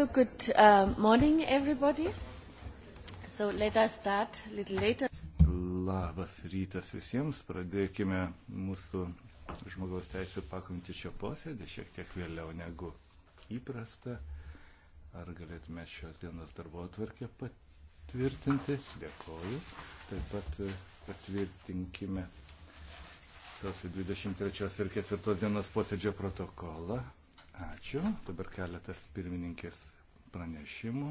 So good uh, morning, everybody. So let us start a little later. Labas rytas visiems. Pradėkime mūsų žmogaus teisų pakomti šio posėdį šiek tiek vėliau negu įprasta. Ar galėtume šios dienos darbo atvarkę patvirtinti? Dėkoju. Taip pat e, patvirtinkime sausio 23 ir 4 dienos posėdžio protokolą. Ačiū. Dabar keletas pirmininkės pranešimų.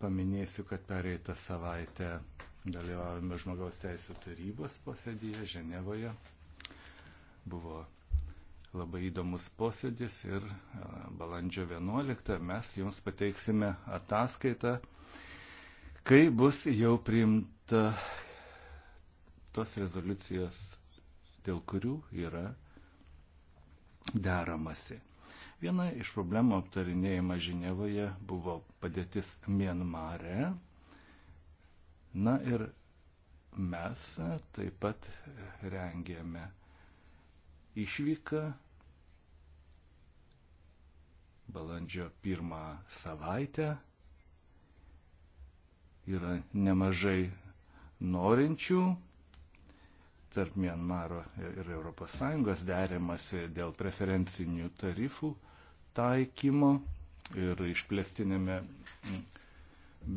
Paminėsiu, kad pereitą savaitę dalyvavome žmogaus teisų tarybos posėdėje Ženevoje. Buvo labai įdomus posėdis ir e, balandžio 11 mes jums pateiksime ataskaitą, kai bus jau priimta tos rezoliucijos, dėl kurių yra deramasi. Viena iš problemų aptarinėjama Ženevoje buvo padėtis Mienmare. Na ir mes taip pat rengėme išvyką balandžio pirmą savaitę. Yra nemažai norinčių tarp Mianmaro ir ES derimasi dėl preferencinių tarifų taikymo ir išplėstinėme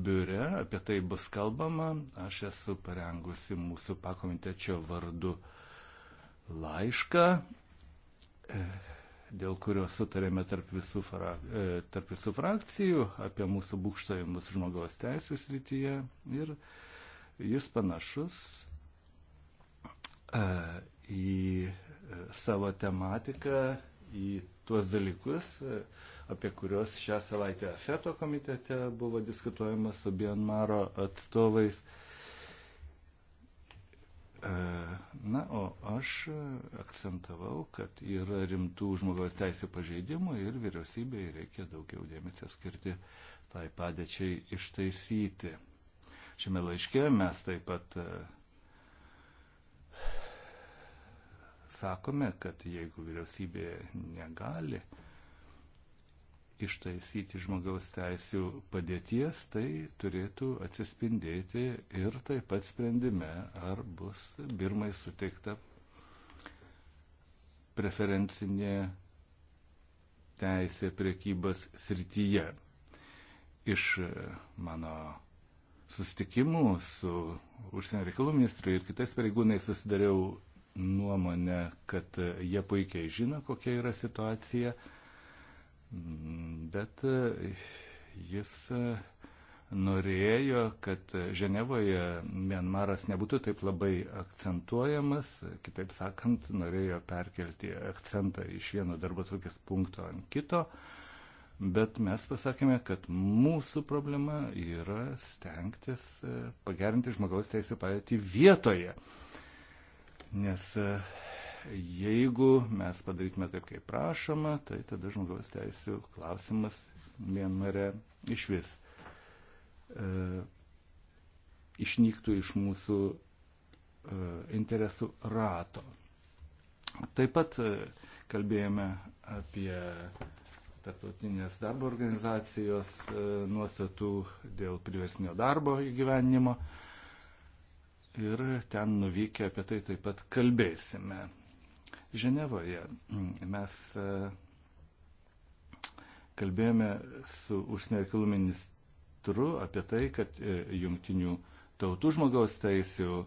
biure apie tai bus kalbama. Aš esu parengusi mūsų pakomitečio vardu laišką, e, dėl kurio sutarėme tarp visų, fra, e, tarp visų frakcijų apie mūsų būkštavimus žmogaus teisų srityje. Ir jis panašus e, į savo tematiką į tuos dalykus, apie kuriuos šią savaitę FETO komitete buvo diskutuojama su Bienmaro atstovais. Na, o aš akcentavau, kad yra rimtų žmogaus teisė pažeidimų ir vyriausybei reikia daugiau dėmesio skirti tai padėčiai ištaisyti. Šiame laiške mes taip pat uh, sakome, kad jeigu vyriausybė negali ištaisyti žmogaus teisų padėties, tai turėtų atsispindėti ir taip pat sprendime, ar bus Birmai suteikta preferencinė teisė priekybos srityje. Iš e, mano susitikimų su užsienio reikalų ministru ir kitais pareigūnais susidariau nuomonę, kad jie puikiai žino, kokia yra situacija, bet jis norėjo, kad Ženevoje Mianmaras nebūtų taip labai akcentuojamas, kitaip sakant, norėjo perkelti akcentą iš vieno darbo trukės punkto ant kito, bet mes pasakėme, kad mūsų problema yra stengtis pagerinti žmogaus teisų padėtį vietoje. Nes e, jeigu mes padarytume taip, kaip prašoma, tai tada žmogaus teisų klausimas Mienmare iš vis e, išnyktų iš mūsų e, interesų rato. Taip pat e, kalbėjome apie Tarptautinės darbo organizacijos e, nuostatų dėl priversnio darbo įgyvenimo. E, ir ten nuvykę apie tai taip pat kalbėsime. Ženevoje mes e, kalbėjome su užsienio reikalų ministru apie tai, kad e, jungtinių tautų žmogaus teisų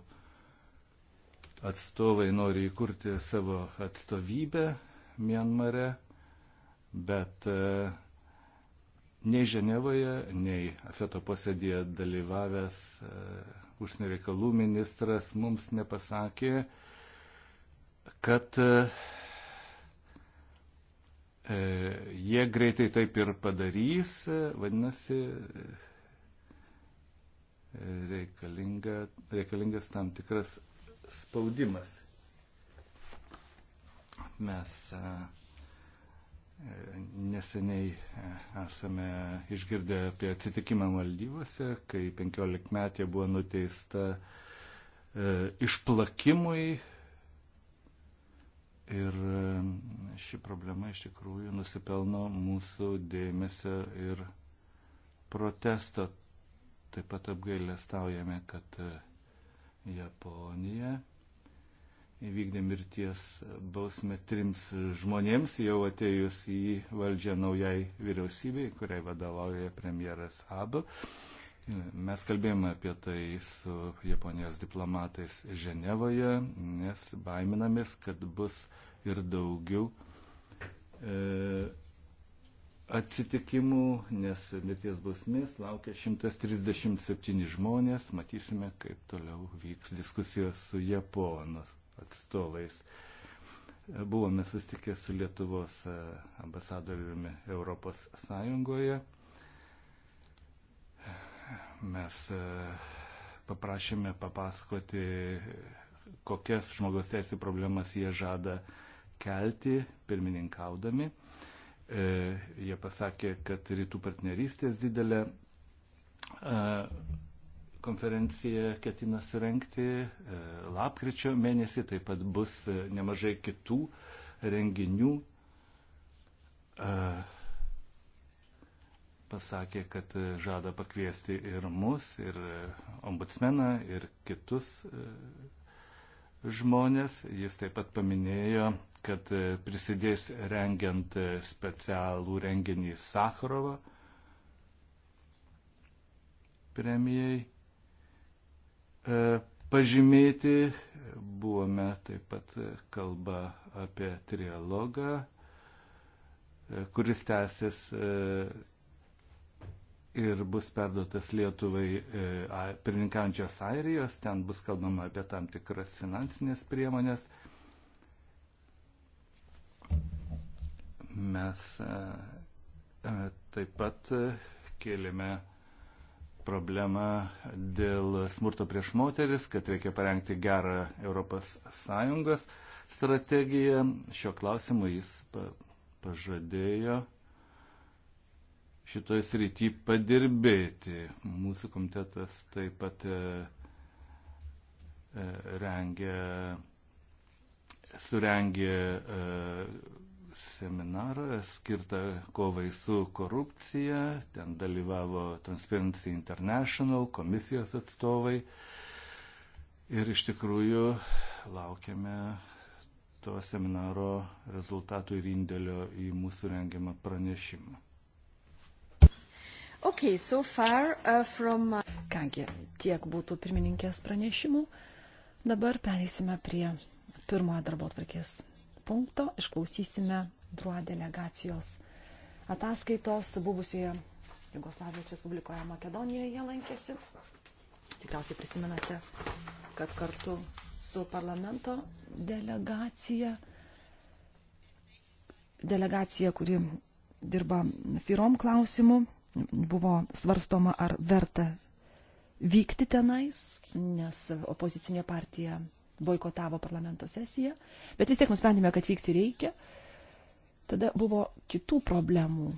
atstovai nori įkurti savo atstovybę Mianmare, bet e, nei Ženevoje, nei Afeto posėdėje dalyvavęs užsienio reikalų ministras mums nepasakė, kad e, jie greitai taip ir padarys, vadinasi, e, reikalinga, reikalingas tam tikras spaudimas. Mes uh, Neseniai e, esame išgirdę apie atsitikimą Maldyvose, kai 15 metė buvo nuteista e, išplakimui. Ir e, ši problema iš tikrųjų nusipelno mūsų dėmesio ir protesto. Taip pat apgailestaujame, kad Japonija įvykdė mirties bausmę trims žmonėms, jau atėjus į valdžią naujai vyriausybei, kuriai vadovauja premjeras Abu. Mes kalbėjome apie tai su Japonijos diplomatais Ženevoje, nes baiminamės, kad bus ir daugiau e, atsitikimų, nes mirties bausmės laukia 137 žmonės. Matysime, kaip toliau vyks diskusijos su Japonas atstovais. Buvome sustikę su Lietuvos e, ambasadoriumi Europos Sąjungoje. Mes e, paprašėme papasakoti, kokias žmogaus teisų problemas jie žada kelti pirmininkaudami. E, jie pasakė, kad rytų partnerystės didelė e, konferenciją ketina surenkti e, lapkričio mėnesį, taip pat bus e, nemažai kitų renginių. E, pasakė, kad žada pakviesti ir mus, ir ombudsmeną, ir kitus žmonės. Jis taip pat paminėjo, kad prisidės rengiant specialų renginį Sakrovą premijai. E, pažymėti. Buvome taip pat kalba apie trialogą, e, kuris tęsis e, ir bus perduotas Lietuvai pirmininkiančios Airijos. Ten bus kalbama apie tam tikras finansinės priemonės. Mes taip pat kėlėme problema dėl smurto prieš moteris, kad reikia parengti gerą ES strategiją. Šiuo klausimu jis pažadėjo šitoje srityje padirbėti. Mūsų komitetas taip pat e, e, rengia, surengė e, seminarą skirtą kovai su korupcija. Ten dalyvavo Transparency International, komisijos atstovai. Ir iš tikrųjų laukiame to seminaro rezultatų ir indėlio į mūsų rengiamą pranešimą. Okay, so far, uh, from... Kągi, tiek būtų pirmininkės pranešimų. Dabar pereisime prie pirmojo darbo atvarkės punkto išklausysime druo delegacijos ataskaitos buvusioje Jugoslavijos Respublikoje Makedonijoje lankėsi. Tikriausiai prisimenate, kad kartu su parlamento delegacija, delegacija, kuri dirba firom klausimu, buvo svarstoma, ar verta vykti tenais, nes opozicinė partija boikotavo parlamento sesiją, bet vis tiek nusprendėme, kad vykti reikia. Tada buvo kitų problemų.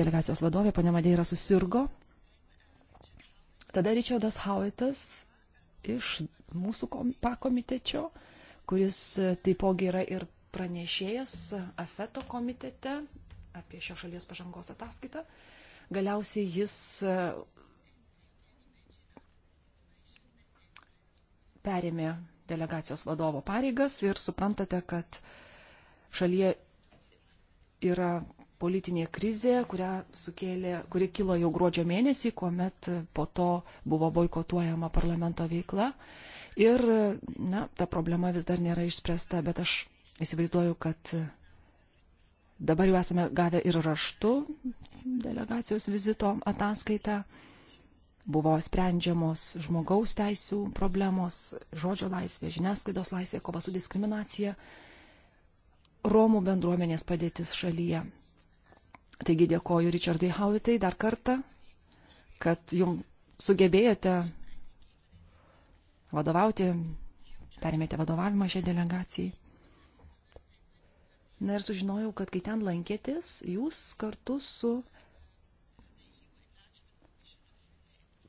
Delegacijos vadovė, ponė Madeira, susirgo. Tada Richardas Howitas iš mūsų pakomitečio, kuris taipogi yra ir pranešėjas AFETO komitete apie šio šalies pažangos ataskaitą. Galiausiai jis perėmė delegacijos vadovo pareigas ir suprantate, kad šalyje yra politinė krizė, sukėlė, kuri kilo jau gruodžio mėnesį, kuomet po to buvo boikotuojama parlamento veikla. Ir na, ta problema vis dar nėra išspręsta, bet aš įsivaizduoju, kad dabar jau esame gavę ir raštu delegacijos vizito ataskaitą. Buvo sprendžiamos žmogaus teisų problemos, žodžio laisvė, žiniasklaidos laisvė, kova su diskriminacija, Romų bendruomenės padėtis šalyje. Taigi dėkoju Richardai Hauitai dar kartą, kad jums sugebėjote vadovauti, perėmėte vadovavimą šią delegaciją. Na ir sužinojau, kad kai ten lankėtės, jūs kartu su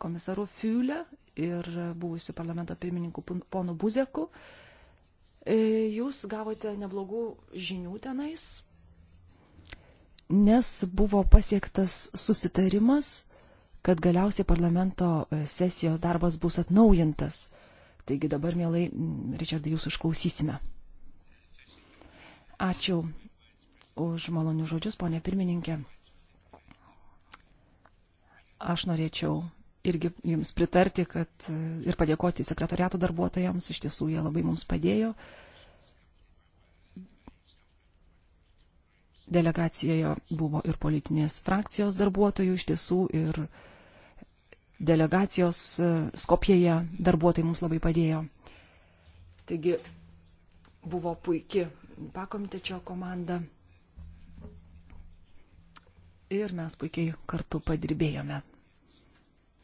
komisaru Fiule ir buvusiu parlamento pirmininku ponu Buzeku. E, jūs gavote neblogų žinių tenais, nes buvo pasiektas susitarimas, kad galiausiai parlamento e, sesijos darbas bus atnaujintas. Taigi dabar, mielai, Richardai, jūs išklausysime. Ačiū už malonių žodžius, ponė pirmininkė. Aš norėčiau irgi jums pritarti kad, e, ir padėkoti sekretoriato darbuotojams, iš tiesų jie labai mums padėjo. Delegacijoje buvo ir politinės frakcijos darbuotojų iš tiesų ir delegacijos e, Skopjeje darbuotojai mums labai padėjo. Taigi buvo puikia pakomitečio komanda ir mes puikiai kartu padirbėjome.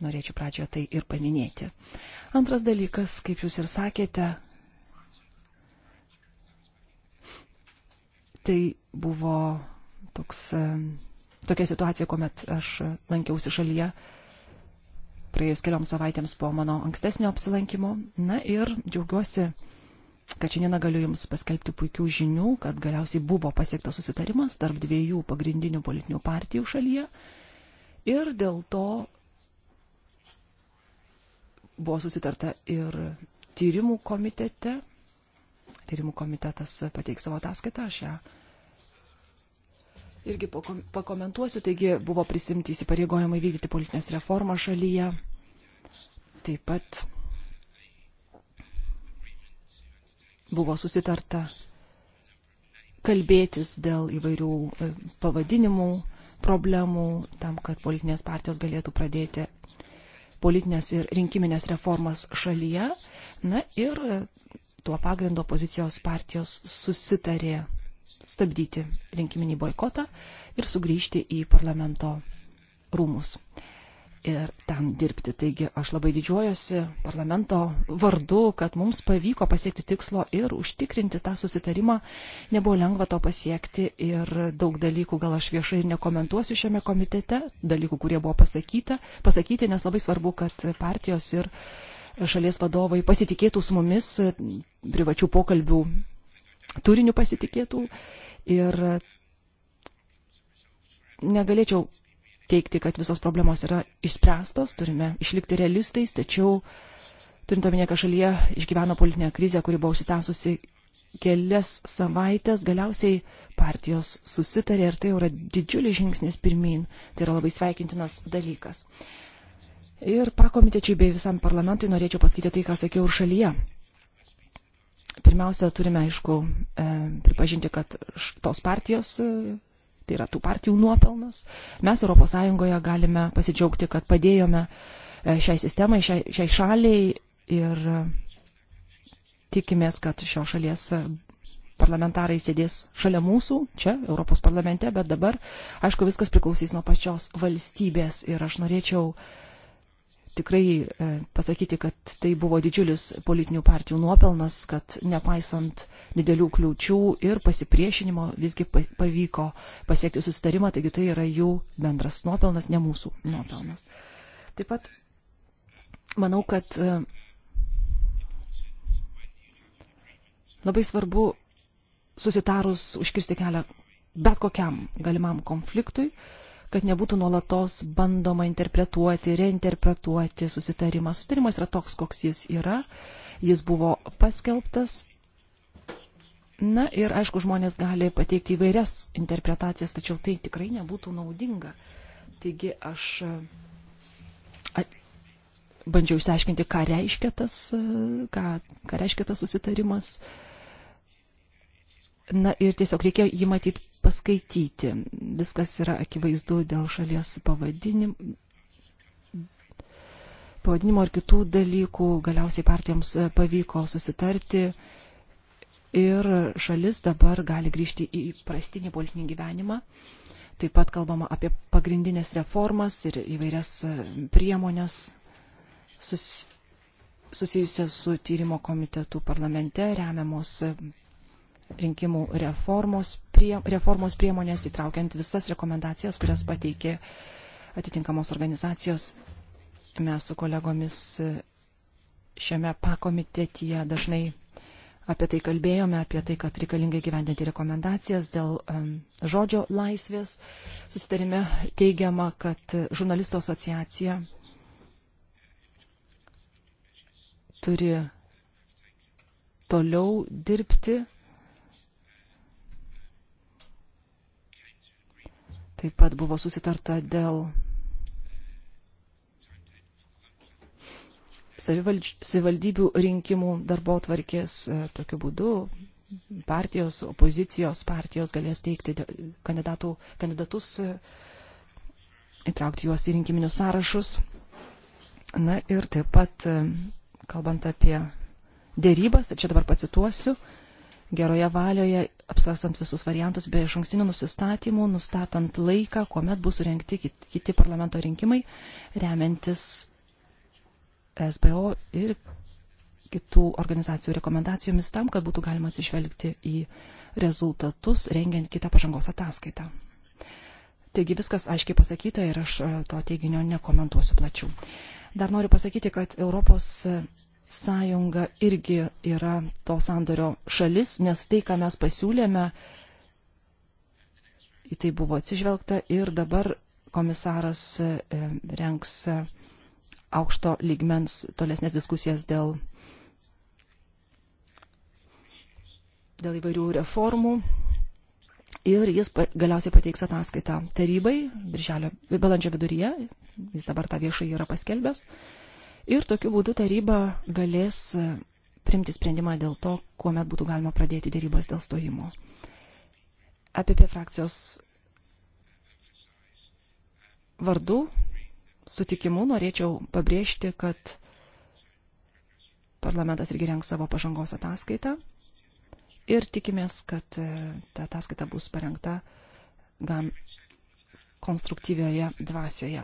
Norėčiau pradžioje tai ir paminėti. Antras dalykas, kaip jūs ir sakėte, tai buvo toks, e, tokia situacija, kuomet aš lankiausi šalyje praėjus kelioms savaitėms po mano ankstesnio apsilankimo. Na ir džiaugiuosi, kad šiandieną galiu Jums paskelbti puikių žinių, kad galiausiai buvo pasiektas susitarimas tarp dviejų pagrindinių politinių partijų šalyje. Ir dėl to buvo susitarta ir tyrimų komitete. Tyrimų komitetas pateiks savo ataskaitą, aš ją irgi pakomentuosiu. Taigi buvo prisimti įsipareigojimai vykdyti politinės reformas šalyje. Taip pat buvo susitarta kalbėtis dėl įvairių e, pavadinimų, problemų, tam, kad politinės partijos galėtų pradėti politinės ir rinkiminės reformas šalyje. Na ir e, tuo pagrindu opozicijos partijos susitarė stabdyti rinkiminį boikotą ir sugrįžti į parlamento rūmus ir ten dirbti. Taigi aš labai didžiuojuosi parlamento vardu, kad mums pavyko pasiekti tikslo ir užtikrinti tą susitarimą. Nebuvo lengva to pasiekti ir daug dalykų gal aš viešai ir nekomentuosiu šiame komitete, dalykų, kurie buvo pasakyta, pasakyti, nes labai svarbu, kad partijos ir šalies vadovai pasitikėtų su mumis, privačių pokalbių turiniu pasitikėtų. Ir negalėčiau teikti, kad visos problemos yra išspręstos, turime išlikti realistais, tačiau turint omenyje, kad šalyje išgyveno politinę krizę, kuri buvo užsitęsusi kelias savaitės, galiausiai partijos susitarė ir tai yra didžiulis žingsnis pirmin, tai yra labai sveikintinas dalykas. Ir pakomitečiai bei visam parlamentui norėčiau pasakyti tai, ką sakiau ir šalyje. Pirmiausia, turime, aišku, e, pripažinti, kad tos partijos e, tai yra tų partijų nuopelnas. Mes ES galime pasidžiaugti, kad padėjome e, šiai sistemai, šiai, šiai šaliai ir e, tikimės, kad šios šalies e, parlamentarai sėdės šalia mūsų, čia, Europos parlamente, bet dabar, aišku, viskas priklausys nuo pačios valstybės ir aš norėčiau uh, tikrai e, pasakyti, kad tai buvo didžiulis politinių partijų nuopelnas, kad nepaisant didelių kliūčių ir pasipriešinimo visgi pavyko pasiekti susitarimą, taigi tai yra jų bendras nuopelnas, ne mūsų nuopelnas. Taip pat manau, kad e, labai svarbu susitarus užkirsti kelią bet kokiam galimam konfliktui, uh, kad nebūtų nuolatos bandoma interpretuoti, reinterpretuoti susitarimą. Susitarimas yra toks, koks jis yra. Jis buvo paskelbtas. Na ir aišku, žmonės gali pateikti įvairias interpretacijas, tačiau tai tikrai nebūtų naudinga. Taigi aš bandžiau išsiaiškinti, ką reiškia tas, ką, ką reiškia tas susitarimas. Uh, Na ir tiesiog reikėjo jį matyti paskaityti. Viskas yra akivaizdu dėl šalies pavadinim, pavadinimo ir kitų dalykų. Galiausiai partijoms e, pavyko susitarti ir šalis dabar gali grįžti į prastinį politinį gyvenimą. Taip pat kalbama apie pagrindinės reformas ir įvairias e, priemonės sus, susijusias su tyrimo komitetu parlamente, remiamos e, rinkimų reformos, prie, reformos priemonės, įtraukiant visas rekomendacijas, kurias pateikė atitinkamos organizacijos. Mes su kolegomis šiame pakomitetyje dažnai apie tai kalbėjome, apie tai, kad reikalingai gyvendinti rekomendacijas dėl um, žodžio laisvės. Susitarime teigiama, kad žurnalistų asociacija turi toliau dirbti Taip pat buvo susitarta dėl savivaldybių rinkimų darbo tvarkės e, tokiu būdu. Partijos, opozicijos partijos galės teikti kandidatų, kandidatus, e, įtraukti juos į rinkiminius sąrašus. Na ir taip pat, e, kalbant apie dėrybas, čia dabar pacituosiu, geroje valioje apsvarstant visus variantus be iš ankstinių nusistatymų, nustatant laiką, kuomet bus surenkti kiti parlamento rinkimai, remiantis SBO ir kitų organizacijų rekomendacijomis tam, kad būtų galima atsižvelgti į rezultatus, rengiant kitą pažangos ataskaitą. Taigi viskas aiškiai pasakyta ir aš e, to teiginio nekomentuosiu plačiau. Dar noriu pasakyti, kad Europos sąjunga irgi yra to sandorio šalis, nes tai, ką mes pasiūlėme, į tai buvo atsižvelgta ir dabar komisaras e, renks aukšto lygmens tolesnės diskusijas dėl, dėl įvairių reformų. Ir jis galiausiai pateiks ataskaitą tarybai, birželio, balandžio viduryje, jis dabar tą viešai yra paskelbęs. Uh, Ir tokiu būdu taryba galės e, primti sprendimą dėl to, kuomet būtų galima pradėti dėrybas dėl stojimo. APP frakcijos vardu sutikimu norėčiau pabrėžti, kad parlamentas irgi rengs savo pažangos ataskaitą ir tikimės, kad e, ta ataskaita bus parengta gan konstruktyvioje dvasioje.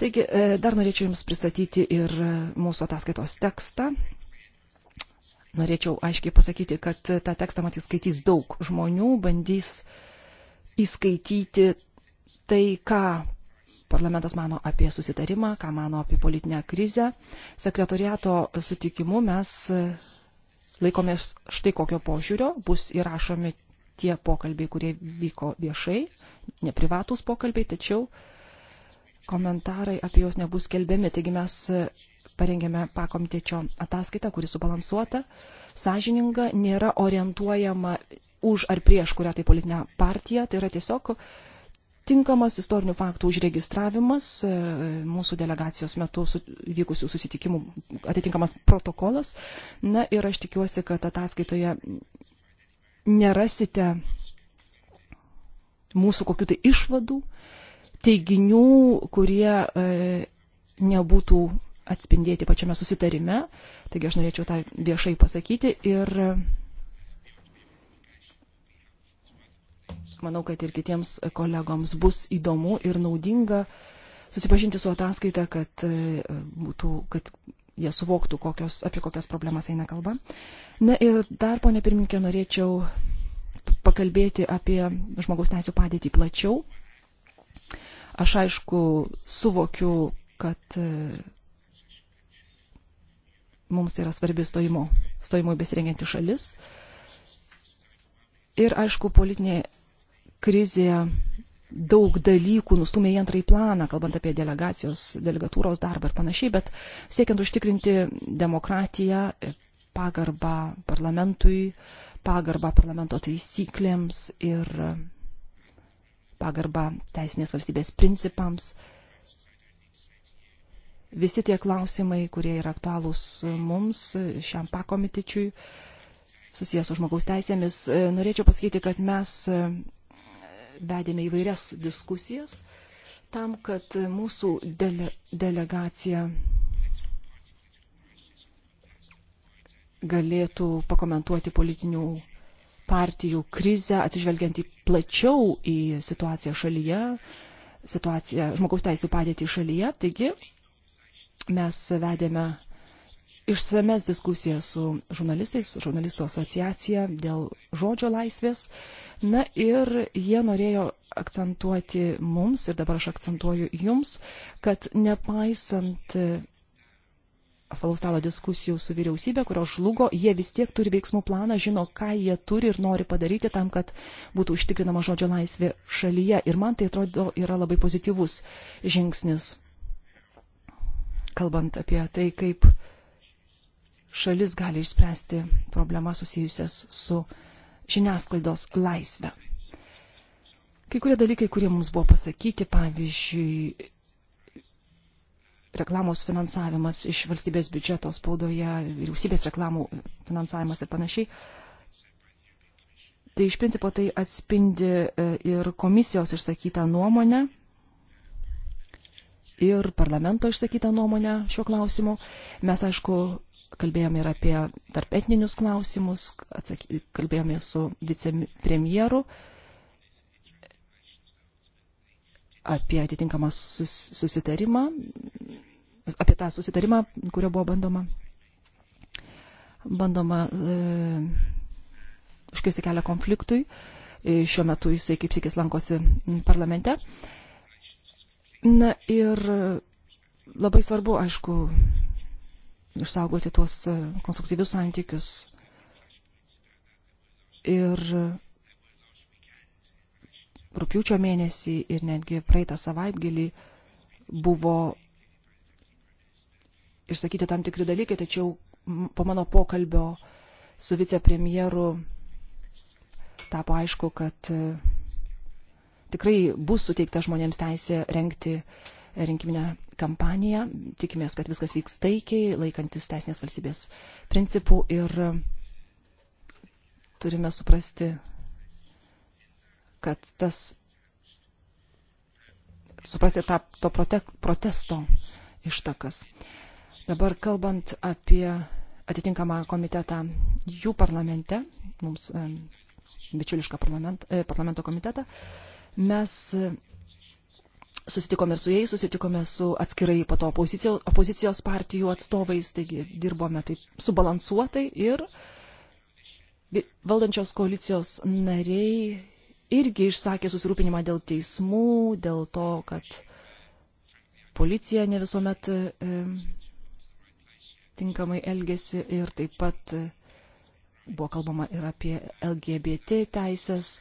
Taigi, e, dar norėčiau Jums pristatyti ir e, mūsų ataskaitos tekstą. Norėčiau aiškiai pasakyti, kad e, tą tekstą matys skaitys daug žmonių, bandys įskaityti tai, ką parlamentas mano apie susitarimą, ką mano apie politinę krizę. Sekretoriato sutikimu mes laikomės štai kokio požiūrio, bus įrašomi tie pokalbiai, kurie vyko viešai, neprivatus pokalbiai, tačiau uh, komentarai apie juos nebus kelbiami. Taigi mes parengėme pakomitečio ataskaitą, kuri subalansuota, sąžininga, nėra orientuojama už ar prieš kurią tai politinę partiją. Tai yra tiesiog tinkamas istorinių faktų užregistravimas, e, mūsų delegacijos metu su, vykusių susitikimų atitinkamas protokolas. Na ir aš tikiuosi, kad ataskaitoje nerasite mūsų kokiu tai išvadų. Uh, teiginių, kurie e, nebūtų atspindėti pačiame susitarime. Taigi aš norėčiau tą viešai pasakyti ir manau, kad ir kitiems kolegoms bus įdomu ir naudinga susipažinti su ataskaita, kad, e, būtų, kad jie suvoktų, kokios, apie kokias problemas eina kalba. Na ir dar, ponė pirminkė, norėčiau pakalbėti apie žmogaus teisų padėtį plačiau Aš aišku suvokiu, kad e, mums tai yra svarbi stojimo, stojimo besirengianti šalis. Ir aišku, politinė krizė daug dalykų nustumė į antrąjį planą, kalbant apie delegacijos, delegatūros darbą ir panašiai, bet siekiant užtikrinti demokratiją, pagarbą parlamentui, pagarbą parlamento taisyklėms ir pagarbą teisinės valstybės principams. Visi tie klausimai, kurie yra aktualūs mums, šiam pakomitečiui, susijęs su žmogaus teisėmis, norėčiau pasakyti, kad mes e, vedėme įvairias diskusijas tam, kad mūsų dele, delegacija galėtų pakomentuoti politinių partijų krizę, atsižvelgiant į plačiau į situaciją šalyje, situaciją žmogaus teisų padėtį šalyje. Taigi mes vedėme išsames diskusijas su žurnalistais, žurnalistų asociacija dėl žodžio laisvės. Na ir jie norėjo akcentuoti mums, ir dabar aš akcentuoju jums, kad nepaisant apvalaus stalo diskusijų su vyriausybė, kurios žlugo, jie vis tiek turi veiksmų planą, žino, ką jie turi ir nori padaryti tam, kad būtų užtikrinama žodžio laisvė šalyje. Ir man tai atrodo yra labai pozityvus žingsnis, kalbant apie tai, kaip šalis gali išspręsti problemas susijusias su žiniasklaidos laisvė. Kai kurie dalykai, kurie mums buvo pasakyti, pavyzdžiui, reklamos finansavimas iš valstybės biudžeto spaudoje, vyriausybės reklamų finansavimas ir panašiai. Tai iš principo tai atspindi e, ir komisijos išsakytą nuomonę, ir parlamento išsakytą nuomonę šiuo klausimu. Mes, aišku, kalbėjome ir apie tarpetninius klausimus, atsaky, kalbėjome su vicepremjeru. premjeru apie atitinkamą sus, susitarimą, apie tą susitarimą, kurio buvo bandoma, bandoma e, užkirsti kelią konfliktui. E, šiuo metu jisai kaip sikis lankosi parlamente. Na ir labai svarbu, aišku, išsaugoti tuos e, konstruktyvius santykius. Ir rūpiučio mėnesį ir netgi praeitą savaitgalį buvo išsakyti tam tikri dalykai, tačiau po mano pokalbio su vicepremjeru tapo aišku, kad e, tikrai bus suteikta žmonėms teisė renkti rinkiminę kampaniją. Tikimės, kad viskas vyks taikiai, laikantis teisinės valstybės principų ir turime suprasti kad tas suprasti tą to protek, protesto ištakas. Dabar kalbant apie atitinkamą komitetą jų parlamente, mums bičiulišką parlament, e, parlamento komitetą, mes e, susitikome su jais, susitikome su atskirai po to opozicijos, opozicijos partijų atstovais, taigi dirbome taip subalansuotai ir valdančios koalicijos nariai irgi išsakė susirūpinimą dėl teismų, dėl to, kad policija ne visuomet e, tinkamai elgesi ir taip pat e, buvo kalbama ir apie LGBT teisės.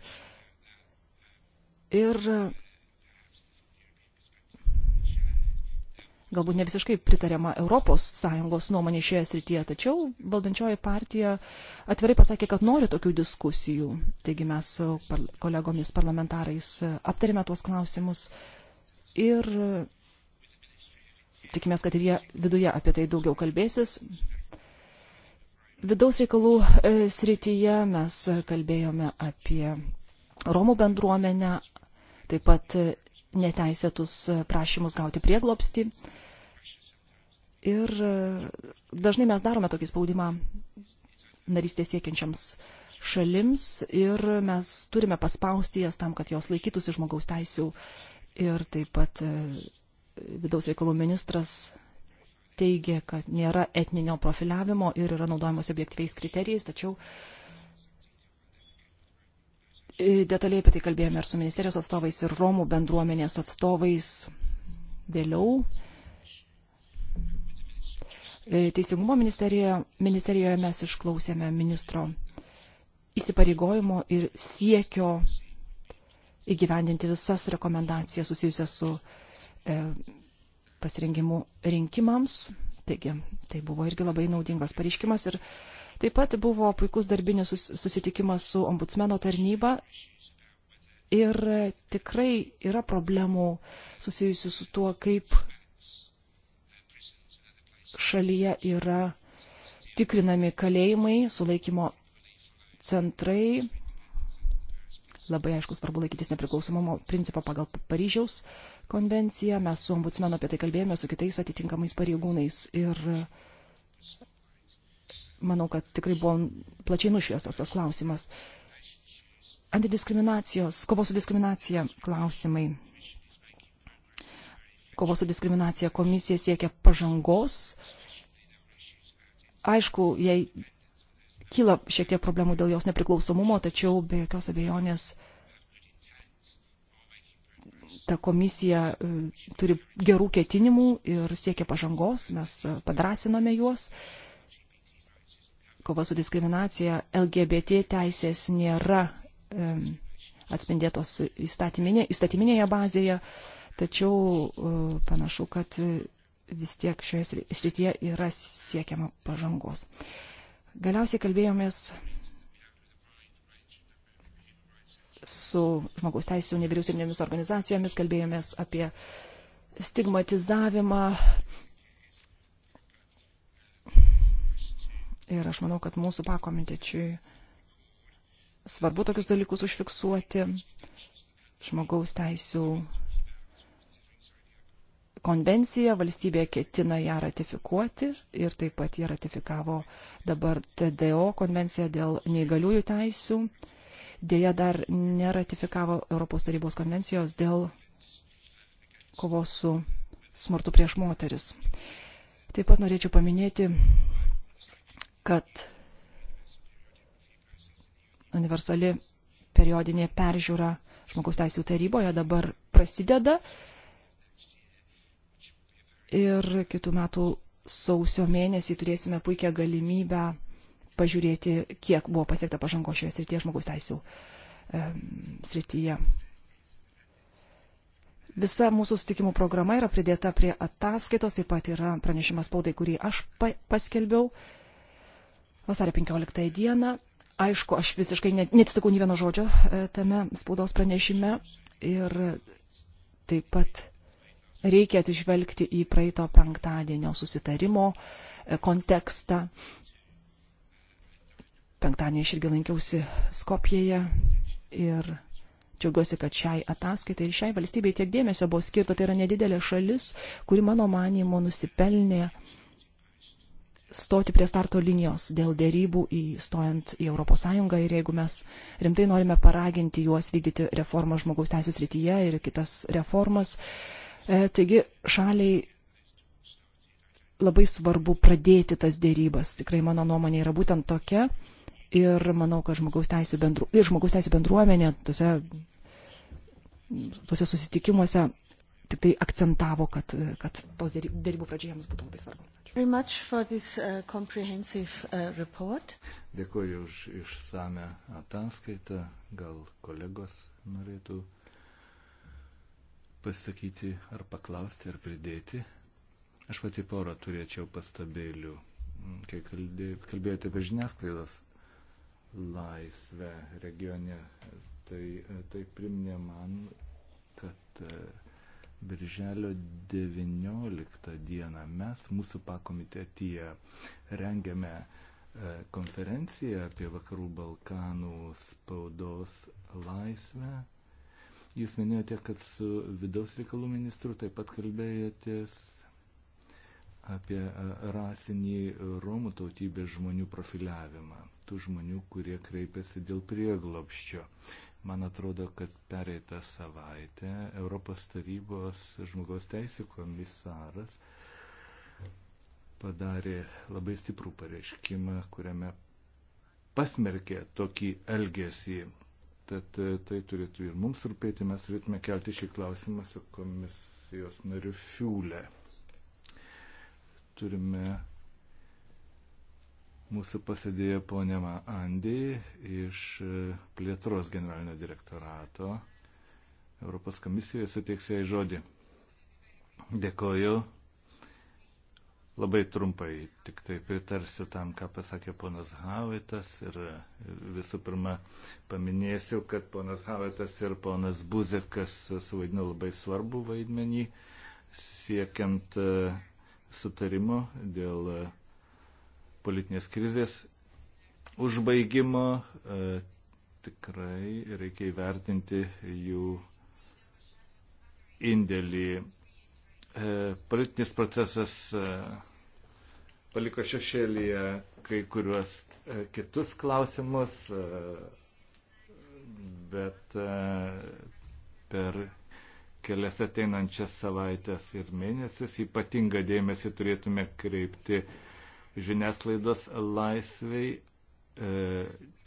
Ir galbūt ne visiškai pritarėma ES nuomonė šioje srityje, tačiau valdančioji partija atvirai pasakė, kad nori tokių diskusijų. Taigi mes su kolegomis parlamentarais aptarėme tuos klausimus ir tikimės, kad ir jie viduje apie tai daugiau kalbėsis. Vidaus reikalų e, srityje mes kalbėjome apie Romų bendruomenę, taip pat neteisėtus prašymus gauti prieglopstį. Ir e, dažnai mes darome tokį spaudimą narystės siekiančiams šalims ir mes turime paspausti jas tam, kad jos laikytųsi žmogaus teisų. Ir taip pat e, vidaus reikalų ministras teigia, kad nėra etninio profiliavimo ir yra naudojamos objektyviais kriterijais, tačiau e, detaliai apie tai kalbėjome ir su ministerijos atstovais, ir Romų bendruomenės atstovais vėliau. E, Teisingumo ministerijoje, ministerijoje mes išklausėme ministro įsipareigojimo ir siekio įgyvendinti visas rekomendacijas susijusias su e, pasirengimu rinkimams. Taigi, tai buvo irgi labai naudingas pareiškimas ir taip pat buvo puikus darbinis susitikimas su ombudsmeno tarnyba ir tikrai yra problemų susijusių su tuo, kaip šalyje yra tikrinami kalėjimai, sulaikymo centrai. Labai aišku, svarbu laikytis nepriklausomumo principo pagal Paryžiaus konvenciją. Mes su ombudsmenu apie tai kalbėjome, su kitais atitinkamais pareigūnais ir manau, kad tikrai buvo plačiai nušviestas tas klausimas. Antidiskriminacijos, kovos su diskriminacija klausimai kovos su diskriminacija komisija siekia pažangos. Aišku, jai kyla šiek tiek problemų dėl jos nepriklausomumo, tačiau be jokios abejonės ta komisija e, turi gerų ketinimų ir siekia pažangos, mes e, padrasinome juos. Kova su diskriminacija, LGBT teisės nėra e, atspindėtos įstatyminė, įstatyminėje bazėje. Uh, tačiau e, panašu, kad vis tiek šioje srityje yra siekiama pažangos. Galiausiai kalbėjomės su žmogaus teisų nevyriausybinėmis organizacijomis, kalbėjomės apie stigmatizavimą. Ir aš manau, kad mūsų pakomitečiui svarbu tokius dalykus užfiksuoti. Žmogaus teisų konvenciją, valstybė ketina ją ratifikuoti ir taip pat jie ratifikavo dabar TDO konvenciją dėl neįgaliųjų teisių. Dėja dar neratifikavo Europos tarybos konvencijos dėl kovos su smurtu prieš moteris. Taip pat norėčiau paminėti, kad universali periodinė peržiūra žmogaus teisų taryboje dabar prasideda ir kitų metų sausio mėnesį turėsime puikią galimybę pažiūrėti, kiek buvo pasiekta pažango šioje srityje žmogaus teisų e, srityje. Visa mūsų sutikimų programa yra pridėta prie ataskaitos, taip pat yra pranešimas spaudai, kurį aš pa paskelbiau vasario 15 dieną. Aišku, aš visiškai neatsisakau nei vieno žodžio e, tame spaudos pranešime ir taip pat reikia atsižvelgti į praeito penktadienio susitarimo e, kontekstą. Penktadienį aš irgi lankiausi Skopijoje ir džiaugiuosi, kad šiai ataskaitai ir šiai valstybei tiek dėmesio buvo skirta. Tai yra nedidelė šalis, kuri mano manimo nusipelnė stoti prie starto linijos dėl dėrybų įstojant į ES ir jeigu mes rimtai norime paraginti juos vykdyti reformą žmogaus teisės rytyje ir kitas reformas, uh, E, taigi šaliai labai svarbu pradėti tas dėrybas. Tikrai mano nuomonė yra būtent tokia. Ir manau, kad žmogaus teisų, bendru, ir žmogaus teisų bendruomenė tose, tose susitikimuose tik tai akcentavo, kad, kad tos dėrybų pradžia jiems būtų labai svarbu. This, uh, uh, Dėkuoju už išsame ataskaitą. Gal kolegos norėtų pasakyti ar paklausti, ar pridėti. Aš pati porą turėčiau pastabėlių, mm, kai kalbėjote apie žiniasklaidos laisvę regione. Tai, e, tai priminė man, kad e, Birželio 19 dieną mes mūsų pakomitetyje rengiame e, konferenciją apie Vakarų Balkanų spaudos laisvę Jūs minėjote, kad su vidaus reikalų ministru taip pat kalbėjotės apie e, rasinį Romų tautybės žmonių profiliavimą, tų žmonių, kurie kreipiasi dėl prieglopščio. Man atrodo, kad pereitą savaitę Europos tarybos žmogaus teisų komisaras padarė labai stiprų pareiškimą, kuriame pasmerkė tokį elgesį. Tad e, tai turėtų ir mums rūpėti, mes turėtume kelti šį klausimą su komisijos nariu Fiulė. Turime mūsų pasėdėję ponėmą Andį iš e, plėtros generalinio direktorato. Europos komisijoje suteiks jai žodį. Dėkoju Labai trumpai tik tai pritarsiu tam, ką pasakė ponas Havitas ir visų pirma paminėsiu, kad ponas Havitas ir ponas Buzekas suvaidino labai svarbu vaidmenį siekiant e, sutarimo dėl e, politinės krizės užbaigimo. E, tikrai reikia įvertinti jų indėlį E, politinis procesas e, paliko šešėlyje kai kuriuos e, kitus klausimus, bet per kelias ateinančias savaitės ir mėnesius ypatingą dėmesį turėtume kreipti žiniasklaidos laisvai,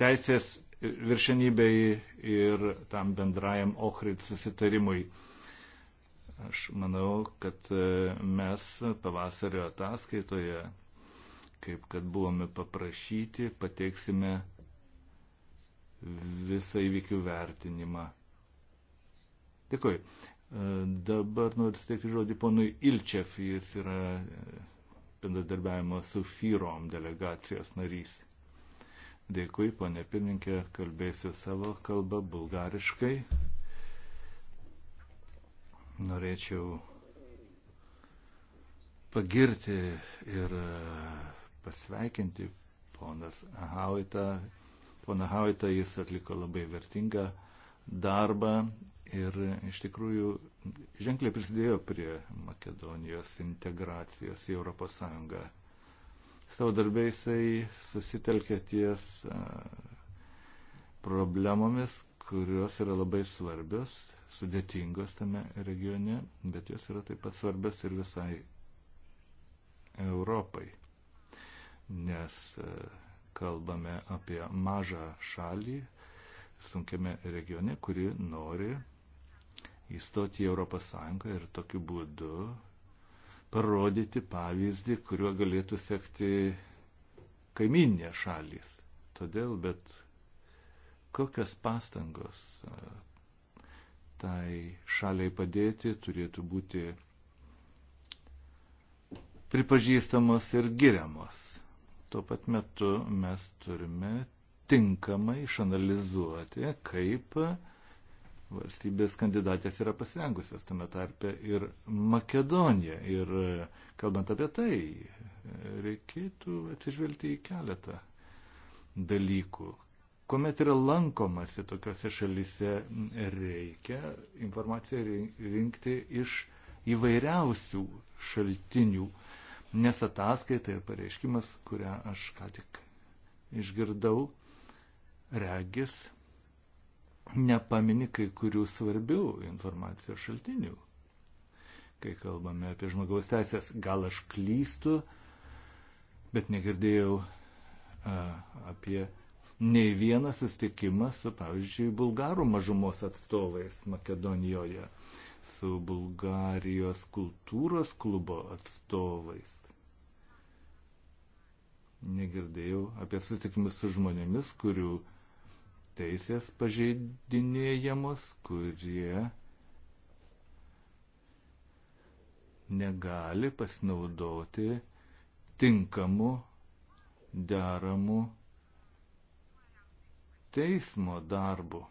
teisės viršenybei ir tam bendrajam Ohrid susitarimui. Aš manau, kad e, mes pavasario ataskaitoje, kaip kad buvome paprašyti, pateiksime visą įvykių vertinimą. Dėkui. E, dabar noriu steikti žodį ponui Ilčev, jis yra e, bendradarbiavimo su FIROM delegacijos narys. Dėkui, ponė pirmininkė, kalbėsiu savo kalbą bulgariškai norėčiau pagirti ir e, pasveikinti ponas Hauitą. Pona Hauitą jis atliko labai vertingą darbą ir iš tikrųjų ženkliai prisidėjo prie Makedonijos integracijos į ES. Savo darbę jisai susitelkė ties e, problemomis, kurios yra labai svarbios sudėtingos tame regione, bet jos yra taip pat svarbios ir visai Europai, nes e, kalbame apie mažą šalį sunkiame regione, kuri nori įstoti į Europos Sąjungą ir tokiu būdu parodyti pavyzdį, kuriuo galėtų sekti kaiminė šalis. Todėl, bet kokios pastangos e, tai šaliai padėti turėtų būti pripažįstamos ir giriamos. Tuo pat metu mes turime tinkamai išanalizuoti, kaip valstybės kandidatės yra pasirengusios, tame tarpe ir Makedonija. Ir kalbant apie tai, reikėtų atsižvelgti į keletą dalykų. Komet yra lankomasi tokiuose šalise, reikia informaciją rinkti iš įvairiausių šaltinių, nes ataskaita ir pareiškimas, kurią aš ką tik išgirdau, regis nepamini kai kurių svarbių informacijos šaltinių. Kai kalbame apie žmogaus teisės, gal aš klystu, bet negirdėjau a, apie nei vienas sustikimas su, pavyzdžiui, bulgarų mažumos atstovais Makedonijoje, su Bulgarijos kultūros klubo atstovais. Negirdėjau apie susitikimus su žmonėmis, kurių teisės pažeidinėjamos, kurie negali pasinaudoti tinkamu, deramu teismo darbu.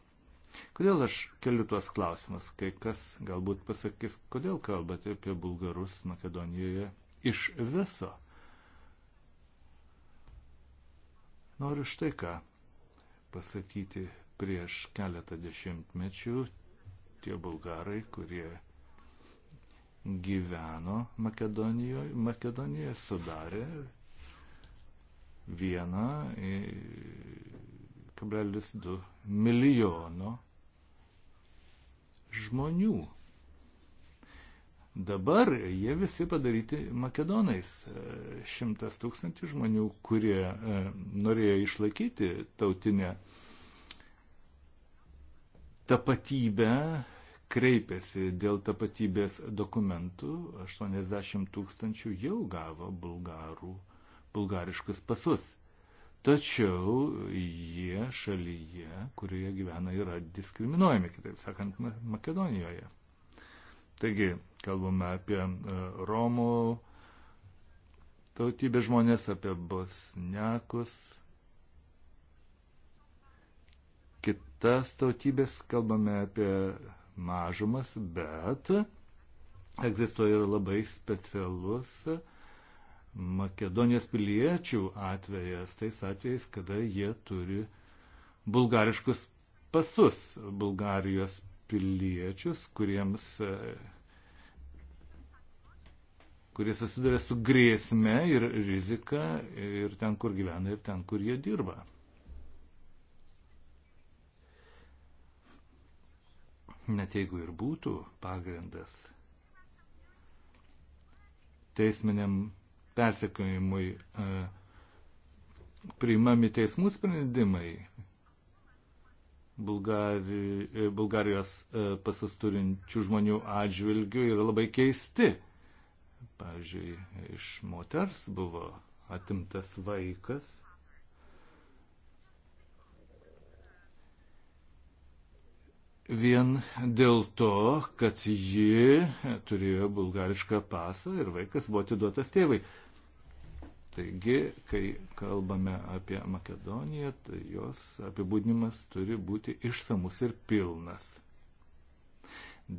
Kodėl aš keliu tuos klausimus? Kai kas galbūt pasakys, kodėl kalbate apie bulgarus Makedonijoje iš viso. Noriu štai ką pasakyti prieš keletą dešimtmečių tie bulgarai, kurie gyveno Makedonijoje, Makedonijoje sudarė vieną 1,2 milijono žmonių. Dabar jie visi padaryti makedonais. Šimtas tūkstančių žmonių, kurie e, norėjo išlaikyti tautinę tapatybę, kreipėsi dėl tapatybės dokumentų. 80 tūkstančių jau gavo bulgarų, bulgariškus pasus tačiau jie šalyje, kurioje gyvena, yra diskriminuojami, kitaip sakant, Makedonijoje. Taigi, kalbame apie e, Romų tautybės žmonės, apie bosnekus, kitas tautybės, kalbame apie mažumas, bet egzistuoja ir labai specialus uh, Makedonijos piliečių atvejas, tais atvejais, kada jie turi bulgariškus pasus, Bulgarijos piliečius, kuriems, e, kurie susiduria su grėsme ir rizika ir ten, kur gyvena, ir ten, kur jie dirba. Net jeigu ir būtų pagrindas teisminiam persekiojimui e, priimami teismų sprendimai. Bulgari, e, Bulgarijos e, pasus turinčių žmonių atžvilgių yra labai keisti. Pavyzdžiui, iš moters buvo atimtas vaikas. Vien dėl to, kad ji turėjo bulgarišką pasą ir vaikas buvo atiduotas tėvai. Taigi, kai kalbame apie Makedoniją, tai jos apibūdinimas turi būti išsamus ir pilnas.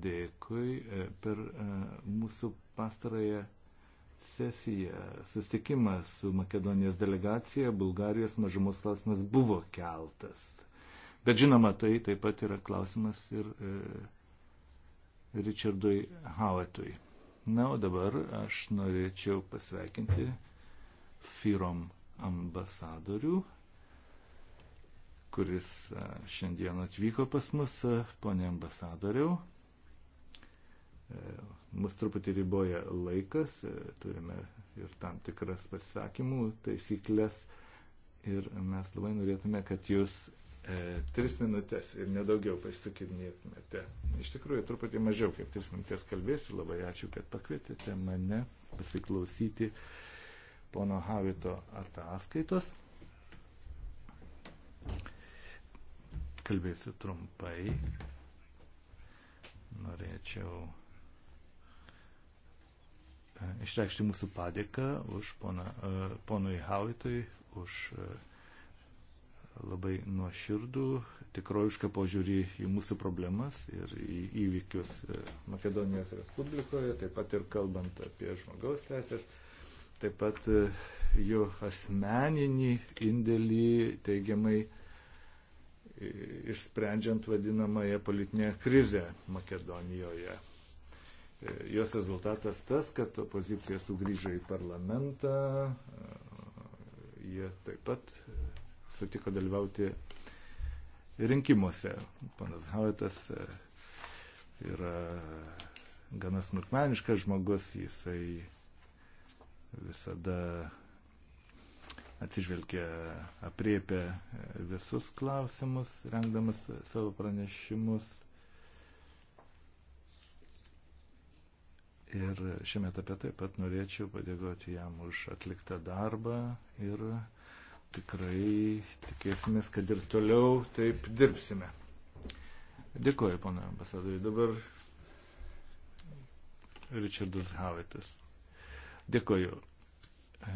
Dėkui e, per e, mūsų pastarąją sesiją. Susitikimas su Makedonijos delegacija Bulgarijos mažumos klausimas buvo keltas. Bet žinoma, tai taip pat yra klausimas ir e, Richardui Howatui. Na, o dabar aš norėčiau pasveikinti Firom ambasadorių, kuris e, šiandien atvyko pas mus, e, ponė ambasadoriau. E, mus truputį riboja laikas, turime ir tam tikras pasisakymų taisyklės ir mes labai norėtume, kad jūs e, tris minutės ir nedaugiau pasisakinėtumėte. Iš tikrųjų, truputį mažiau kaip tris minutės kalbėsiu, labai ačiū, kad pakvietėte mane pasiklausyti. E, pono Havito ataskaitos. Kalbėsiu trumpai. Norėčiau e, išreikšti mūsų padėką už pona, e, ponui Havitui, už e, labai nuoširdų, tikrojišką požiūrį į mūsų problemas ir į įvykius Makedonijos Respublikoje, taip pat ir kalbant apie žmogaus teisės taip pat e, jų asmeninį indėlį teigiamai e, išsprendžiant vadinamąją politinę krizę Makedonijoje. E, jos rezultatas tas, kad opozicija sugrįžo į parlamentą, jie taip pat sutiko dalyvauti rinkimuose. Panas Havitas yra ganas smulkmeniškas žmogus, jisai visada atsižvelgia apriepia visus klausimus, rengdamas savo pranešimus. Ir šiame etape taip pat norėčiau padėkoti jam už atliktą darbą ir tikrai tikėsimės, kad ir toliau taip dirbsime. Dėkuoju, pana ambasadoriai. Dabar Richardas Havitas. Dėkoju. E,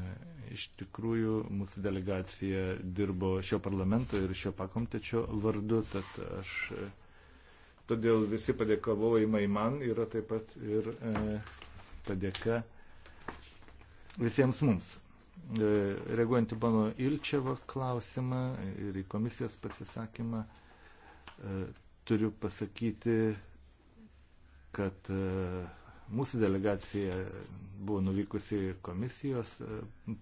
iš tikrųjų, mūsų delegacija dirbo šio parlamento ir šio pakomtečio vardu, tad aš e, todėl visi padėkavojimai man yra taip pat ir e, padėka visiems mums. E, reaguojant į mano Ilčiavo klausimą ir į komisijos pasisakymą, e, turiu pasakyti, kad e, Mūsų delegacija buvo nuvykusi komisijos e,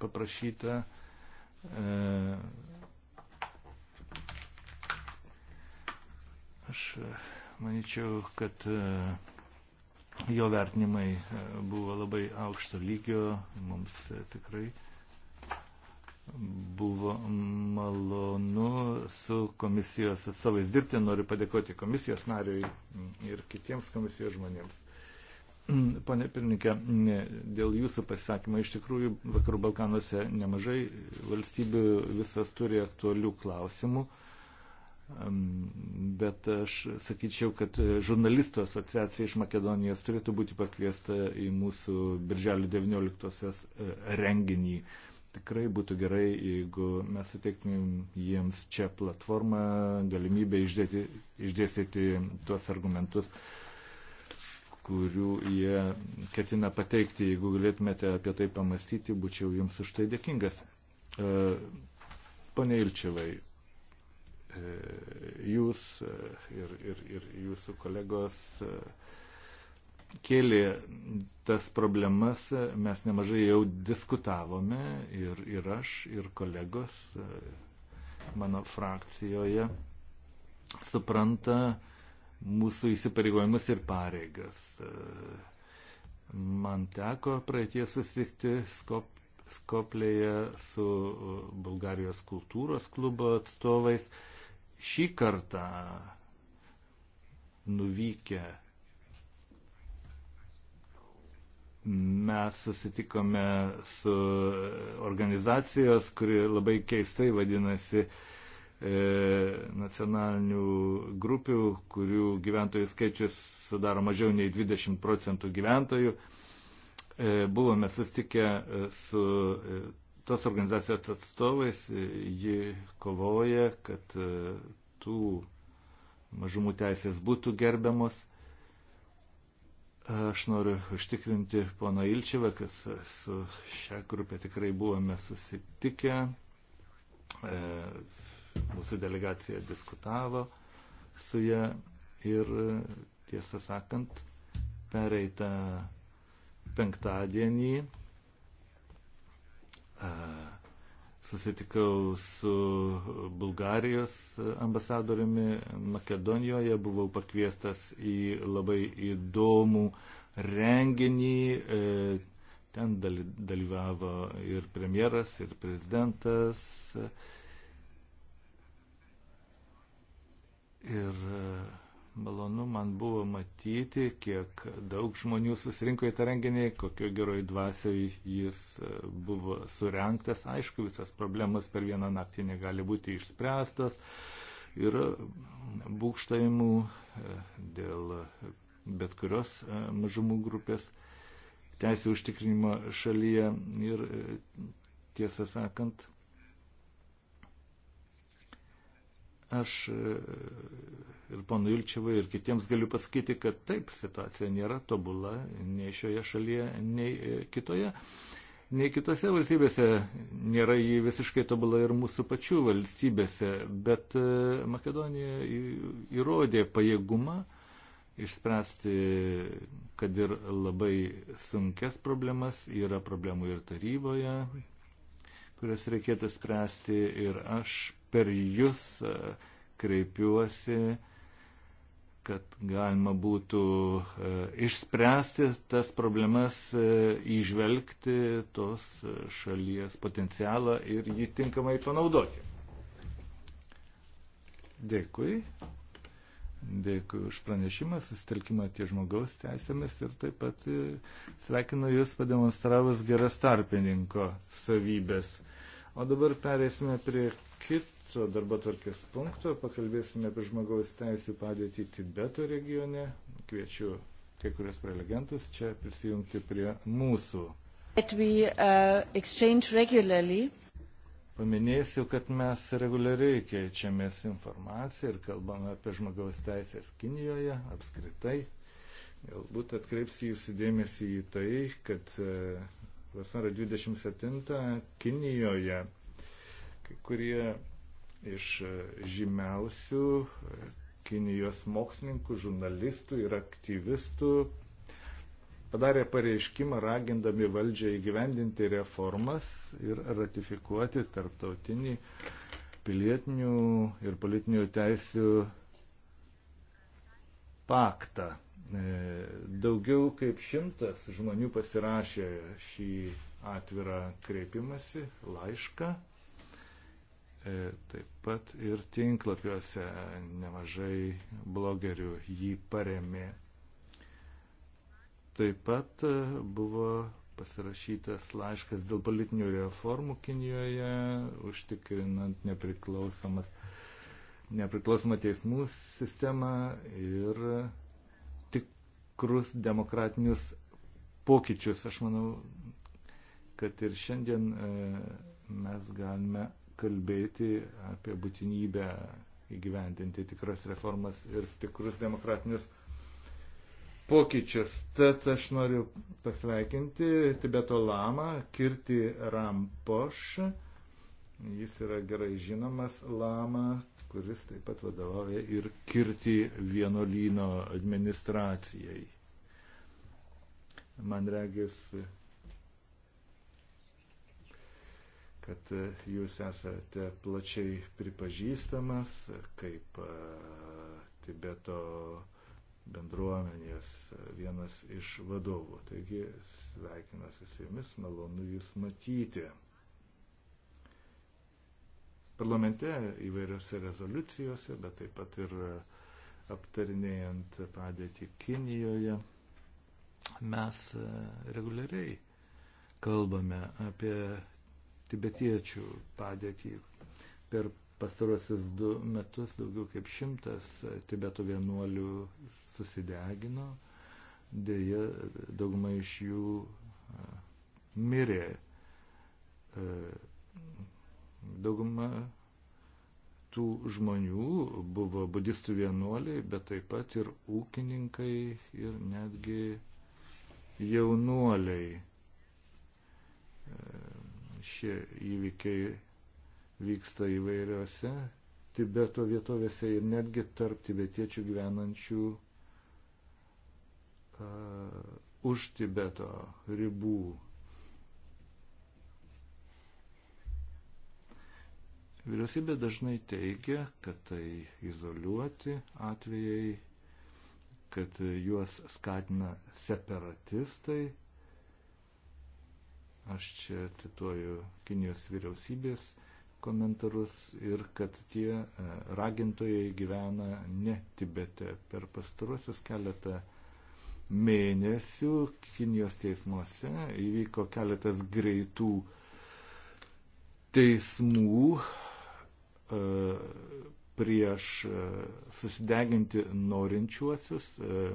paprašyta e, Aš e, manyčiau, kad jo vertinimai buvo labai aukšto lygio, mums tikrai buvo malonu su komisijos atstovais dirbti. Noriu padėkoti komisijos nariui ir kitiems komisijos žmonėms. Mm, Pane pirmininkė, dėl jūsų pasisakymo, iš tikrųjų, Vakarų Balkanuose nemažai valstybių visas turi aktualių klausimų, mm, bet aš sakyčiau, kad žurnalistų asociacija iš Makedonijos turėtų būti pakviesta į mūsų birželio 19 e, renginį. Tikrai būtų gerai, jeigu mes suteiktumėm jiems čia platformą, galimybę išdėti, išdėstyti tuos argumentus kurių jie ketina pateikti. Jeigu galėtumėte apie tai pamastyti, būčiau jums už tai dėkingas. E, Pane Ilčiavai, e, jūs e, ir, ir, ir jūsų kolegos kėlė tas problemas, mes nemažai jau diskutavome ir, ir aš, ir kolegos mano frakcijoje supranta, mūsų įsipareigojimus ir pareigas. Man teko praeitie susitikti Skop, Skoplėje su Bulgarijos kultūros klubo atstovais. Šį kartą nuvykę mes susitikome su organizacijos, kuri labai keistai vadinasi uh, E, nacionalinių grupių, kurių gyventojų skaičius sudaro mažiau nei 20 procentų gyventojų. E, buvome sustikę e, su tos organizacijos atstovais, ji kovoja, kad tų mažumų teisės būtų gerbiamos. Aš noriu užtikrinti pono Ilčiavą, kad su šią grupę tikrai buvome susitikę. Mūsų delegacija diskutavo su ją ir, tiesą sakant, pereitą penktadienį susitikau su Bulgarijos ambasadoriumi Makedonijoje, buvau pakviestas į labai įdomų renginį. E, ten dalyvavo ir premjeras, ir prezidentas, Ir e, malonu man buvo matyti, kiek daug žmonių susirinko į tą renginį, kokio geroj dvasiai jis e, buvo surenktas. Aišku, visas problemas per vieną naktį negali būti išspręstas. Yra e, būkštavimų dėl bet kurios mažumų grupės teisų užtikrinimo šalyje ir tiesą sakant, Aš e, ir ponu Ilčiavai, ir kitiems galiu pasakyti, kad taip, situacija nėra tobula nei šioje šalyje, nei e, kitoje. Nei kitose valstybėse nėra jį visiškai tobula ir mūsų pačių valstybėse, bet e, Makedonija įrodė pajėgumą išspręsti, kad ir labai sunkes problemas, yra problemų ir taryboje, kurias reikėtų spręsti ir aš per jūs e, kreipiuosi, kad galima būtų e, išspręsti tas problemas, e, įžvelgti tos šalies potencialą ir jį tinkamai panaudoti. Dėkui. Dėkui už pranešimą, susitelkimą tie žmogaus teisėmis ir taip pat sveikinu Jūs pademonstravus geras tarpininko savybės. O dabar pereisime prie kito darbo tvarkės punkto. Pakalbėsime apie žmogaus teisų padėtį Tibeto regione. Kviečiu kai kurias prelegentus čia prisijungti prie mūsų. We, uh, Paminėsiu, kad mes reguliariai keičiamės informaciją ir kalbame apie žmogaus teisės Kinijoje apskritai. Galbūt atkreipsiu jūsų dėmesį į tai, kad uh, vasaro 27 Kinijoje kai kurie iš e, žymiausių e, Kinijos mokslininkų, žurnalistų ir aktyvistų padarė pareiškimą ragindami valdžią įgyvendinti reformas ir ratifikuoti tarptautinį pilietinių ir politinių teisių paktą. E, daugiau kaip šimtas žmonių pasirašė šį atvirą kreipimąsi, laišką E, taip pat ir tinklapiuose nemažai blogerių jį paremė. Taip pat e, buvo pasirašytas laiškas dėl politinių reformų Kinijoje, užtikrinant nepriklausomas, nepriklausomą teismų sistemą ir tikrus demokratinius pokyčius. Aš manau, kad ir šiandien e, mes galime kalbėti apie būtinybę įgyvendinti tikras reformas ir tikrus demokratinius pokyčius. Tad aš noriu pasveikinti Tibeto lamą Kirti Rampoš. Jis yra gerai žinomas lama, kuris taip pat vadovauja ir Kirti vienolyno administracijai. Man regis, kad e, jūs esate plačiai pripažįstamas kaip e, Tibeto bendruomenės vienas iš vadovų. Taigi sveikinuosi su jumis, malonu jūs matyti. Parlamente įvairiose rezoliucijose, bet taip pat ir aptarinėjant padėtį Kinijoje, mes e, reguliariai kalbame apie tibetiečių padėtį. Per pastarosius du metus daugiau kaip šimtas tibeto vienuolių susidegino, dėja dauguma iš jų mirė. Dauguma tų žmonių buvo budistų vienuoliai, bet taip pat ir ūkininkai ir netgi jaunuoliai šie įvykiai vyksta įvairiose Tibeto vietovėse ir netgi tarp tibetiečių gyvenančių uh, už Tibeto ribų. Vyriausybė dažnai teigia, kad tai izoliuoti atvejai, kad juos skatina separatistai, aš čia cituoju Kinijos vyriausybės komentarus ir kad tie e, ragintojai gyvena ne Tibete. Per pastaruosius keletą mėnesių Kinijos teismuose įvyko keletas greitų teismų e, prieš e, susideginti norinčiuosius. E,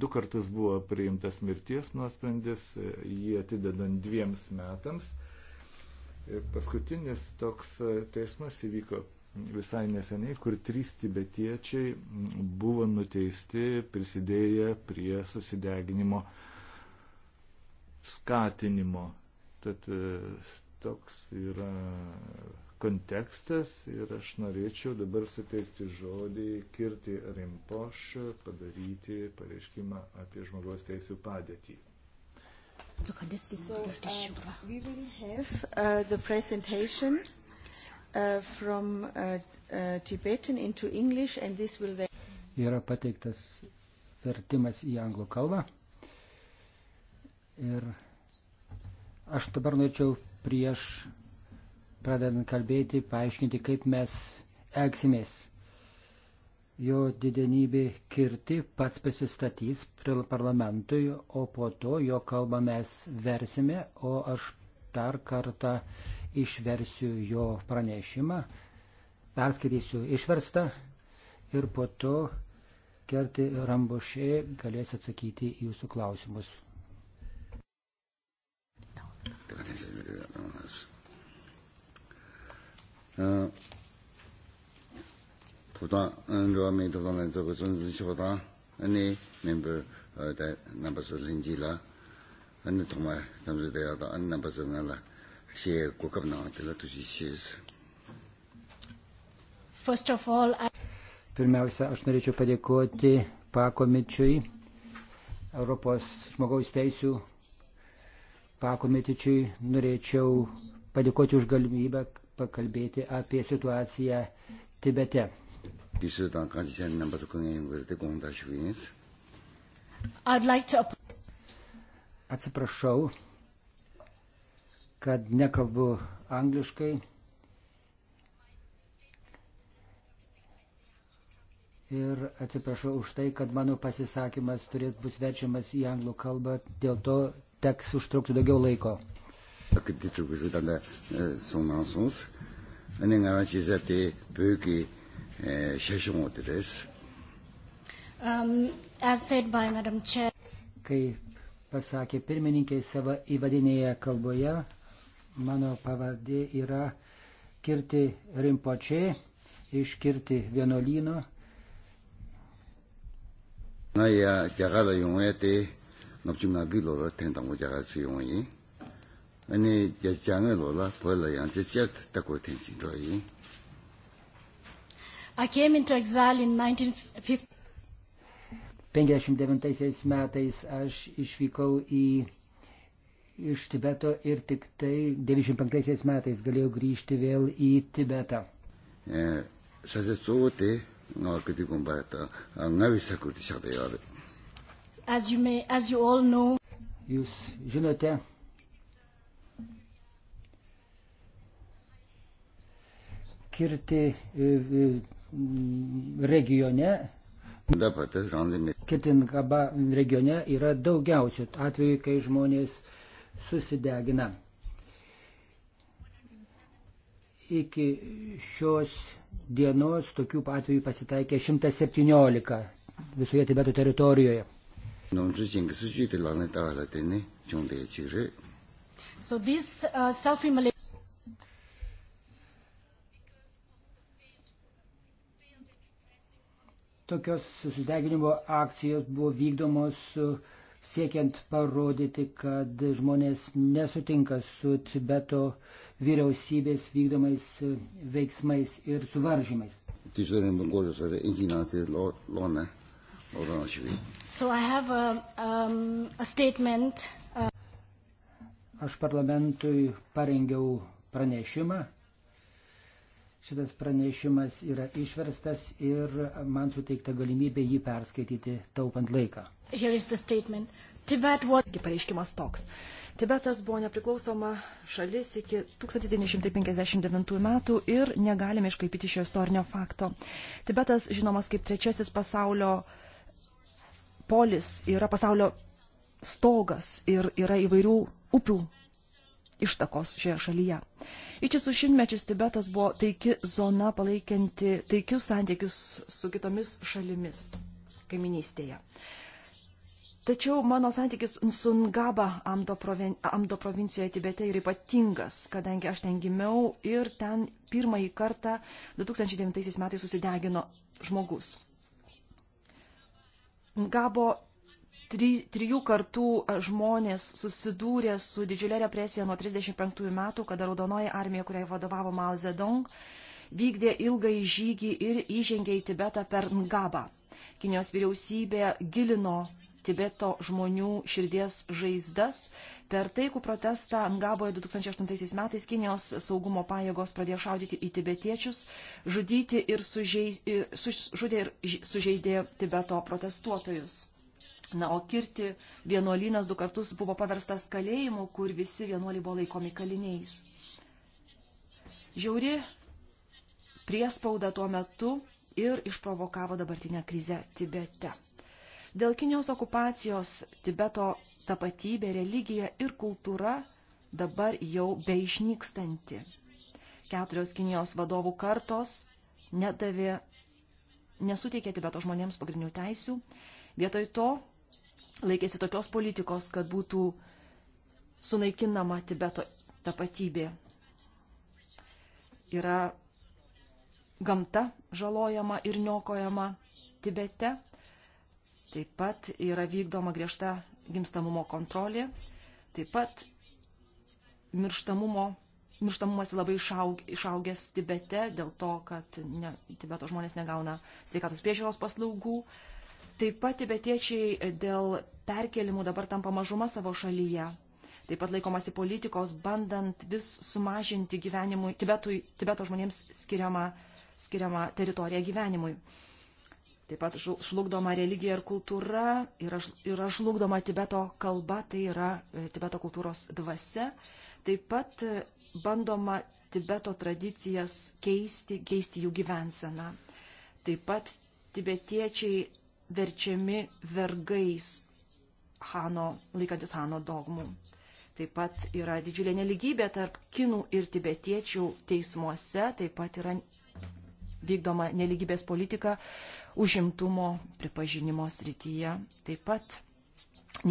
du kartus buvo priimtas mirties nuosprendis, e, jį atidedant dviems metams. Ir paskutinis toks teismas įvyko visai neseniai, kur trys tibetiečiai buvo nuteisti prisidėję prie susideginimo skatinimo. Tad toks yra kontekstas ir aš norėčiau dabar suteikti žodį Kirti Rimpoš padaryti pareiškimą apie žmogaus teisų padėtį. So, uh, we will have uh, the presentation uh, from uh, uh, Tibetan into English and this will then... Yra pateiktas vertimas į anglų kalbą. Ir aš dabar norėčiau prieš pradedant kalbėti, paaiškinti, kaip mes elgsimės. Jo didenybė kirti pats pasistatys parlamentui, o po to jo kalbą mes versime, o aš dar kartą išversiu jo pranešimą, perskaitysiu išverstą ir po to Kerti Rambušė galės atsakyti į jūsų klausimus. No. 嗯、呃，土团嗯，罗美土团呢，这个种子学堂，俺呢，明白呃，在那不是成绩了，俺呢，同嘛，咱们得要到俺那不是俺了，些国家呢，这个都是些是。First of all, I... Pirmiausia, aš norėčiau padėkoti pakomičiui, Europos žmogaus teisų pakomitečiui, norėčiau padėkoti už galimybę pakalbėti apie situaciją Tibete. Atsiprašau, kad nekalbu angliškai. Ir atsiprašau už tai, kad mano pasisakymas turės bus verčiamas į anglų kalbą, dėl to teks užtrukti daugiau laiko. 그때 쪽에서 단다 송나송스 아니 나라 지자티 벽이 셔숑 오드레스 um as said by madam chair kai pasakė pirmininkė savo įvadinėje kalboje mano pavardė yra kirti rimpočiai iškirti vienuolyno na ja jagada yongwe te nopchimna gilo ten tango jaga si yongwe Ani ya changa lo la po la yang che che ta ko ten chi ro yi. I came into exile in 1950. 59 metais aš išvykau į iš Tibeto ir tik tai 95 metais galėjau grįžti vėl į Tibetą. E, as you, may, as you all know, Jūs žinote, kirti e, e, regione. Kirtingaba regione yra daugiausių atvejų, kai žmonės susidegina. Iki šios dienos tokių atvejų pasitaikė 117 visoje Tibeto teritorijoje. So this, uh, Tokios susideginimo akcijos buvo vykdomos e, siekiant parodyti, kad žmonės nesutinka su Tibeto vyriausybės vykdomais e, veiksmais ir suvaržymais. So I have a, um, a statement. Uh... Aš parlamentui parengiau pranešimą Šitas pranešimas yra išverstas ir man suteikta galimybė jį perskaityti taupant laiką. Tibet was... Pareiškimas toks. Tibetas buvo nepriklausoma šalis iki 1959 metų ir negalime iškaipyti šio istorinio fakto. Tibetas žinomas kaip trečiasis pasaulio polis, yra pasaulio stogas ir yra įvairių upių ištakos šioje šalyje. Ištisus šimtmečius Tibetas buvo taiki zona palaikianti taikius santykius su kitomis šalimis kaiminystėje. Tačiau mano santykis su Ngaba Amdo, provin, Amdo provincijoje Tibete yra ypatingas, kadangi aš ten gimiau ir ten pirmąjį kartą 2009 metais susidegino žmogus. Ngabo tri, trijų kartų žmonės susidūrė su didžiulė represija nuo 35 metų, kada Raudonoji armija, kuriai vadovavo Mao Zedong, vykdė ilgai žygį ir įžengė į Tibetą per Ngabą. Kinijos vyriausybė gilino Tibeto žmonių širdies žaizdas. Per taikų protestą Angaboje 2008 metais Kinijos saugumo pajėgos pradėjo šaudyti į tibetiečius, žudyti ir sužeis, su, žudė ir sužeidė Tibeto protestuotojus. Na, o kirti vienuolynas du kartus buvo paverstas kalėjimu, kur visi vienuoliai buvo laikomi kaliniais. Žiauri priespauda tuo metu ir išprovokavo dabartinę krizę Tibete. Dėl Kinijos okupacijos Tibeto tapatybė, religija ir kultūra dabar jau beišnykstanti. Keturios Kinijos vadovų kartos nedavė, nesuteikė Tibeto žmonėms pagrindinių teisių. Vietoj to laikėsi tokios politikos, kad būtų sunaikinama Tibeto tapatybė. Yra gamta žalojama ir niokojama Tibete. Taip pat yra vykdoma griežta gimstamumo kontrolė. Taip pat mirštamumo, mirštamumas labai išaug, išaugęs Tibete dėl to, kad ne, Tibeto žmonės negauna sveikatos priežiūros paslaugų. Taip pat tibetiečiai e, dėl perkelimų dabar tampa mažuma savo šalyje. Taip pat laikomasi politikos, bandant vis sumažinti gyvenimui, Tibetui, Tibeto žmonėms skiriamą, skiriamą teritoriją gyvenimui. Taip pat žlugdoma religija ir kultūra, yra, yra žlugdoma Tibeto kalba, tai yra e, Tibeto kultūros dvasia. Taip pat e, bandoma Tibeto tradicijas keisti, keisti jų gyvenseną. Taip pat tibetiečiai verčiami vergais Hano, laikantis Hano dogmų. Taip pat yra didžiulė neligybė tarp kinų ir tibetiečių teismuose, taip pat yra vykdoma neligybės politika užimtumo pripažinimo srityje. Taip pat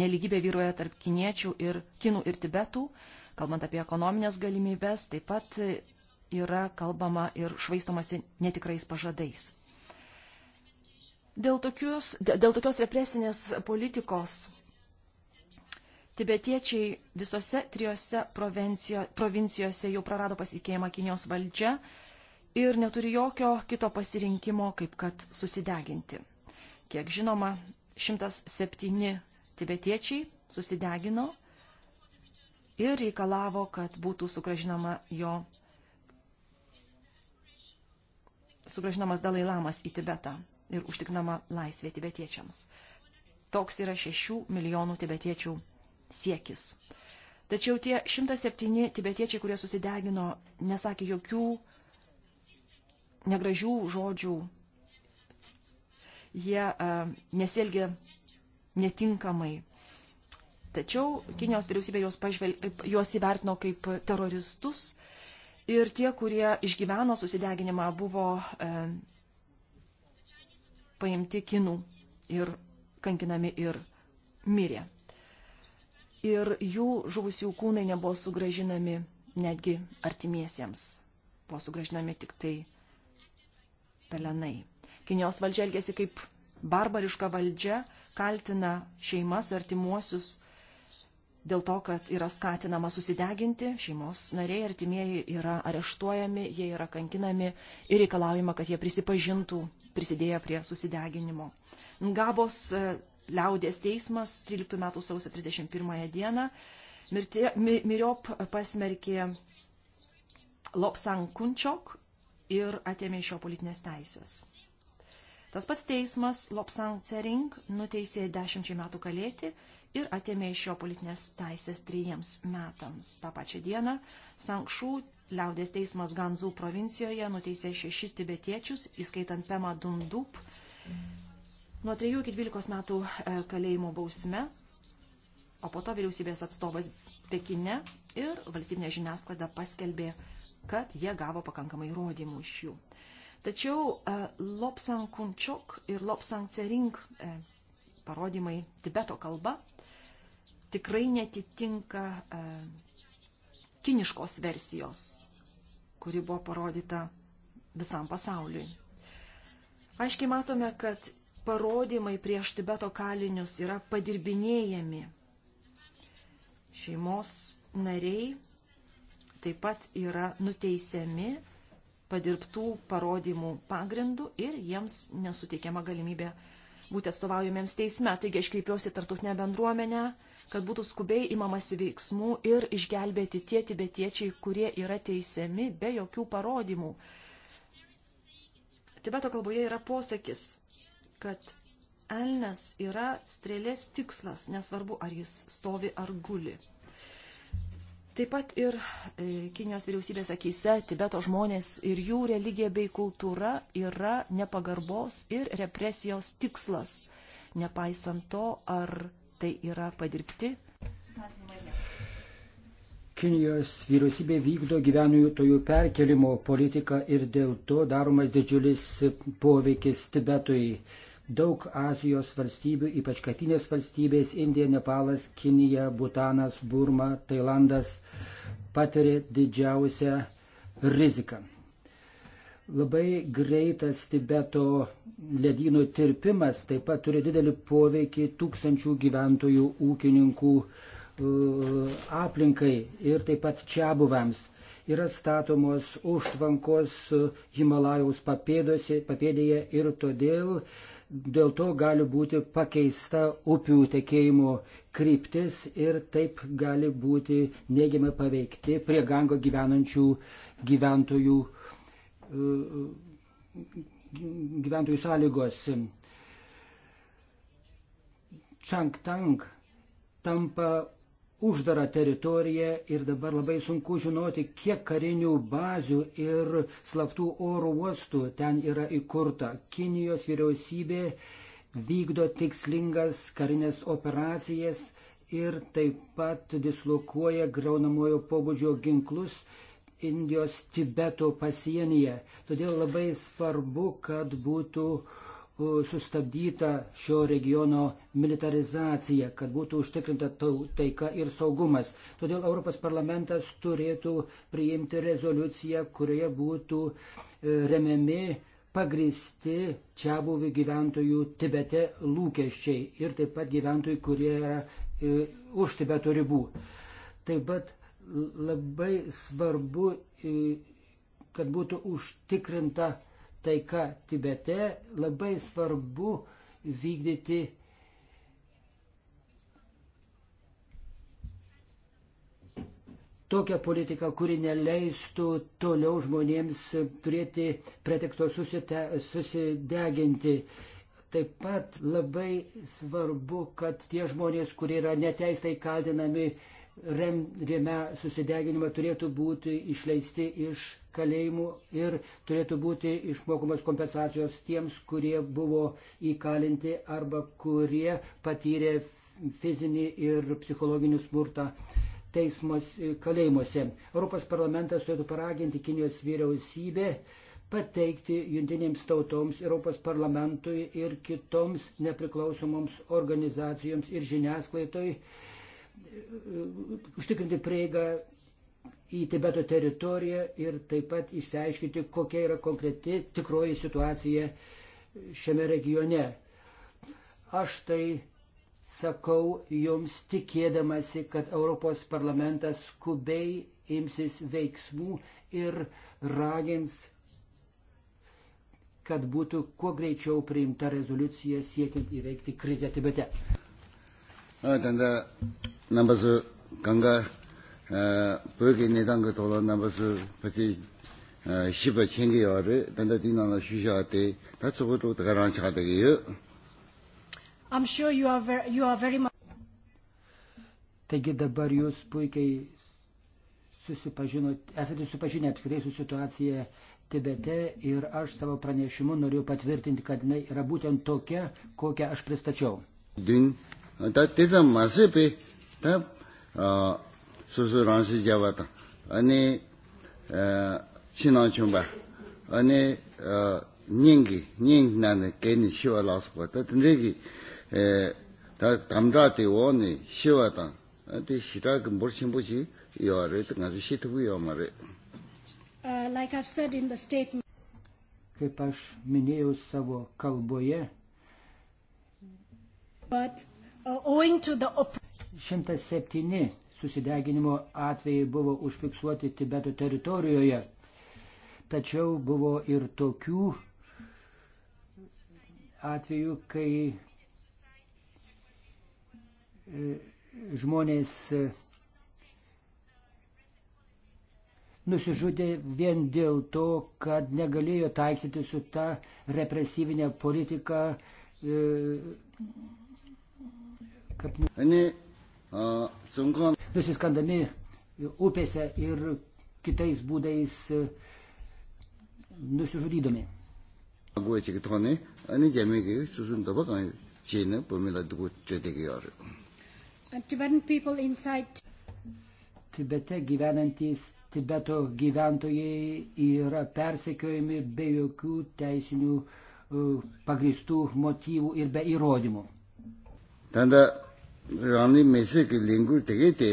neligybė vyruoja tarp kiniečių ir kinų ir tibetų, kalbant apie ekonominės galimybės, taip pat yra kalbama ir švaistomasi netikrais pažadais. Dėl, tokius, dėl tokios represinės politikos tibetiečiai visose trijose provincijose jau prarado pasitikėjimą Kinijos valdžia ir neturi jokio kito pasirinkimo, kaip kad susideginti. Kiek žinoma, 107 tibetiečiai susidegino ir reikalavo, kad būtų sugražinama jo sugražinamas Dalai Lamas į Tibetą ir užtiknama laisvė tibetiečiams. Toks yra 6 milijonų tibetiečių siekis. Tačiau tie 107 tibetiečiai, kurie susidegino, nesakė jokių negražių žodžių. Jie uh, nesielgė netinkamai. Tačiau Kinijos vyriausybė juos, pažvel, juos įvertino kaip teroristus ir tie, kurie išgyveno susideginimą, buvo uh, paimti kinų ir kankinami ir mirė. Ir jų žuvusių kūnai nebuvo sugražinami netgi artimiesiems. Buvo sugražinami tik tai pelenai. Kinijos valdžia elgėsi kaip barbariška valdžia, kaltina šeimas, artimuosius dėl to, kad yra skatinama susideginti, šeimos nariai, artimieji yra areštuojami, jie yra kankinami ir reikalaujama, kad jie prisipažintų prisidėję prie susideginimo. Ngabos e, liaudės teismas 13 metų sausio 31 dieną mirtė, mi, miriop pasmerkė Lopsang Kunčiok ir atėmė iš jo politinės teisės. Tas pats teismas Lopsang Cering nuteisė 10 metų kalėti ir atėmė iš jo politinės teisės trijiems metams. Ta pačia diena Sankšų liaudės teismas Ganzų provincijoje nuteisė šešis tibetiečius, įskaitant Pema Dundup, nuo 3 iki 12 metų e, kalėjimo bausme, o po to vyriausybės atstovas Pekine ir valstybinė žiniasklaida paskelbė, kad jie gavo pakankamai įrodymų iš jų. Tačiau e, Lopsang Kunčiok ir Lopsang Cering e, parodymai Tibeto kalba tikrai netitinka e, kiniškos versijos, kuri buvo parodyta visam pasauliui. Aiškiai matome, kad parodymai prieš Tibeto kalinius yra padirbinėjami. Šeimos nariai taip pat yra nuteisiami padirbtų parodymų pagrindų ir jiems nesuteikiama galimybė būti atstovaujamiems teisme. Taigi aš kreipiuosi tartutinę bendruomenę, kad būtų skubiai imamasi veiksmų ir išgelbėti tie tibetiečiai, kurie yra teisiami be jokių parodymų. Tibeto kalboje yra posakis, kad elnes yra strėlės tikslas, nesvarbu ar jis stovi ar guli. Taip pat ir e, Kinijos vyriausybės akise Tibeto žmonės ir jų religija bei kultūra yra nepagarbos ir represijos tikslas, nepaisant to, ar tai yra padirbti. Kinijos vyriausybė vykdo gyventojų perkelimo politiką ir dėl to daromas didžiulis poveikis Tibetui. Daug Azijos valstybių, ypač katinės valstybės - Indija, Nepalas, Kinija, Butanas, Burma, Tailandas - patiria didžiausią riziką. Labai greitas Tibeto ledynų tirpimas taip pat turi didelį poveikį tūkstančių gyventojų ūkininkų aplinkai ir taip pat čia buvams. Yra statomos užtvankos Himalajaus papėdėje ir todėl dėl to gali būti pakeista upių tekėjimo kryptis ir taip gali būti neigiamai paveikti prie gango gyvenančių gyventojų uh, gyventojų sąlygos. Čangtang tampa uždara teritorija ir dabar labai sunku žinoti, kiek karinių bazių ir slaptų oro uostų ten yra įkurta. Kinijos vyriausybė vykdo tikslingas karinės operacijas ir taip pat dislokuoja graunamojo pobūdžio ginklus Indijos Tibeto pasienyje. Todėl labai svarbu, kad būtų sustabdyta šio regiono militarizacija, kad būtų užtikrinta taika ir saugumas. Todėl Europos parlamentas turėtų priimti rezoliuciją, kurioje būtų e, remiami pagristi čia buvių gyventojų Tibete lūkesčiai ir taip pat gyventojų, kurie yra e, už Tibeto ribų. Taip pat labai svarbu, e, kad būtų užtikrinta taika Tibete, labai svarbu vykdyti tokią politiką, kuri neleistų toliau žmonėms turėti pretekto susite, susideginti. Taip pat labai svarbu, kad tie žmonės, kurie yra neteistai kaltinami rem, rėme susideginimą turėtų būti išleisti iš kalėjimų ir turėtų būti išmokamos kompensacijos tiems, kurie buvo įkalinti arba kurie patyrė fizinį ir psichologinį smurtą teismos kalėjimuose. Europos parlamentas turėtų paraginti Kinijos vyriausybę pateikti jungtinėms tautoms, Europos parlamentui ir kitoms nepriklausomoms organizacijoms ir žiniasklaidoj užtikrinti prieigą į Tibeto teritoriją ir taip pat išsiaiškinti, kokia yra konkreti tikroji situacija šiame regione. Aš tai sakau jums tikėdamasi, kad Europos parlamentas skubiai imsis veiksmų ir ragins, kad būtų kuo greičiau priimta rezoliucija siekiant įveikti krizę Tibete tanda nambasu ganga pyoge nidanga tola nambasu pachi shiba chengi yawari tanda dinana shushawate ta tsugu tu taga ranchakadagi yu. I'm sure you are very, you are very much. Taigi dabar jūs puikiai susipažinot, esate susipažinę apskritai su situacija Tibete ir aš savo pranešimu noriu patvirtinti, kad jinai yra būtent tokia, kokią aš pristačiau. Din 다 대자 마세베 다 수수 란시 잡았다 아니 신앙 좀봐 아니 닝기 닝나네 괜히 쉬어 나서 봤다 근데기 에다 담자대 원이 쉬어다 어디 시작 모르신 보지 요아래 등아주 시트고요 말에 uh, like I've said in the statement kaip aš minėjau savo kalboje but 107 uh, susideginimo atvejai buvo užfiksuoti Tibeto teritorijoje, tačiau buvo ir tokių atvejų, kai e, žmonės e, nusižudė vien dėl to, kad negalėjo taiksyti su ta represyvinė politika e, kaip nu- nusiskandami upėse ir kitais būdais e, nusižudydami. Tibete gyvenantys Tibeto gyventojai yra persekiojami be jokių teisinių e, pagristų motyvų ir be įrodymų. Tada rāni mēsē kī līngu tēkē tē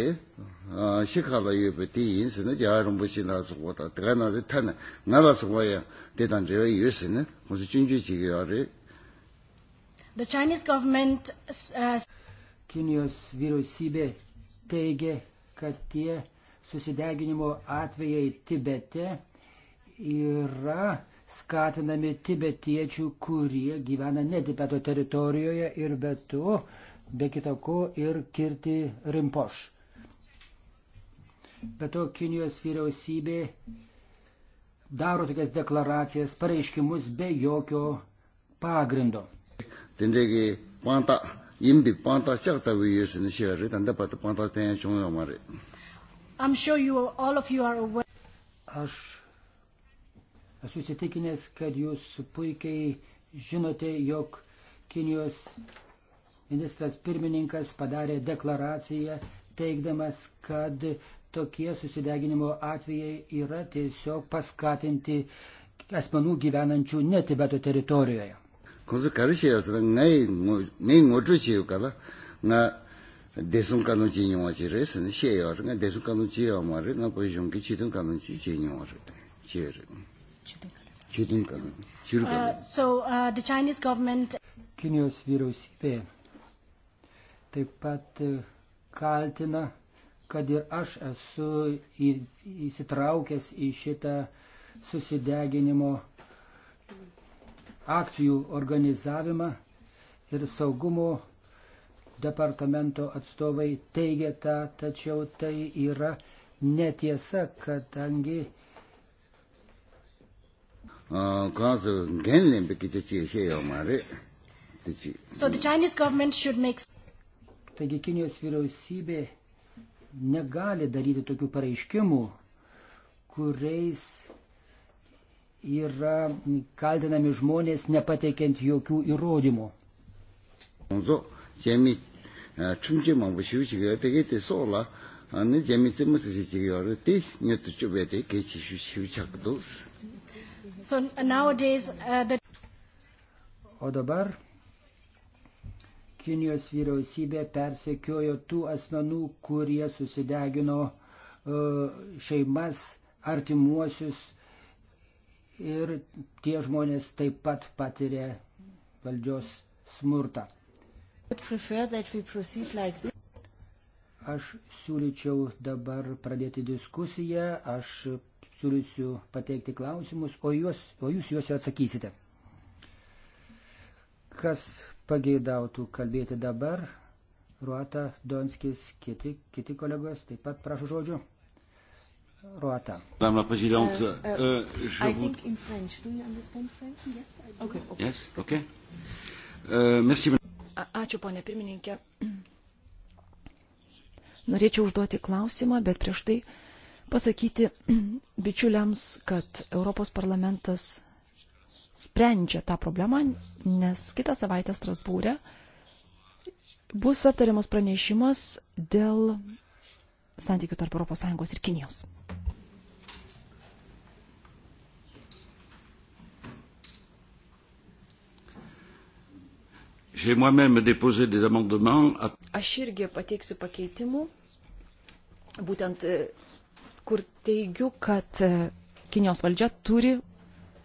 shikā lā yu bē tē yin sē nā jā rōmbu shī nā sō wā tā tē kā nā tē tā nā ngā lā sō wā yā tē tān rē wā yu sē nā mō sō chūn chū chī kī yā rē The Chinese government uh, Kinijos vyriausybė teigia, kad tie susideginimo atvejai Tibete yra skatinami tibetiečių, kurie gyvena ne Tibeto teritorijoje ir be to uh, be kita ko ir Kirti Rimpoš. Be to, Kinijos vyriausybė daro tokias deklaracijas, pareiškimus be jokio pagrindo. Aš esu įsitikinęs, kad jūs puikiai žinote, jog Kinijos ministras pirmininkas padarė deklaraciją teikdamas, kad tokie susideginimo atvejai yra tiesiog paskatinti asmenų gyvenančių ne Tibeto teritorijoje. Desung kanun chi nyungwa chi re, san xie yaw re, nga desung kanun chi yaw ma re, nga po yung ki chidung kanun chi chi nyungwa re, chi re. Chidung kanun. Chidung kanun. So, uh, the Chinese government... Kinijos vyriausybė taip pat e, kaltina, kad ir aš esu įsitraukęs į šitą susideginimo akcijų organizavimą ir saugumo departamento atstovai teigia tą, tačiau tai yra netiesa, kadangi So the Chinese government should make Taigi Kinijos vyriausybė negali daryti tokių pareiškimų, kuriais yra kaltinami žmonės nepateikiant jokių įrodymų. E, so, nowadays, uh, the... O dabar Kinijos vyriausybė persekiojo tų asmenų, kurie susidegino e, šeimas, artimuosius ir tie žmonės taip pat patiria valdžios smurtą. Aš siūlyčiau dabar pradėti diskusiją, aš siūlysiu pateikti klausimus, o, juos, o jūs juos atsakysite. Kas pageidautų kalbėti dabar. Ruata, Donskis, kiti, kiti kolegos taip pat prašo žodžio. Ruata. Madame la Présidente, uh, uh, uh, je I think in French. Do you understand French? Yes, I do. Okay. okay. Yes, okay. Uh, merci. A ačiū, ponė pirmininkė. Norėčiau užduoti klausimą, bet prieš tai pasakyti bičiuliams, kad Europos parlamentas sprendžia tą problemą, nes kitą savaitę Strasbūrė bus aptariamas pranešimas dėl santykių tarp ES ir Kinijos. Aš irgi pateiksiu pakeitimų, būtent e, kur teigiu, kad e, Kinijos valdžia turi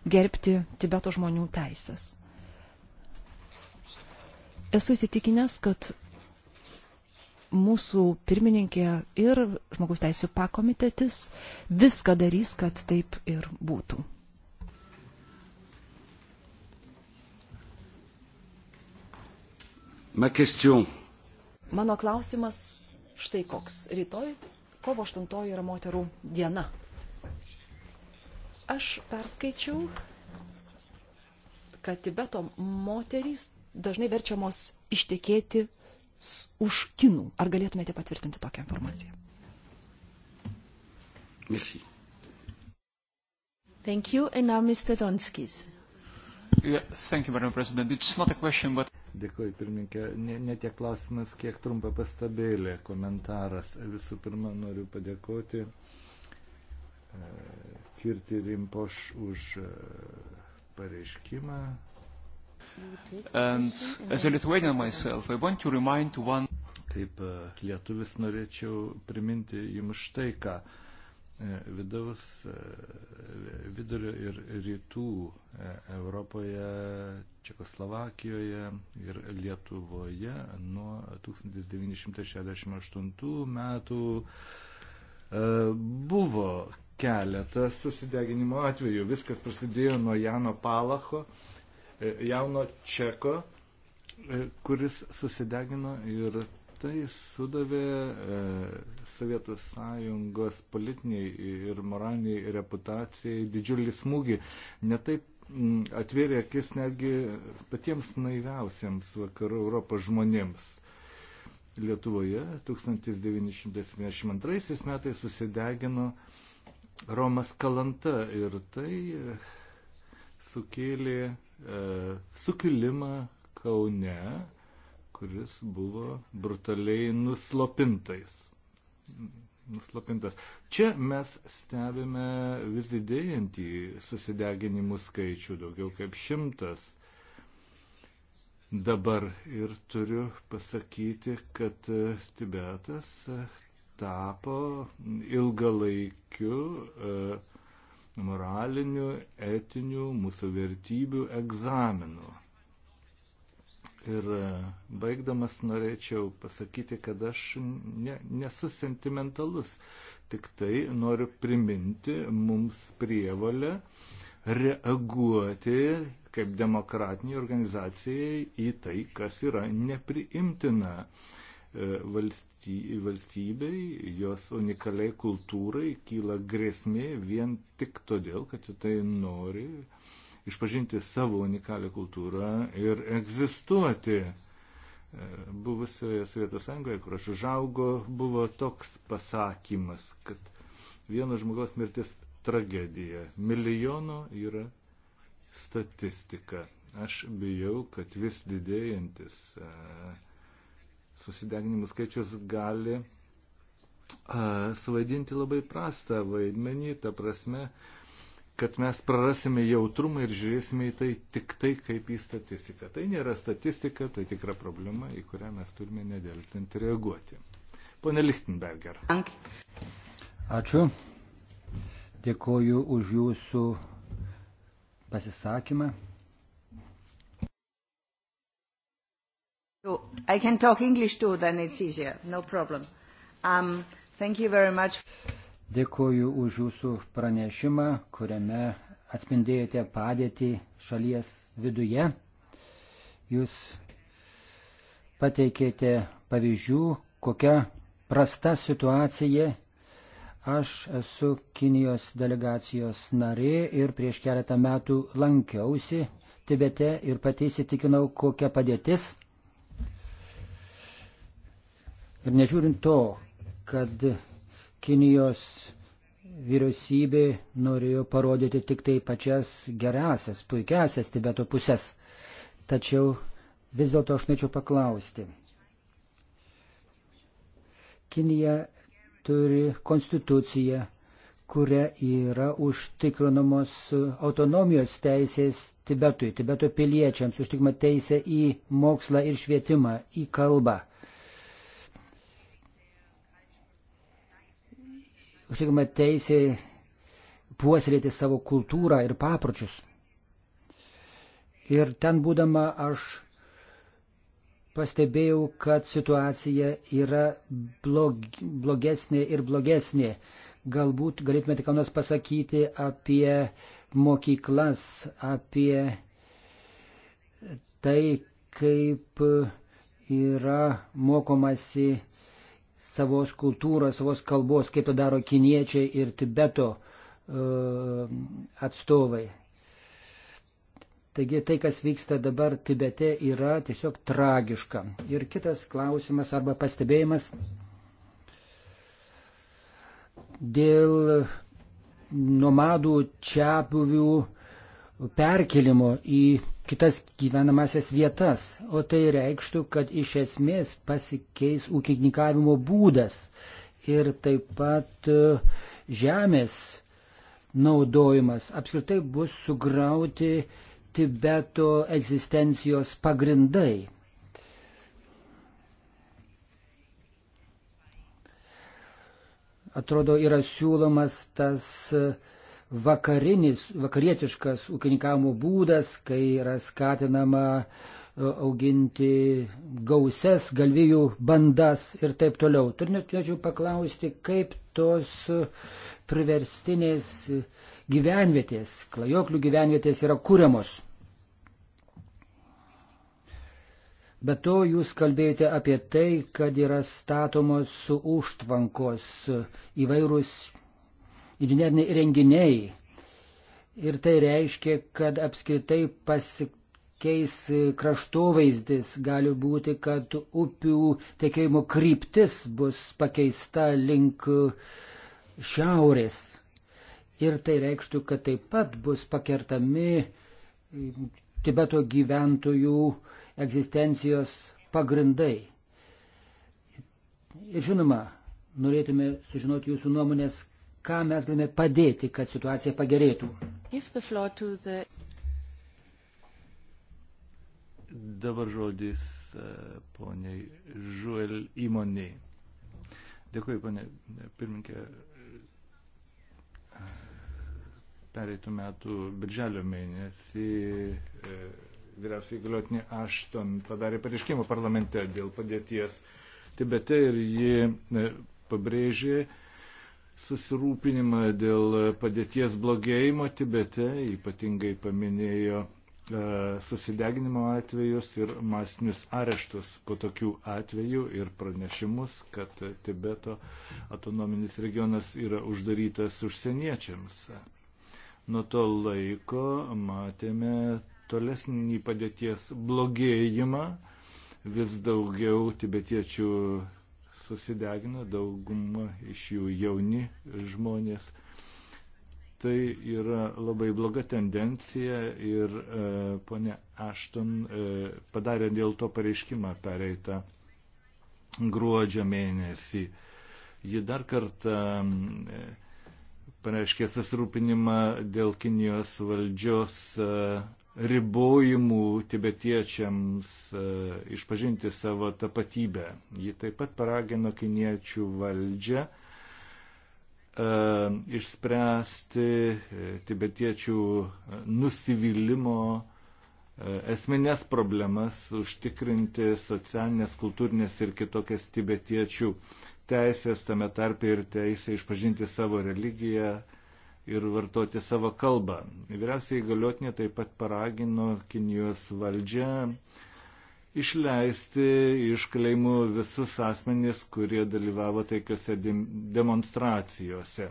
gerbti Tibeto žmonių teisės. Esu įsitikinęs, kad mūsų pirmininkė ir žmogus teisų pakomitetis viską darys, kad taip ir būtų. Ma question. Mano klausimas štai koks. Rytoj kovo 8 yra moterų diena. Aš perskaičiau, kad Tibeto moterys dažnai verčiamos ištekėti už kinų. Ar galėtumėte patvirtinti tokią informaciją? Merci. Thank you. And now Mr. Donskis. Yeah, thank you, Madam President. It's not a question, but... Dėkuoju, pirmininkė. Ne, ne tiek klausimas, kiek trumpa pastabėlė, komentaras. Visų pirma, noriu padėkoti uh, Kirti Rimpoš už e, pareiškimą. And as a Lithuanian myself, I want to remind one. Kaip e, lietuvis norėčiau priminti jums štai ką. E, vidaus, vidurio ir rytų Europoje, Čekoslovakijoje ir Lietuvoje nuo 1968 metų buvo keletas susideginimo atvejų. Viskas prasidėjo nuo Jano Palacho, e, jauno čeko, e, kuris susidegino ir tai sudavė e, Sovietų sąjungos politiniai ir moraliniai reputacijai didžiulį smūgį. Netaip atvėrė akis netgi patiems naiviausiems vakarų Europos žmonėms. Lietuvoje 1972 metais susidegino uh, Romas Kalanta ir tai e, sukėlė e, sukilimą Kaune, kuris buvo brutaliai nuslopintais. Nuslopintas. Čia mes stebime vis didėjantį susideginimų skaičių, daugiau kaip šimtas. Dabar ir turiu pasakyti, kad Tibetas tapo ilgalaikiu e, moraliniu, etiniu mūsų vertybių egzaminu. Ir e, baigdamas norėčiau pasakyti, kad aš ne, nesu sentimentalus, tik tai noriu priminti mums prievalę reaguoti kaip demokratiniai organizacijai į tai, kas yra nepriimtina. Uh, valstybei, jos unikaliai kultūrai kyla grėsmė vien tik todėl, kad tai nori išpažinti savo unikalią kultūrą ir egzistuoti. E, buvusioje Sovietų sąjungoje, kur aš užaugo, buvo toks pasakymas, kad vieno žmogaus mirtis tragedija, milijono yra statistika. Aš bijau, kad vis didėjantis. Uh, susideginimų skaičius gali a, suvaidinti labai prastą vaidmenį, ta prasme, kad mes prarasime jautrumą ir žiūrėsime į tai tik tai kaip į statistiką. Tai nėra statistika, tai tikra problema, į kurią mes turime nedėlsint reaguoti. Pone Lichtenberger. Ačiū. Dėkoju už jūsų pasisakymą. So I can talk English too, then it's easier, no problem. Um, thank you very much. Dėkuoju už jūsų pranešimą, kuriame atspindėjote padėtį šalies viduje. Jūs pateikėte pavyzdžių, kokia prasta situacija. Aš esu Kinijos delegacijos narė ir prieš keletą metų lankiausi Tibete ir pati įsitikinau, kokia padėtis Ir nežiūrint to, kad Kinijos vyriausybė norėjo parodyti tik tai pačias gerasias, puikiasias Tibeto pusės. Tačiau vis dėlto aš norėčiau paklausti. Kinija turi konstituciją, kuria yra užtikrinamos autonomijos teisės Tibetui, Tibeto piliečiams, užtikrima teisė į mokslą ir švietimą, į kalbą. užtikrima teisė puoselėti savo kultūrą ir papročius. Ir ten būdama aš pastebėjau, kad situacija yra blog, blogesnė ir blogesnė. Galbūt galėtumėte ką nors pasakyti apie mokyklas, apie tai, kaip yra mokomasi savos kultūros, savos kalbos, kaip to daro kiniečiai ir Tibeto uh, atstovai. Taigi tai, kas vyksta dabar Tibete, yra tiesiog tragiška. Ir kitas klausimas arba pastebėjimas dėl nomadų čiapuvių perkelimo į kitas gyvenamasias vietas, o tai reikštų, kad iš esmės pasikeis ūkininkavimo būdas ir taip pat e, žemės naudojimas apskritai bus sugrauti Tibeto egzistencijos pagrindai. Atrodo, yra siūlomas tas uh, vakarinis, vakarietiškas ūkininkavimo būdas, kai yra skatinama e, auginti gausias galvijų bandas ir taip toliau. Turėčiau paklausti, kaip tos priverstinės gyvenvietės, klajoklių gyvenvietės yra kūriamos. Be to jūs kalbėjote apie tai, kad yra statomos užtvankos įvairūs inžineriniai renginiai. Ir tai reiškia, kad apskritai pasikeis kraštovaizdis, gali būti, kad upių tekėjimo kryptis bus pakeista link šiaurės. Ir tai reikštų, kad taip pat bus pakertami Tibeto gyventojų egzistencijos pagrindai. Ir žinoma, norėtume sužinoti jūsų nuomonės, ką mes galime padėti, kad situacija pagerėtų. The... Dabar žodis e, poniai Žuel įmoniai. Dėkuoju, ponė pirminkė. E, pereitų metų birželio mėnesį e, vyriausiai galiotinė Ašton padarė pareiškimą parlamente dėl padėties Tibete ir ji pabrėžė, susirūpinimą dėl padėties blogėjimo Tibete, ypatingai paminėjo e, susideginimo atvejus ir masinius areštus po tokių atvejų ir pranešimus, kad Tibeto autonominis regionas yra uždarytas užsieniečiams. Nuo to laiko matėme tolesnį padėties blogėjimą, vis daugiau tibetiečių susidegina, dauguma iš jų jauni žmonės. Tai yra labai bloga tendencija ir e, ponė Ašton e, padarė dėl to pareiškimą pereitą gruodžio mėnesį. Ji dar kartą e, pareiškė susirūpinimą dėl Kinijos valdžios. E, ribojimų tibetiečiams e, išpažinti savo tapatybę. Ji taip pat paragino kiniečių valdžią e, išspręsti e, tibetiečių nusivylimų esminės problemas, užtikrinti socialinės, kultūrinės ir kitokias tibetiečių teisės, tame tarpe ir teisę išpažinti savo religiją, ir vartoti savo kalbą. Vyriausiai galiotinė taip pat paragino Kinijos valdžią išleisti iš kalėjimų visus asmenys, kurie dalyvavo taikiuose demonstracijose.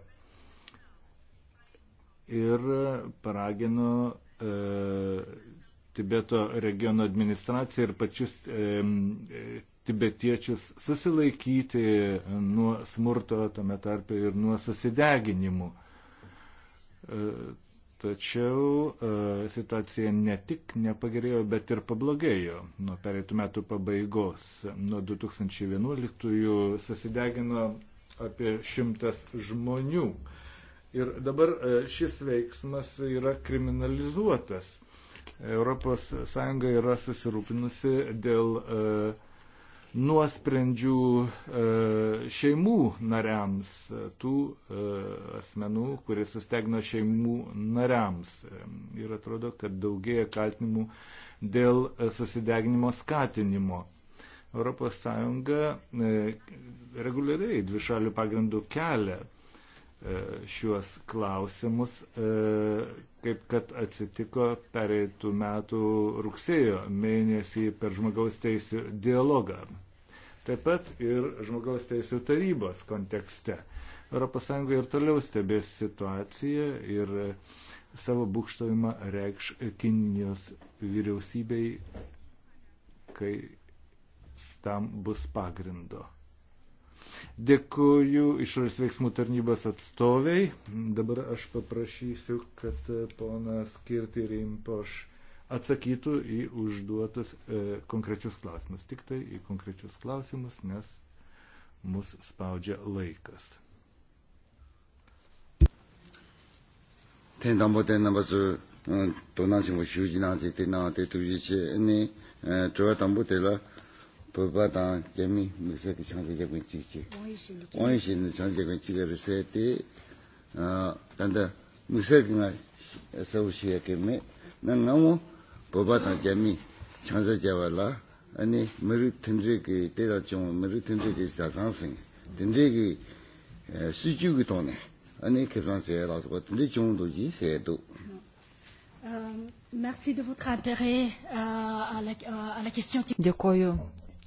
Ir paragino e, Tibeto regiono administraciją ir pačius e, e tibetiečius susilaikyti nuo smurto, tame tarpe ir nuo susideginimų. E, tačiau e, situacija ne tik nepagerėjo, bet ir pablogėjo nuo pereitų metų pabaigos. Nuo 2011-ųjų susidegino apie šimtas žmonių. Ir dabar e, šis veiksmas yra kriminalizuotas. ES yra susirūpinusi dėl uh, nuosprendžių e, šeimų nariams, e, tų e, asmenų, kurie sustegna šeimų nariams. Ir atrodo, kad daugėja kaltinimų dėl susideginimo skatinimo. ES reguliariai dvišalių pagrindų kelia šiuos klausimus, kaip kad atsitiko pereitų metų rugsėjo mėnesį per žmogaus teisų dialogą taip pat ir žmogaus teisų tarybos kontekste. ES ir toliau stebės situaciją ir savo būkštojimą reikš Kinijos vyriausybei, kai tam bus pagrindo. Dėkuoju išorės veiksmų tarnybos atstoviai. Dabar aš paprašysiu, kad ponas Kirti Rimpoš atsakytų į užduotus e, konkrečius klausimus. Tik tai į konkrečius klausimus, nes mus spaudžia laikas. Ten tam būtent nabazų 多那些我手机那些电脑的都一些，你呃主要当不得了，不把当见面没事的抢这些关机去，王一新的抢这关机个是谁的？呃，但的没事跟俺手机也给没，那俺们。boba tang jami chansa jawa la 아니 머리 튼지기 때다 좀 머리 튼지기 자상생 튼지기 시주기 돈에 아니 계산세라 그 튼지 정도 지세도 Merci de votre intérêt euh, à la, euh, à la question. Dėkoju,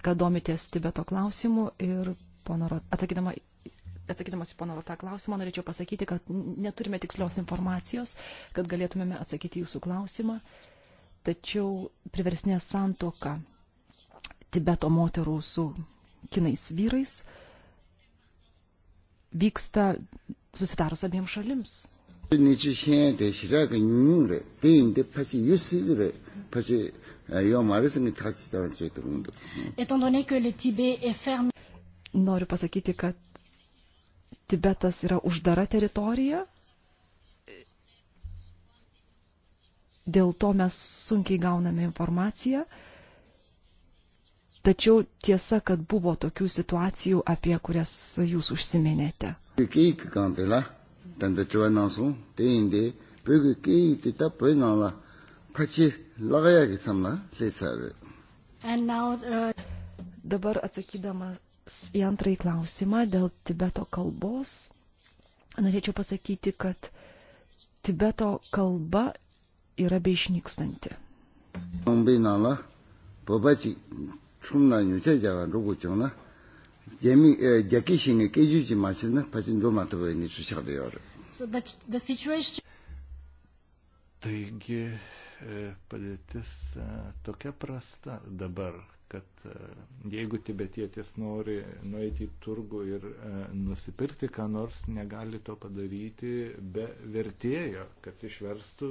kad domitės Tibeto klausimu ir ponoro, atsakydama, atsakydamas į ponoro tą klausimą norėčiau pasakyti, kad neturime tikslios informacijos, kad galėtumėme atsakyti jūsų klausimą. Uh, tačiau priversinė santoka Tibeto moterų su kinais vyrais vyksta susitarus abiems šalims. Noriu pasakyti, kad Tibetas yra uždara teritorija, dėl to mes sunkiai gauname informaciją. Tačiau tiesa, kad buvo tokių situacijų, apie kurias jūs užsiminėte. Now, uh... Dabar atsakydamas į antrąjį klausimą dėl Tibeto kalbos, norėčiau pasakyti, kad Tibeto kalba yra beišnykstanti. Taigi eh, padėtis eh, tokia prasta dabar, kad eh, jeigu tibetietis nori nueiti į turgų ir nusipirkti, ką nors negali to padaryti be vertėjo, kad išverstų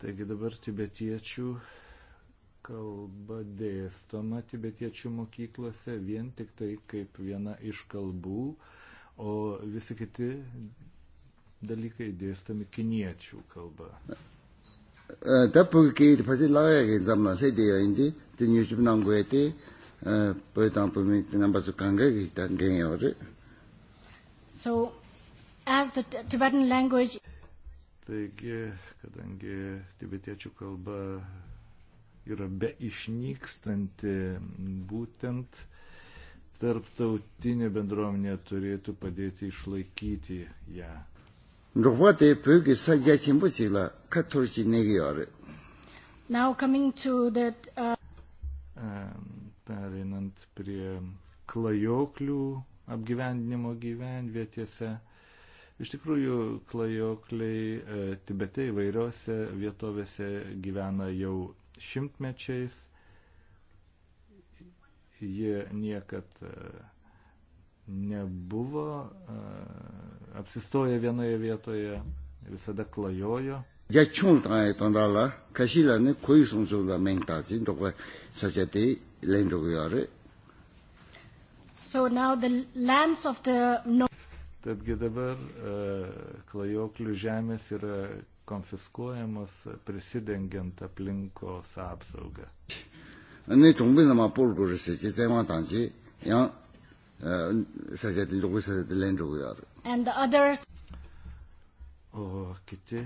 Taigi dabar tibetiečių kalba dėstoma tibetiečių mokyklose vien tik tai kaip viena iš kalbų, o visi kiti dalykai dėstomi kiniečių kalba. Tapuki pati lauja, kai zamna sėdėjo indi, tai nežinau, nanguėti, po tam paminti nambasu kanga, kai ten geniori. So, as the Tibetan language... Taigi, kadangi tibetiečių kalba yra be išnykstanti, būtent tarptautinė bendruomenė turėtų padėti išlaikyti ją. Now coming to that, uh... Perinant prie klajoklių apgyvendinimo gyvenvietėse Iš tikrųjų, klajokliai e, Tibete įvairiose vietovėse gyvena jau šimtmečiais. Jie niekad e, nebuvo e, apsistoję vienoje vietoje, visada klajojo. Ya chung tanga e tonda la, kashi la ne koi sung su la meng ta zin tokwa sacha te len tokwa yore. So now the lands of the... Tadgi dabar e, klajoklių žemės yra konfiskuojamos prisidengiant aplinkos apsaugą. Ne tombé dans ma poule que je sais, c'était moi tanti, e, et ça c'était le c'était l'endroit. And the others. O kiti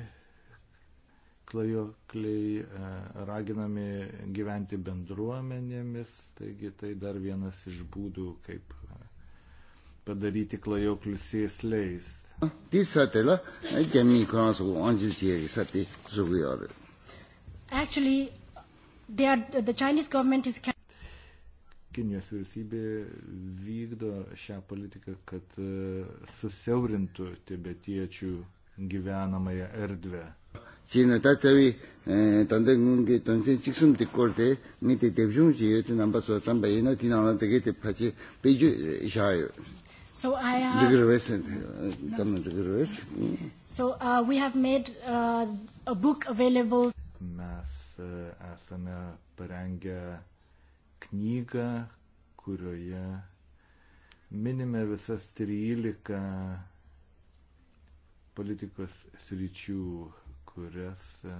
klajokliai e, raginami gyventi bendruomenėmis, taigi tai dar vienas iš būdų, kaip padaryti klajoklius sėsliais. Actually, are, the Chinese government is... Kinijos vyriausybė vykdo šią politiką, kad e, susiaurintų tibetiečių gyvenamąją erdvę. China tatavi e, tante ngungi tante chiksum ti korte mi te tepshung chi yo ti namba so samba ina ti nana tege te pachi peju e, shayo. So I have. Uh, so uh, we have made uh, a book available. Mes uh, esame parengę knygą, kurioje minime visas 13 politikos sričių, kurias uh,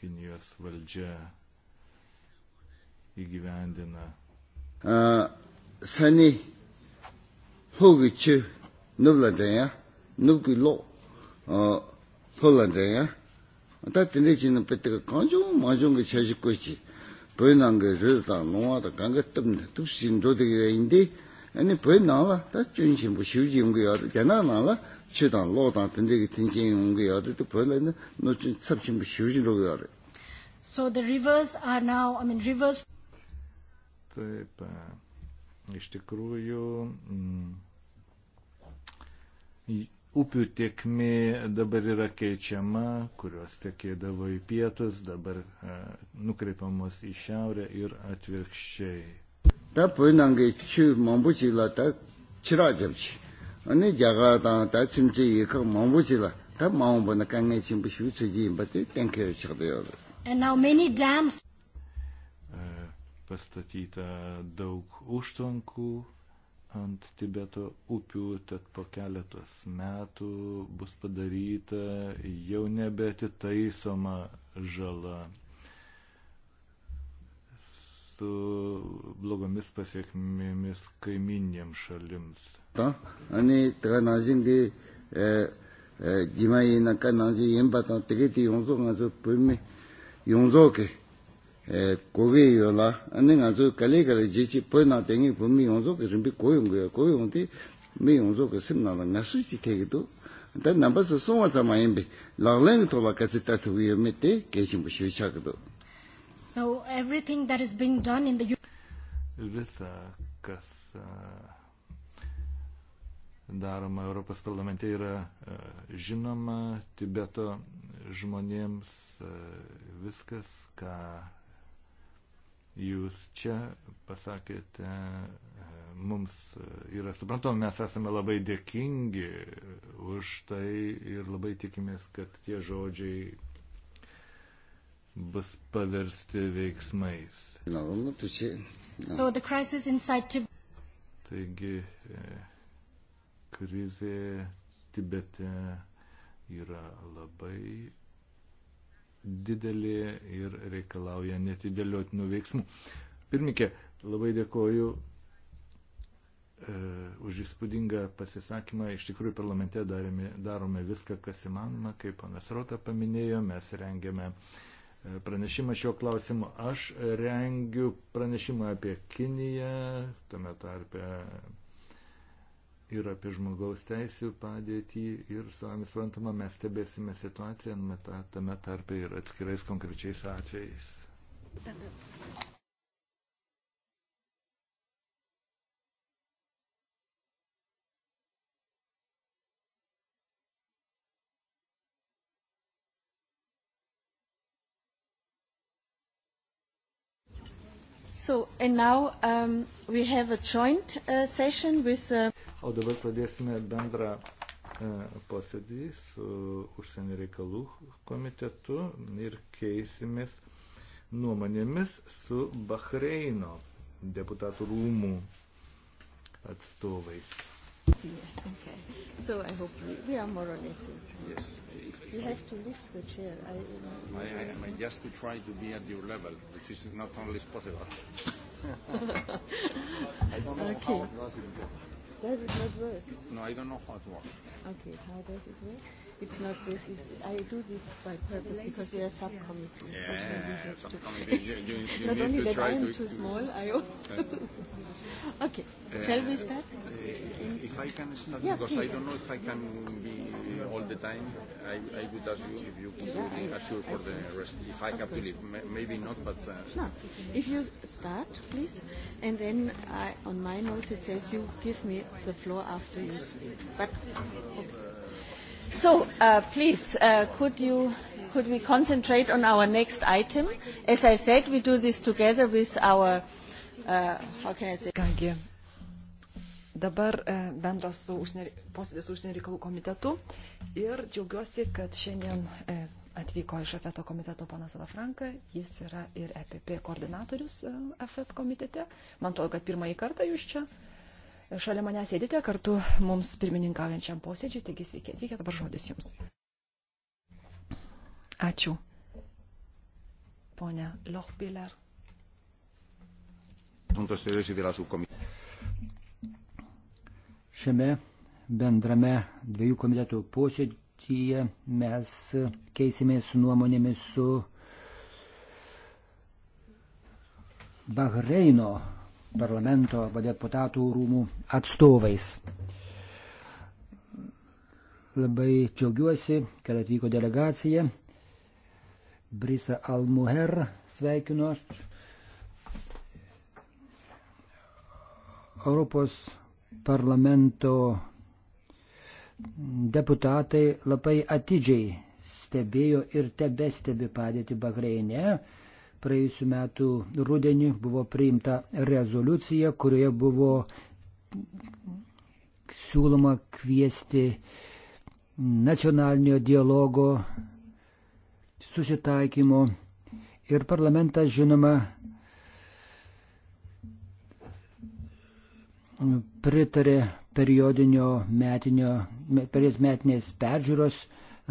Kinijos valdžia įgyvendina. Uh, Sani hogi chu nubla daya, nubki lo pola daya. Da tene chi na petiga kanchung manchung ki chashi kochi, pyo nanga ryo da nongwa da ganga tabna tuksin rode kiwa indi, ane pyo nangla da chun shinpo shiuji yungu yadu, gyana nangla chu dan lo dan tende ki tenchen yungu yadu, da pyo nangla no chun sab shinpo shiuji rogo yadu. So the rivers are now, I mean rivers. Taip, iš tikrųjų. Mm, upių tiekmė dabar yra keičiama, kurios tekėdavo į pietus, dabar e, nukreipiamos į šiaurę ir atvirkščiai. Tā pūnāngi chū māmbūchī lā tā chirā chabchī, anī jāgā tā tā chimchī yikā māmbūchī lā, tā māmbū nā kāngā chimbu shū chū jīmbā tī tēnkē chakda yōrā. And now many dams. E, Pastatyta daug užtvankų, ant Tibeto upių, tad po keletos metų bus padaryta jau nebetitaisoma žala su blogomis pasiekmėmis kaiminėms šalims. Ta, ani, tra, nazingi, e, e, jimai, na, ka, nazingi, jimba, ta, tikėti, jungzo, na, su, pirmi, jungzo, kai. Okay kuwe yo la, ane nga zo kale kale jechi po na tengi po mi yonzo ke rinpi koyong goyo, koyong te mi yonzo ke sim na la nga su chi kegi to, ta namba su songwa sa ma yinbe, laklang to la kasi tatu wiyo me te keshin po shio shaka to. So everything that is being done in the Visa, kas daroma Europos parlamente yra žinoma Tibeto žmonėms viskas, ką jūs čia pasakėte, mums yra suprantama, mes esame labai dėkingi už tai ir labai tikimės, kad tie žodžiai bus paversti veiksmais. So Taigi, e, krizė Tibete yra labai didelė ir reikalauja netidėliotinų veiksmų. Pirmikė, labai dėkoju e, už įspūdingą pasisakymą. Iš tikrųjų, parlamente darome, darome viską, kas įmanoma. Kaip panas Rota paminėjo, mes rengiame e, pranešimą šio klausimu. Aš rengiu pranešimą apie Kiniją, tame tarpe ir apie žmogaus teisų padėtį ir, savami suprantama, mes stebėsime situaciją tame tarpe ir atskirais konkrečiais atvejais. So, and now um, we have a joint uh, session with. Uh O dabar pradėsime bendrą e, posėdį su užsienio reikalų komitetu ir keisimės nuomonėmis su Bahreino deputatų rūmų atstovais. Okay. So I hope we are more or less. Yes. If, if you I, have to lift the chair. I, I, I, I just to try to be at your level, which is not always possible. I don't know okay. how it was in Does it not work? No, I don't know how it works. Okay, how does it work? It's not that it's, I do this by purpose because we are subcommittee. Yeah, subcommittee. you, you, you not need only to that try I am to too small, I also. okay, uh, shall we start? Uh, if I can start, yeah, because please. I don't know if I can be uh, all the time, I, I would ask you if you could really assure for the rest, if I of have course. to leave. M- maybe not, but... Uh, no. If you start, please, and then I, on my notes it says you give me the floor after you speak. But, okay. So, uh, please, uh, could you could we concentrate on our next item? As I said, we do this together with our, uh, how can I say? Kągi, Dabar e, bendras su užsienio, posėdis užsienio reikalų komitetu ir džiaugiuosi, kad šiandien e, atvyko iš AFETO komiteto panas Alafranka, jis yra ir EPP koordinatorius e, AFET komitete. Man atrodo, kad pirmąjį kartą jūs čia šalia mane sėdite kartu mums pirmininkaujančiam posėdžiui, taigi sveiki atvykę, dabar žodis jums. Ačiū. Pone Lochbiller. Šiame bendrame dviejų komitetų posėdyje mes keisimės nuomonėmis su Bahreino parlamento arba deputatų rūmų atstovais. Labai džiaugiuosi, kad atvyko delegacija. Brisa Almuher sveikinu. Europos parlamento deputatai labai atidžiai stebėjo ir tebestebi padėti Bahreine. Praėjusiu metu rudenį buvo priimta rezoliucija, kurioje buvo siūloma kviesti nacionalinio dialogo, susitaikymo ir parlamentas, žinoma, pritarė periodinio metinio, metinės peržiūros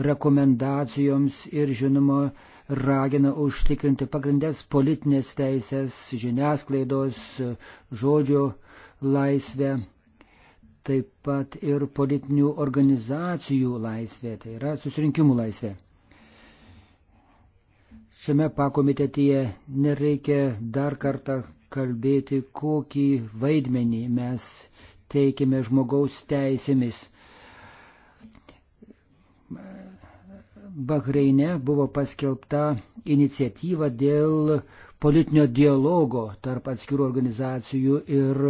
rekomendacijoms ir žinoma ragina užtikrinti pagrindės politinės teisės, žiniasklaidos, žodžio laisvę, taip pat ir politinių organizacijų laisvę, tai yra susirinkimų laisvę. Šiame pakomitetyje nereikia dar kartą kalbėti, kokį vaidmenį mes teikime žmogaus teisėmis. Bahreine buvo paskelbta iniciatyva dėl politinio dialogo tarp atskirų organizacijų ir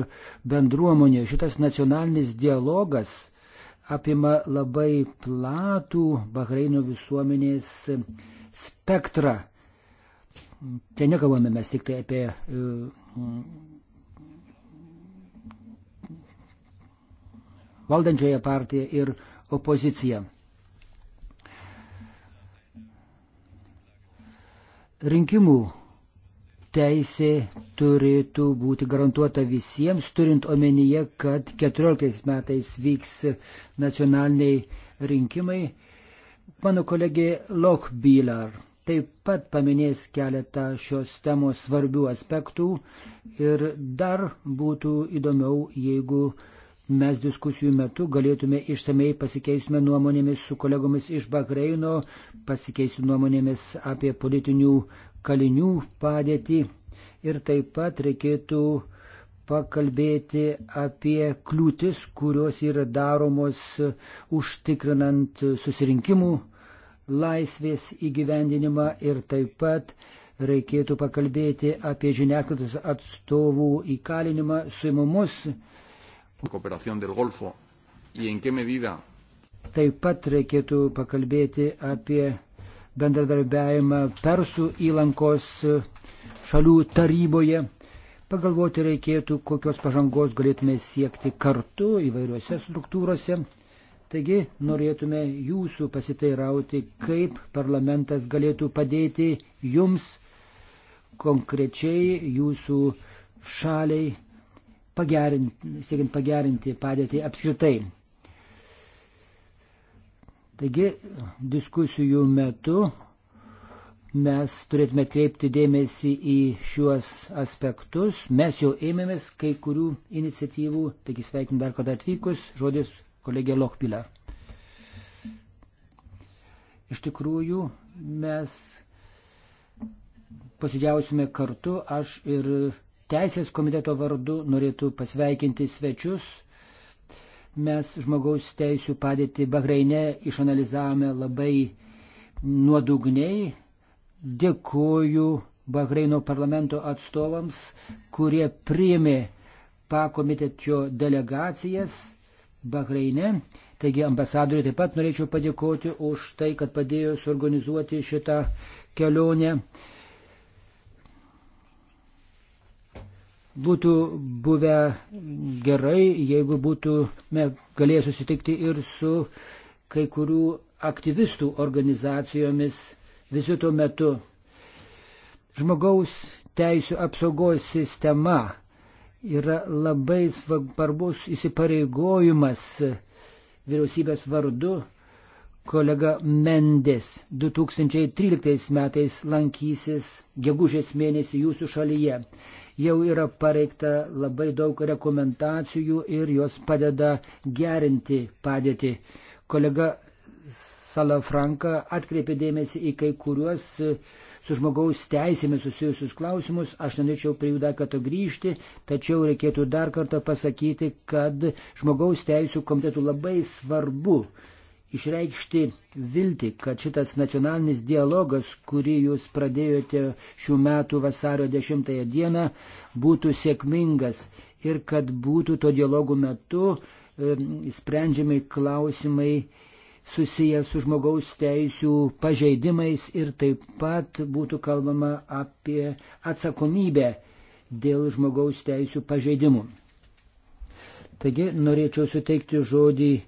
bendruomonių. Šitas nacionalinis dialogas apima labai platų Bahreino visuomenės spektrą. Čia nekalbame mes tik tai apie e, valdančioje partija ir opozicija. Rinkimų teisė turėtų būti garantuota visiems, turint omenyje, kad 14 metais vyks nacionaliniai rinkimai. Mano kolegė Lochbieler taip pat paminės keletą šios temos svarbių aspektų ir dar būtų įdomiau, jeigu mes diskusijų metu galėtume išsamei pasikeisime nuomonėmis su kolegomis iš Bahreino, pasikeisti nuomonėmis apie politinių kalinių padėtį ir taip pat reikėtų pakalbėti apie kliūtis, kurios yra daromos užtikrinant susirinkimų laisvės įgyvendinimą ir taip pat reikėtų pakalbėti apie žiniasklaidos atstovų įkalinimą, suimumus. Taip pat reikėtų pakalbėti apie bendradarbiavimą Persų įlankos šalių taryboje. Pagalvoti reikėtų, kokios pažangos galėtume siekti kartu įvairiuose struktūrose. Taigi norėtume jūsų pasiteirauti, kaip parlamentas galėtų padėti jums konkrečiai jūsų šaliai, pagerinti, siekiant pagerinti padėtį apskritai. Taigi diskusijų metu mes turėtume kreipti dėmesį į šiuos aspektus. Mes jau ėmėmės kai kurių iniciatyvų, taigi sveikinu dar kartą atvykus, žodis kolegė Lokpilė. Iš tikrųjų, mes posėdžiausime kartu, aš ir Teisės komiteto vardu norėtų pasveikinti svečius. Mes žmogaus teisų padėtį Bahreinė išanalizavome labai nuodugniai. Dėkuoju Bahreino parlamento atstovams, kurie priėmė pakomitečio delegacijas Bahreine. Taigi ambasadoriui taip pat norėčiau padėkoti už tai, kad padėjo suorganizuoti šitą kelionę. Būtų buvę gerai, jeigu būtume galėję susitikti ir su kai kurių aktyvistų organizacijomis vizito metu. Žmogaus teisų apsaugos sistema yra labai svarbus įsipareigojimas vyriausybės vardu. Kolega Mendes 2013 metais lankysis gegužės mėnesį jūsų šalyje. Jau yra pareikta labai daug rekomendacijų ir jos padeda gerinti padėtį. Kolega Salafranka atkreipė dėmesį į kai kuriuos uh, su žmogaus teisėmis susijusius klausimus. Aš norėčiau prie jų dar kartą grįžti, tačiau reikėtų dar kartą pasakyti, kad žmogaus teisų komitetų labai svarbu išreikšti viltį, kad šitas nacionalinis dialogas, kurį jūs pradėjote šių metų vasario 10 dieną, būtų sėkmingas ir kad būtų to dialogų metu sprendžiami klausimai susijęs su žmogaus teisų pažeidimais ir taip pat būtų kalbama apie atsakomybę dėl žmogaus teisų pažeidimų. Taigi norėčiau suteikti žodį e,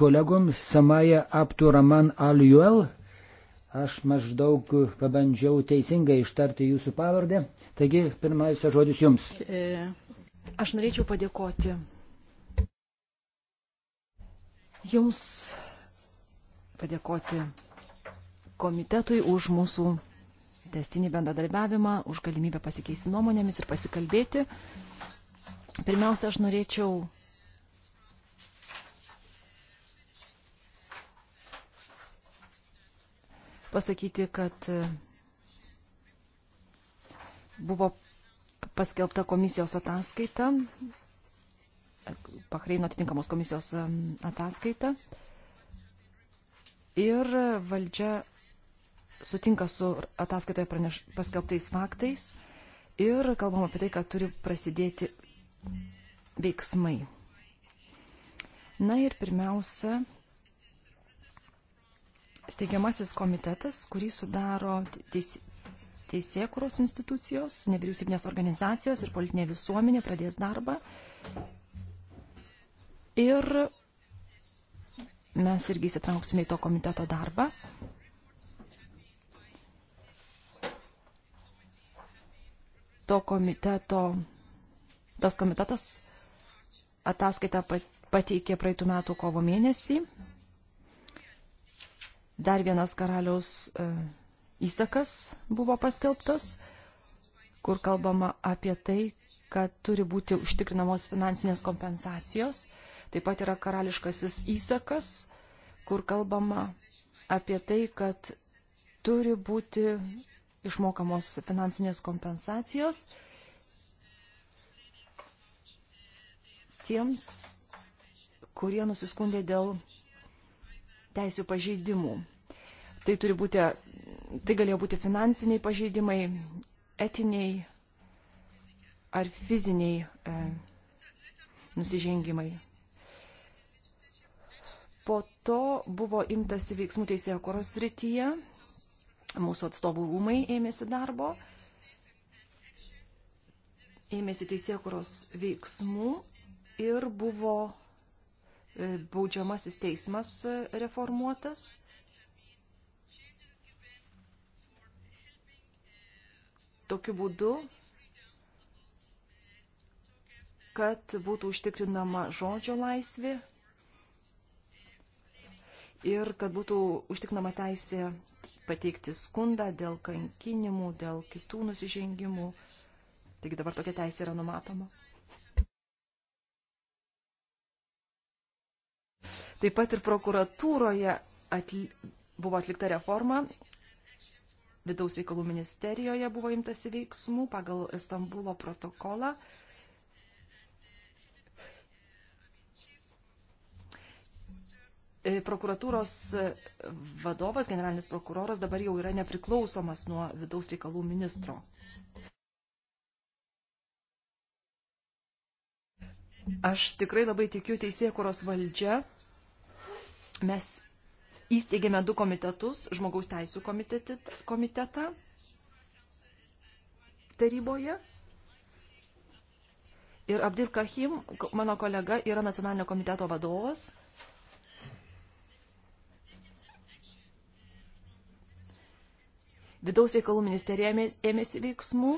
kolegom Samaja Abturaman Aliuel. Aš maždaug pabandžiau teisingai ištarti jūsų pavardę. Taigi, pirmiausia, žodis jums. Aš norėčiau padėkoti Jums padėkoti komitetui už mūsų testinį bendradarbiavimą, už galimybę pasikeisti nuomonėmis ir pasikalbėti. Pirmiausia, aš norėčiau pasakyti, kad buvo paskelbta komisijos ataskaita Bahreino atitinkamos komisijos ataskaitą. Ir valdžia sutinka su ataskaitoje praneš, paskelbtais faktais ir kalbam apie tai, kad turi prasidėti veiksmai. Na ir pirmiausia, steigiamasis komitetas, kurį sudaro teis, teisėkuros institucijos, nevyriausybinės organizacijos ir politinė visuomenė pradės darbą Ir mes irgi įsitrauksime į to komiteto darbą. To komiteto, tas komitetas ataskaitą pateikė praeitų metų kovo mėnesį. Dar vienas karaliaus e, įsakas buvo paskelbtas, kur kalbama apie tai, kad turi būti užtikrinamos finansinės kompensacijos Taip pat yra karališkasis įsakas, kur kalbama apie tai, kad turi būti išmokamos finansinės kompensacijos tiems, kurie nusiskundė dėl teisų pažeidimų. Tai, turi būti, tai galėjo būti finansiniai pažeidimai, etiniai ar fiziniai e, nusižengimai to buvo imtasi veiksmų teisėkoros srityje, mūsų atstovų rūmai ėmėsi darbo, ėmėsi teisėkoros veiksmų ir buvo e, baudžiamasis teismas e, reformuotas. Tokiu būdu, kad būtų užtikrinama žodžio laisvė ir kad būtų užtiknama teisė pateikti skundą dėl kankinimų, dėl kitų nusižengimų. Taigi dabar tokia teisė yra numatoma. Taip pat ir prokuratūroje atli buvo atlikta reforma, vidaus reikalų ministerijoje buvo imtasi veiksmų pagal Istanbulo protokolą E, prokuratūros e, vadovas, generalinis prokuroras dabar jau yra nepriklausomas nuo vidaus reikalų ministro. Aš tikrai labai tikiu teisėkuros valdžia. Mes įsteigėme du komitetus - žmogaus teisų komitetą taryboje. Ir Abdil Kahim, mano kolega, yra nacionalinio komiteto vadovas Vidaus reikalų ministerija ėmėsi veiksmų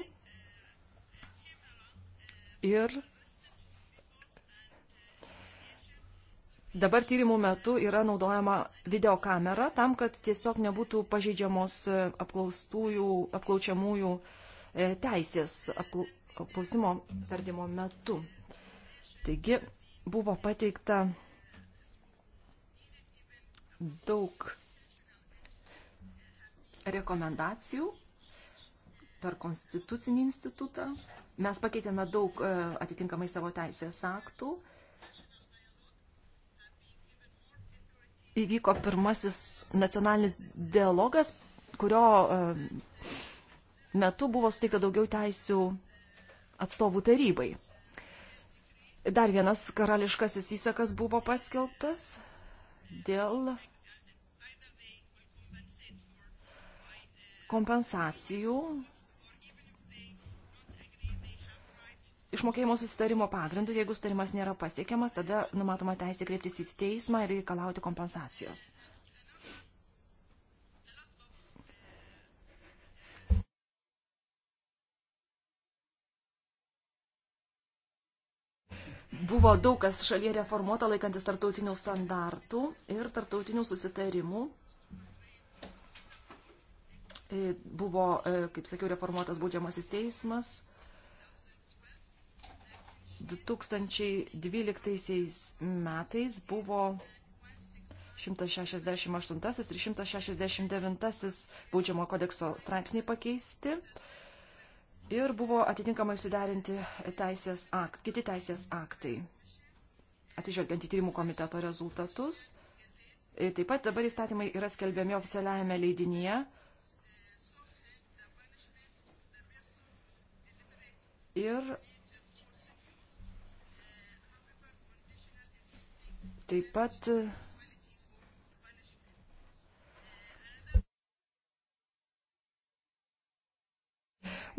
ir dabar tyrimų metu yra naudojama videokamera tam, kad tiesiog nebūtų pažeidžiamos e, apklaustųjų, apklaučiamųjų e, teisės apklausimo tardymo metu. Taigi buvo pateikta daug rekomendacijų per konstitucinį institutą. Mes pakeitėme daug e, atitinkamai savo teisės aktų. Įvyko pirmasis nacionalinis dialogas, kurio e, metu buvo suteikta daugiau teisių atstovų tarybai. Dar vienas karališkasis įsakas buvo paskelbtas dėl kompensacijų išmokėjimo susitarimo pagrindu, jeigu sutarimas nėra pasiekiamas, tada numatoma teisė kreiptis į teismą ir reikalauti kompensacijos. Buvo daug kas šalyje reformuota laikantis tartautinių standartų ir tartautinių susitarimų E, buvo, e, kaip sakiau, reformuotas baudžiamasis teismas. 2012 metais buvo 168 ir 169 baudžiamo kodekso straipsniai pakeisti ir buvo atitinkamai suderinti teisės akt, kiti teisės aktai, atsižvelgiant į tyrimų komiteto rezultatus. E, taip pat dabar įstatymai yra skelbiami oficialiajame leidinyje ir taip pat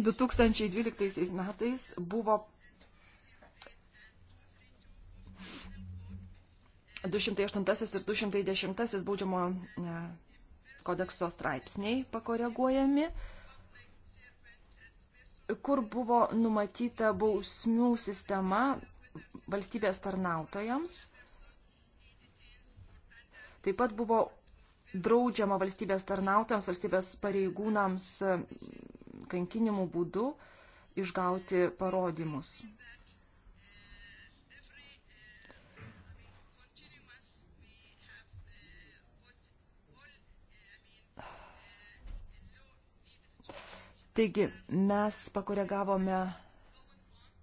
Du tūkstančiai dvyliktaisiais metais buvo 208 ir 210 baudžiamo e, kodekso straipsniai pakoreguojami kur buvo numatyta bausmių sistema valstybės tarnautojams. Taip pat buvo draudžiama valstybės tarnautojams, valstybės pareigūnams e, kankinimų būdu išgauti parodymus. Taigi mes pakoregavome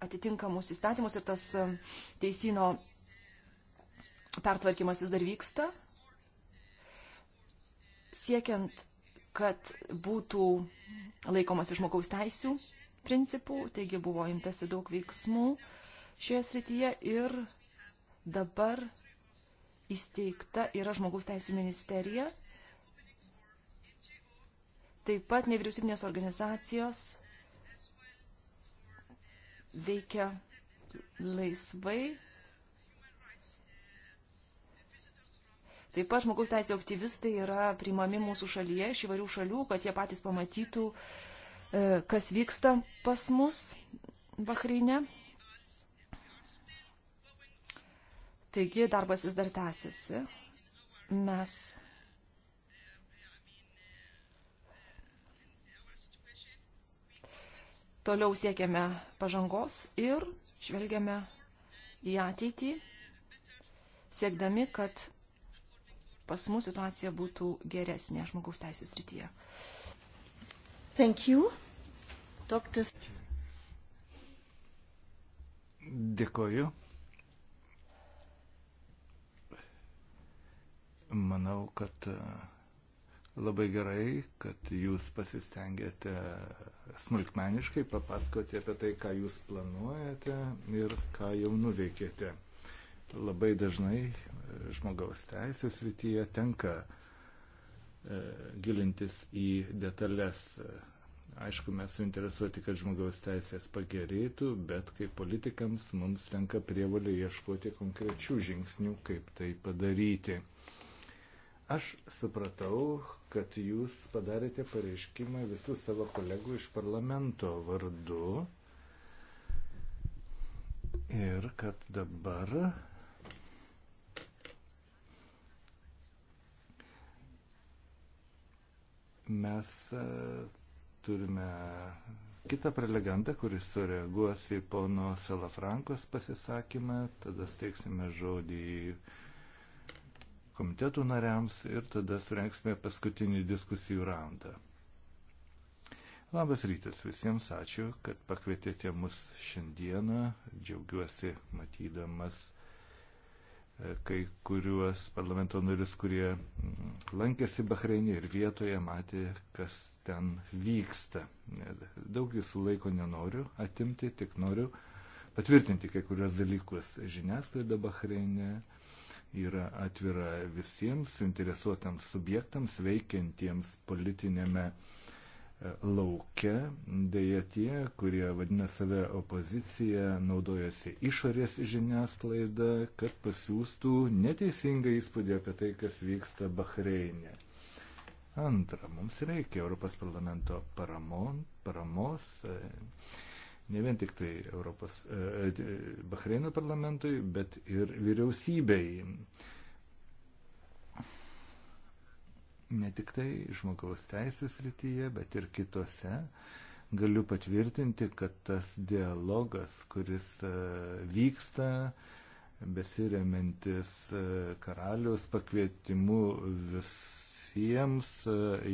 atitinkamus įstatymus ir tas um, teisino pertvarkymas vis dar vyksta, siekiant, kad būtų laikomas žmogaus teisų principų, taigi buvo imtasi daug veiksmų šioje srityje ir dabar įsteigta yra žmogaus teisų ministerija Taip pat nevyriausybinės organizacijos veikia laisvai. Taip pat žmogaus teisė aktyvistai yra primami mūsų šalyje iš įvairių šalių, kad jie patys pamatytų, e, kas vyksta pas mus Bahreine. Taigi darbas vis dar tęsiasi. Mes toliau siekiame pažangos ir žvelgiame į ateitį, siekdami, kad pas mus situacija būtų geresnė žmogaus teisų srityje. Thank you. Doctors. Dėkoju. Manau, kad Labai gerai, kad jūs pasistengėte smulkmeniškai papasakoti apie tai, ką jūs planuojate ir ką jau nuveikėte. Labai dažnai e, žmogaus teisės rytyje tenka e, gilintis į detalės. Aišku, mes suinteresuoti, kad žmogaus teisės pagerėtų, bet kaip politikams mums tenka prievalė ieškoti konkrečių žingsnių, kaip tai padaryti. Aš supratau, kad jūs padarėte pareiškimą visų savo kolegų iš parlamento vardu ir kad dabar mes e, turime kitą prelegentą, kuris sureaguos į pono Salafrankos pasisakymą, tada steiksime žodį į komitetų nariams ir tada surenksime paskutinį diskusijų raundą. Labas rytas visiems, ačiū, kad pakvietėte mus šiandieną. Džiaugiuosi matydamas e, kai kuriuos parlamento narius, kurie mm, lankėsi Bahreinė ir vietoje matė, kas ten vyksta. Daug jūsų laiko nenoriu atimti, tik noriu patvirtinti kai kurios dalykus. Žiniasklaida Bahreinė yra atvira visiems suinteresuotams subjektams veikiantiems politinėme e, lauke. Deja tie, kurie vadina save opozicija, naudojasi išorės žiniasklaida, kad pasiūstų neteisingą įspūdį apie tai, kas vyksta Bahreinė. Antra, mums reikia Europos parlamento paramo, paramos. paramos e, ne vien tik tai Europos, e, e, Bahreino parlamentui, bet ir vyriausybei. Ne tik tai žmogaus teisės rytyje, bet ir kitose. Galiu patvirtinti, kad tas dialogas, kuris e, vyksta, besiremiantis karalius pakvietimu visiems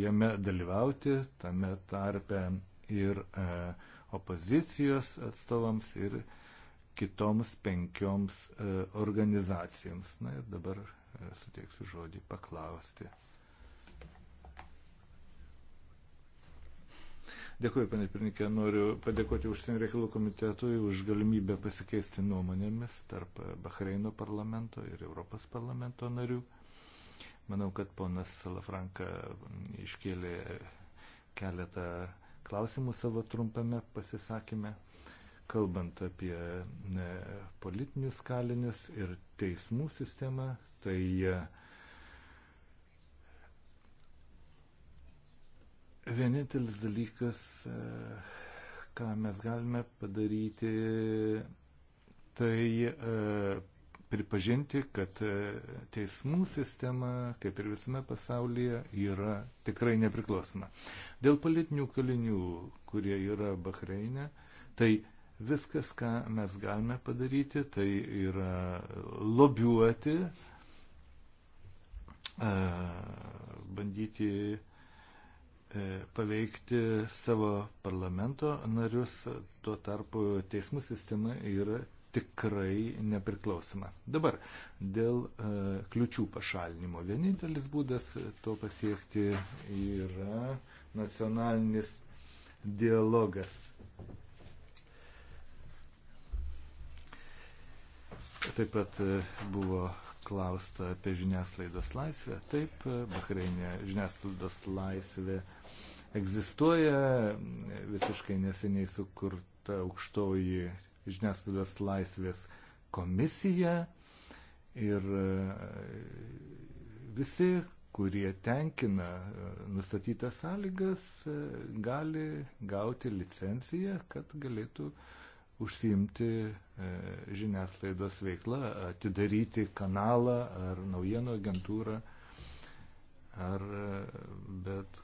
jame dalyvauti, tame tarpe ir uh, opozicijos atstovams ir kitoms penkioms e, organizacijoms. Na ir dabar e, suteiksiu žodį paklausti. Dėkuoju, panė Pirnikė, noriu padėkoti užsienio reikalų komitetui už galimybę pasikeisti nuomonėmis tarp Bahreino parlamento ir Europos parlamento narių. Manau, kad ponas Salafranka iškėlė keletą klausimų savo trumpame pasisakymė, kalbant apie e, politinius kalinius ir teismų sistemą, tai e, vienintelis dalykas, e, ką mes galime padaryti, tai pripažinti, kad e, teismų sistema, kaip ir visame pasaulyje, yra tikrai nepriklausoma. Dėl politinių kalinių, kurie yra Bahreinė, tai viskas, ką mes galime padaryti, tai yra lobiuoti, e, bandyti e, paveikti savo parlamento narius, tuo tarpu teismų sistema yra tikrai nepriklausoma. Dabar dėl e, kliučių pašalinimo. Vienintelis būdas to pasiekti yra nacionalinis dialogas. Taip pat e, buvo klausta apie žiniasklaidos laisvę. Taip, e, Bahreinė žiniasklaidos laisvė egzistuoja. Visiškai neseniai sukurta aukštoji žiniasklaidos laisvės komisija ir e, visi, kurie tenkina e, nustatytas sąlygas, e, gali gauti licenciją, kad galėtų užsiimti žiniasklaidos veiklą, atidaryti kanalą ar naujienų agentūrą ar bet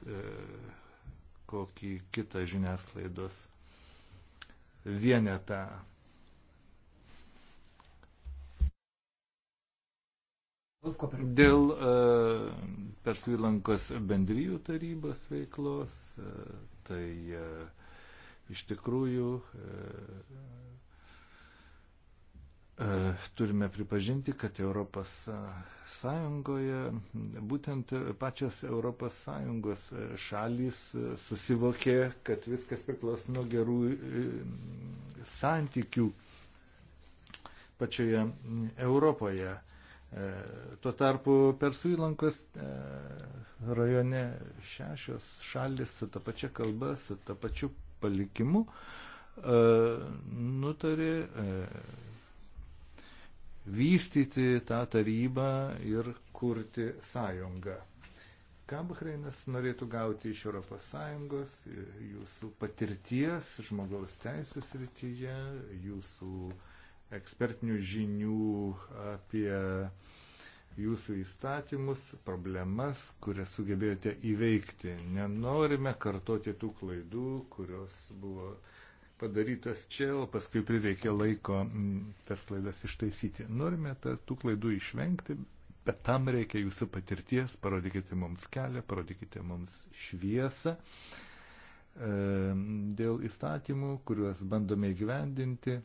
kokį kitą žiniasklaidos vienetą. Dėl e, Persų įlankos bendryjų tarybos veiklos, e, tai e, iš tikrųjų turime pripažinti, kad Europos Sąjungoje būtent pačios Europos Sąjungos šalys susivokė, kad viskas priklauso nuo gerų santykių pačioje Europoje. E, tuo tarpu Persų įlankos e, rajone šešios šalis su ta pačia kalba, su ta pačiu palikimu e, nutarė vystyti tą tarybą ir kurti sąjungą ką Bahreinas norėtų gauti iš ES, jūsų patirties žmogaus teisės rytyje, jūsų ekspertinių žinių apie jūsų įstatymus, problemas, kurias sugebėjote įveikti. Nenorime kartoti tų klaidų, kurios buvo padarytos čia, o paskui prireikė laiko tas klaidas ištaisyti. Norime tų klaidų išvengti, bet tam reikia jūsų patirties, parodykite mums kelią, parodykite mums šviesą. E, dėl įstatymų, kuriuos bandome įgyvendinti,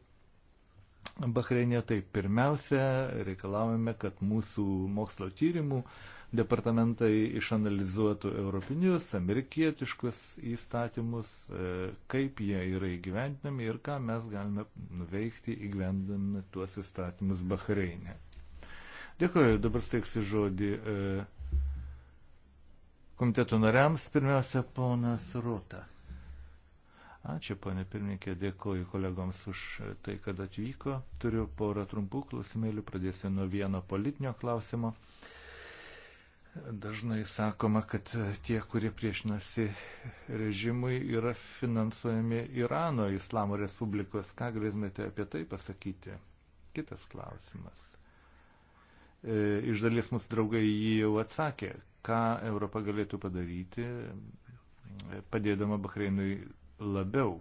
Bahreinė, tai pirmiausia, reikalavome, kad mūsų mokslo tyrimų departamentai išanalizuotų europinius, amerikietiškus įstatymus, e, kaip jie yra įgyvendinami ir ką mes galime nuveikti įgyvendinami tuos įstatymus Bahreinė. Dėkuoju, dabar steiksiu žodį e, komiteto nariams, pirmiausia, ponas Rūta. Ačiū, ponė pirmininkė, dėkoju kolegoms už tai, kad atvyko. Turiu porą trumpų klausimėlių, pradėsiu nuo vieno politinio klausimo. Dažnai sakoma, kad tie, kurie priešinasi režimui, yra finansuojami Irano Islamo Respublikos. Ką galėtumėte apie tai pasakyti? Kitas klausimas. E, iš dalies mūsų draugai jį jau atsakė, ką Europa galėtų padaryti, padėdama Bahreinui labiau.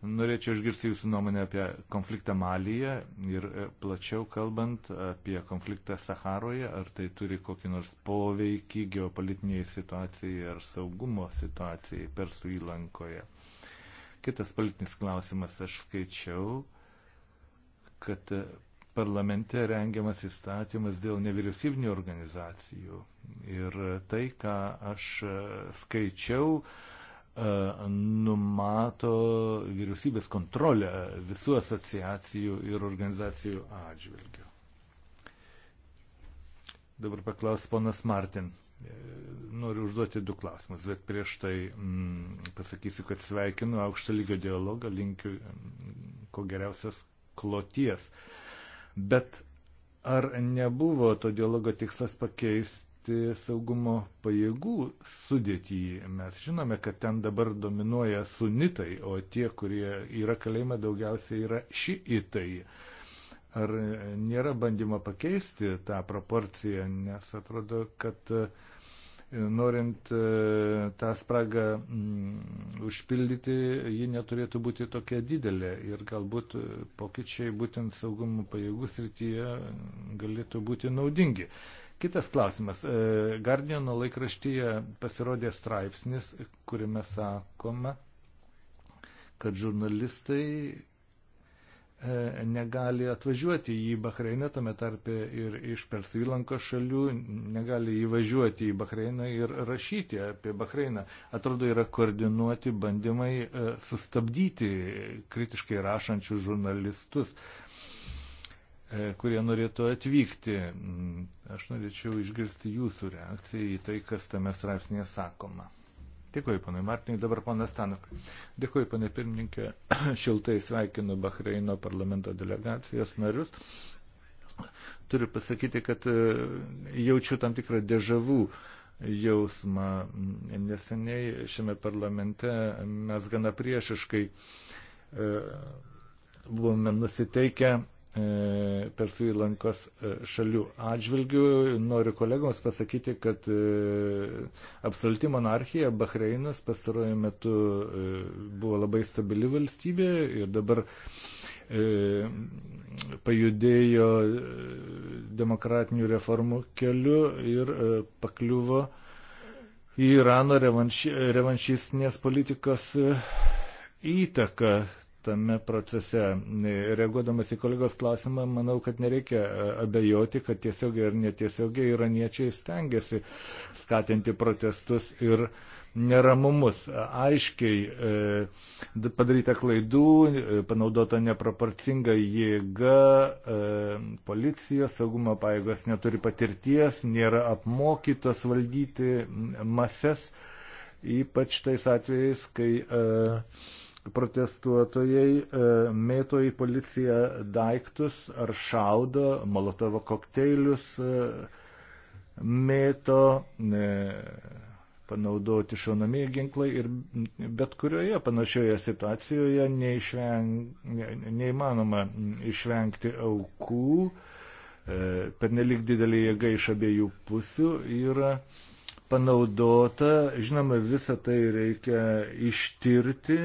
Norėčiau išgirsti jūsų nuomonę apie konfliktą Malyje ir e, plačiau kalbant apie konfliktą Saharoje, ar tai turi kokį nors poveikį geopolitiniai situacijai ar saugumo situacijai Persų įlankoje. Kitas politinis klausimas, aš skaičiau, kad e, parlamente rengiamas įstatymas dėl nevyriausybinių organizacijų. Ir tai, ką aš e, skaičiau, uh, numato vyriausybės kontrolę visų asociacijų ir organizacijų atžvilgių. Dabar paklaus ponas Martin. E, noriu užduoti du klausimus, bet prieš tai mm, pasakysiu, kad sveikinu aukšto lygio dialogą, linkiu mm, ko geriausias kloties. Bet ar nebuvo to dialogo tikslas pakeisti? keisti saugumo pajėgų sudėtį. Mes žinome, kad ten dabar dominuoja sunitai, o tie, kurie yra kalėjime, daugiausiai yra šiitai ar nėra bandymo pakeisti tą proporciją, nes atrodo, kad e, norint e, tą spragą mm, užpildyti, ji neturėtų būti tokia didelė ir galbūt e, pokyčiai būtent saugumo pajėgų srityje galėtų būti naudingi. Kitas klausimas. E, Guardiano laikraštyje pasirodė straipsnis, kuriame sakoma, kad žurnalistai e, negali atvažiuoti į Bahreiną, tame tarpe ir iš Persvilanko šalių, negali įvažiuoti į Bahreiną ir rašyti apie Bahreiną. Atrodo, yra koordinuoti bandymai e, sustabdyti kritiškai rašančius žurnalistus. E, kurie norėtų atvykti. Mm, aš norėčiau išgirsti jūsų reakciją į tai, kas tame straipsnėje sakoma. Dėkuoju, panai Martinai, dabar panas Tanuk. Dėkuoju, panai pirmininkė, šiltai sveikinu Bahreino parlamento delegacijos narius. Turiu pasakyti, kad e, jaučiu tam tikrą dėžavų jausmą. Neseniai šiame parlamente mes gana priešiškai e, buvome nusiteikę E, Persų įlankos e, šalių atžvilgių. Noriu kolegoms pasakyti, kad e, absoliuti monarchija Bahreinas pastarojame metu buvo labai stabili valstybė ir dabar pajudėjo demokratinių reformų keliu ir pakliuvo į Irano revanši, revanšistinės politikos įtaką tame procese. Reaguodamas į kolegos klausimą, manau, kad nereikia e, abejoti, kad tiesiogiai ir netiesiogiai iraniečiai stengiasi skatinti protestus ir neramumus. Aiškiai e, padaryta klaidų, e, panaudota neproporcinga jėga, policija, saugumo paėgos neturi patirties, nėra apmokytos valdyti mases, ypač tais atvejais, kai uh, protestuotojai e, mėto į policiją daiktus ar šaudo molotovo kokteilius, e, mėto e, panaudoti šaunamieji ginklai ir bet kurioje panašioje situacijoje neišveng, neįmanoma išvengti aukų, per nelik didelį jėgą iš abiejų pusių yra panaudota. Žinoma, visą tai reikia ištirti,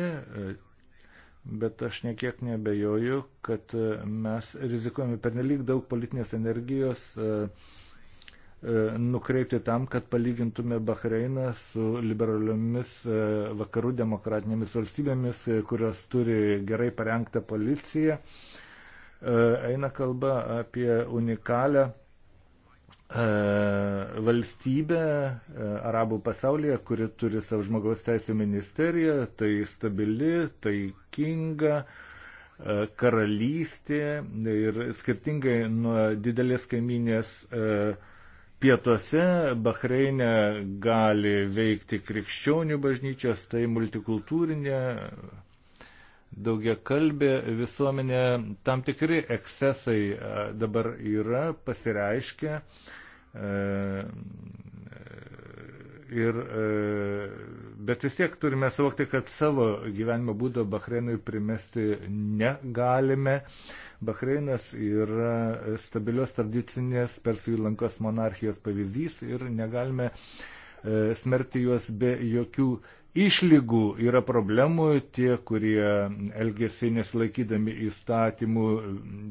bet aš nekiek nebejoju, kad mes rizikuojame pernelyg daug politinės energijos e, e, nukreipti tam, kad palygintume Bahreiną su liberaliomis e, vakarų demokratinėmis valstybėmis, kurios turi gerai parengtą policiją. Eina kalba apie unikalią E, valstybė e, arabų pasaulyje, kuri turi savo žmogaus teisų ministeriją, tai stabili, taikinga e, karalystė ir skirtingai nuo didelės kaiminės pietuose Bahreinė gali veikti krikščionių bažnyčios, tai multikultūrinė daugia kalbė visuomenė, tam tikri ekscesai dabar yra pasireiškę E, ir, e, bet vis tiek turime suvokti, kad savo gyvenimo būdo Bahreinui primesti negalime. Bahreinas yra stabilios tradicinės Persų įlankos monarchijos pavyzdys ir negalime e, smerkti juos be jokių išlygų. Yra problemų tie, kurie elgesi nesilaikydami įstatymų,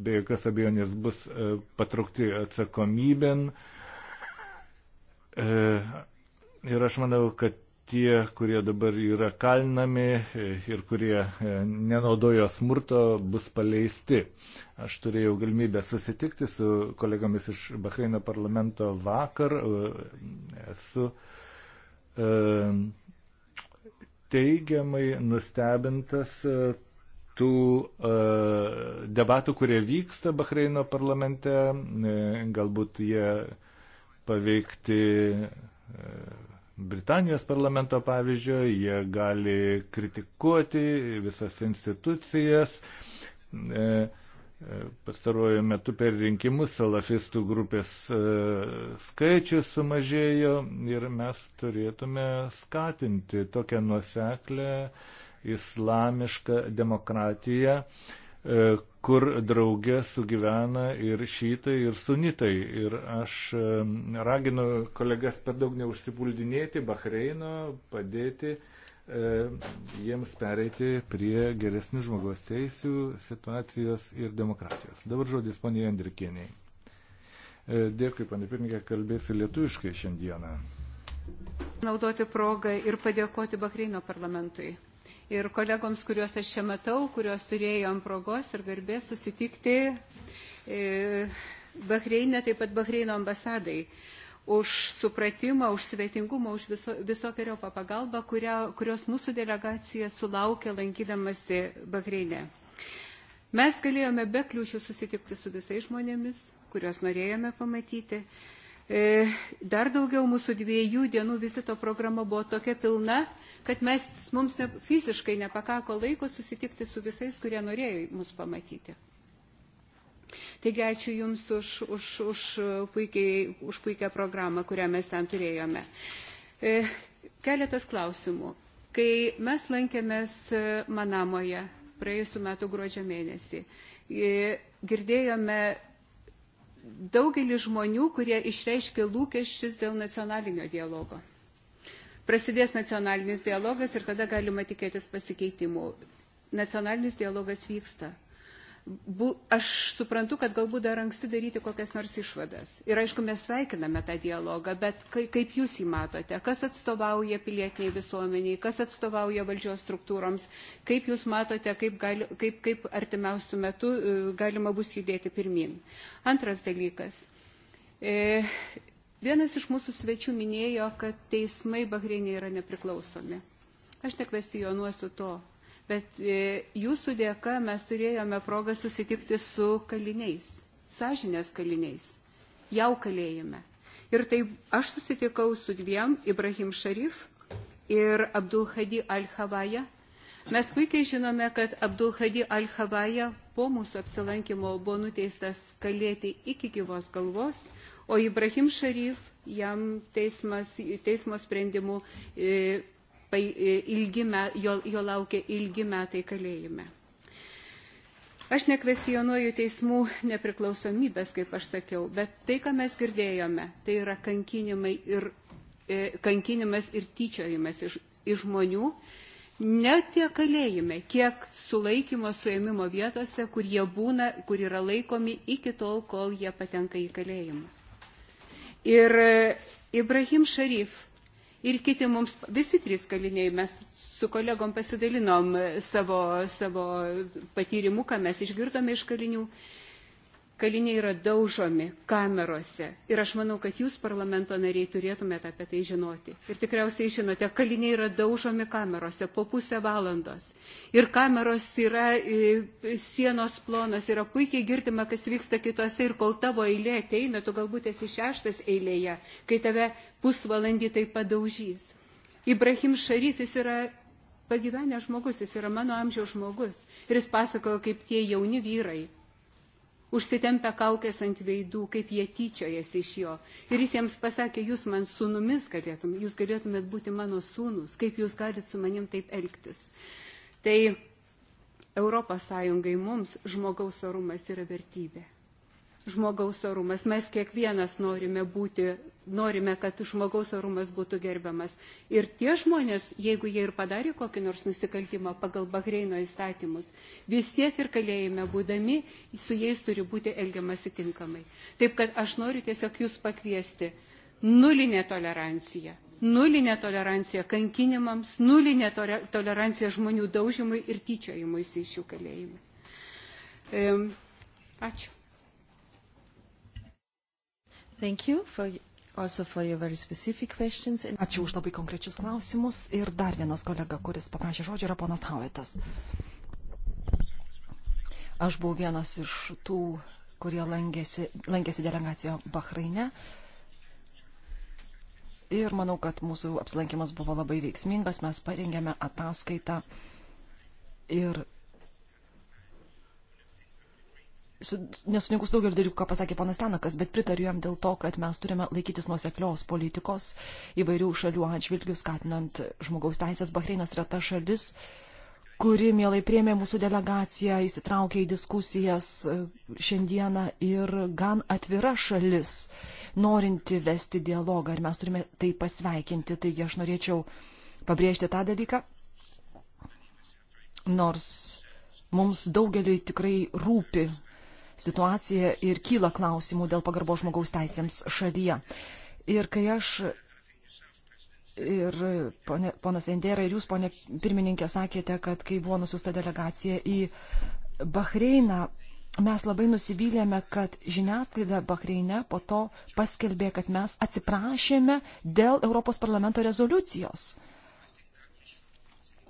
be jokios abejonės bus patraukti atsakomybėn. Uh, E, ir aš manau, kad tie, kurie dabar yra kalinami e, ir kurie e, nenaudojo smurto, bus paleisti. Aš turėjau galimybę susitikti su kolegomis iš Bahreino parlamento vakar. Esu teigiamai nustebintas tų debatų, kurie vyksta Bahreino parlamente. Galbūt jie paveikti e, Britanijos parlamento pavyzdžio, jie gali kritikuoti visas institucijas. E, e, pastaruoju metu per rinkimus salafistų grupės skaičius sumažėjo ir mes turėtume skatinti tokią nuoseklę islamišką demokratiją, E, kur draugė sugyvena ir šitai, ir sunitai. Ir aš e, raginu kolegas per daug neužsipuldinėti Bahreino, padėti e, jiems pereiti prie geresnių žmogaus teisių situacijos ir demokratijos. Dabar žodis poniai Andrikieniai. Dėkui, panė pirmininkė, kalbėsiu lietuviškai šiandieną. Naudoti progą ir padėkoti Bahreino parlamentui ir kolegoms, kuriuos aš čia matau, kuriuos turėjom progos ir garbės susitikti e, Bahreinė, taip pat Bahreino ambasadai už supratimą, už svetingumą, už viso, visokiojo pagalbą, kurio, kurios mūsų delegacija sulaukė lankydamasi Bahreinė. Mes galėjome be kliūčių susitikti su visais žmonėmis, kuriuos norėjome pamatyti. E, dar daugiau mūsų dviejų dienų vizito programa buvo tokia pilna, kad mes, mums ne, fiziškai nepakako laiko susitikti su visais, kurie norėjo mus pamatyti. Taigi ačiū Jums už, už, už, puikiai, už puikią programą, kurią mes ten turėjome. E, keletas klausimų. Kai mes lankėmės Manamoje praėjusiu metu gruodžio mėnesį, e, girdėjome daugelis žmonių, kurie išreiškė lūkesčius dėl nacionalinio dialogo. Prasidės nacionalinis dialogas ir tada galima tikėtis pasikeitimų. Nacionalinis dialogas vyksta bu, aš suprantu, kad galbūt dar anksti daryti kokias nors išvadas. Ir aišku, mes sveikiname tą dialogą, bet kai, kaip jūs jį matote, kas atstovauja pilietiniai visuomeniai, kas atstovauja valdžios struktūroms, kaip jūs matote, kaip, gali, kaip, kaip artimiausių metų e, galima bus judėti pirmin. Antras dalykas. E, vienas iš mūsų svečių minėjo, kad teismai Bahreinė yra nepriklausomi. Aš nekvestionuosiu to, bet e, jūsų dėka mes turėjome progą susitikti su kaliniais, sąžinės kaliniais, jau kalėjime. Ir taip aš susitikau su dviem, Ibrahim Šarif ir Abdul Hadi Al-Havaja. Mes puikiai žinome, kad Abdul Hadi Al-Havaja po mūsų apsilankimo buvo nuteistas kalėti iki gyvos galvos, o Ibrahim Šarif jam teismas, teismo sprendimu e, E, ilgi, jo, jo laukia ilgi metai kalėjime. Aš nekvestionuoju teismų nepriklausomybės, kaip aš sakiau, bet tai, ką mes girdėjome, tai yra kankinimai ir, e, kankinimas ir tyčiojimas iš, iš žmonių, ne tie kalėjime, kiek sulaikymo suėmimo vietose, kur jie būna, kur yra laikomi iki tol, kol jie patenka į kalėjimą. Ir e, Ibrahim Šarif ir kiti mums, visi trys kaliniai, mes su kolegom pasidalinom savo, savo patyrimu, ką mes išgirdome iš kalinių kaliniai yra daužomi kamerose. Ir aš manau, kad jūs, parlamento nariai, turėtumėte apie tai žinoti. Ir tikriausiai žinote, kaliniai yra daužomi kamerose po pusę valandos. Ir kameros yra sienos plonas, yra puikiai girdima, kas vyksta kitose. Ir kol tavo eilė ateina, tu galbūt esi šeštas eilėje, kai tave pusvalandį tai padaužys. Ibrahim Šarifis yra pagyvenęs žmogus, jis yra mano amžiaus žmogus. Ir jis pasakojo, kaip tie jauni vyrai užsitempę kaukės ant veidų, kaip jie tyčiojasi iš jo. Ir jis jiems pasakė, jūs man sūnumis galėtum, jūs galėtumėt būti mano sūnus, kaip jūs galit su manim taip elgtis. Tai Europos Sąjungai mums žmogaus orumas yra vertybė žmogaus orumas. Mes kiekvienas norime būti, norime, kad žmogaus orumas būtų gerbiamas. Ir tie žmonės, jeigu jie ir padarė kokį nors nusikaltimą pagal Bahreino įstatymus, vis tiek ir kalėjime būdami, su jais turi būti elgiamasi tinkamai. Taip kad aš noriu tiesiog jūs pakviesti. Nulinė tolerancija nulinė tolerancija kankinimams, nulinė tolerancija žmonių daužimui ir tyčiojimuisi iš jų kalėjimų. Ačiū. Thank you for also for your very specific questions. And... Ačiū už labai konkrečius klausimus. Ir dar vienas kolega, kuris paprašė žodžio, yra ponas Havetas. Aš buvau vienas iš tų, kurie lankėsi, lankėsi delegacijo Bahreine. Ir manau, kad mūsų apsilankimas buvo labai veiksmingas. Mes parengėme ataskaitą ir nesutinku su daugeliu dalykų, ką pasakė ponas Tenakas, bet pritariu jam dėl to, kad mes turime laikytis nuoseklios politikos įvairių šalių atžvilgių, skatinant žmogaus teisės. Bahreinas yra ta šalis, kuri mielai priemė mūsų delegaciją, įsitraukė į diskusijas e, šiandieną ir gan atvira šalis, norinti vesti dialogą ir mes turime tai pasveikinti. Taigi aš norėčiau pabrėžti tą dalyką. Nors mums daugeliui tikrai rūpi situaciją ir kyla klausimų dėl pagarbo žmogaus teisėms šalyje. Ir kai aš ir ponė, ponas Vendėra ir jūs, ponė pirmininkė, sakėte, kad kai buvo nusiusta delegacija į Bahreiną, mes labai nusivylėme, kad žiniasklaida Bahreine po to paskelbė, kad mes atsiprašėme dėl Europos parlamento rezoliucijos. Uh,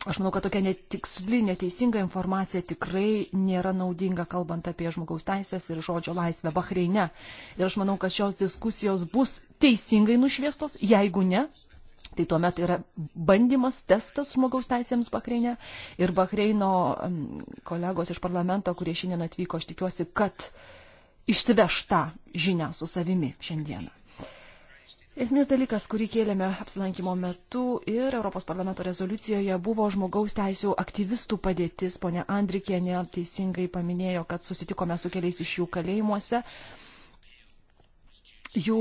Aš manau, kad tokia netiksli, neteisinga informacija tikrai nėra naudinga, kalbant apie žmogaus teisės ir žodžio laisvę Bahreine. Ir aš manau, kad šios diskusijos bus teisingai nušviestos, jeigu ne. Tai tuomet yra bandymas, testas žmogaus teisėms Bahreine. Ir Bahreino kolegos iš parlamento, kurie šiandien atvyko, aš tikiuosi, kad išsiveš tą žinią su savimi šiandieną. Esmės dalykas, kurį kėlėme apsilankimo metu ir Europos parlamento rezoliucijoje buvo žmogaus teisų aktyvistų padėtis. Pone Andrikienė teisingai paminėjo, kad susitikome su keliais iš jų kalėjimuose. Jų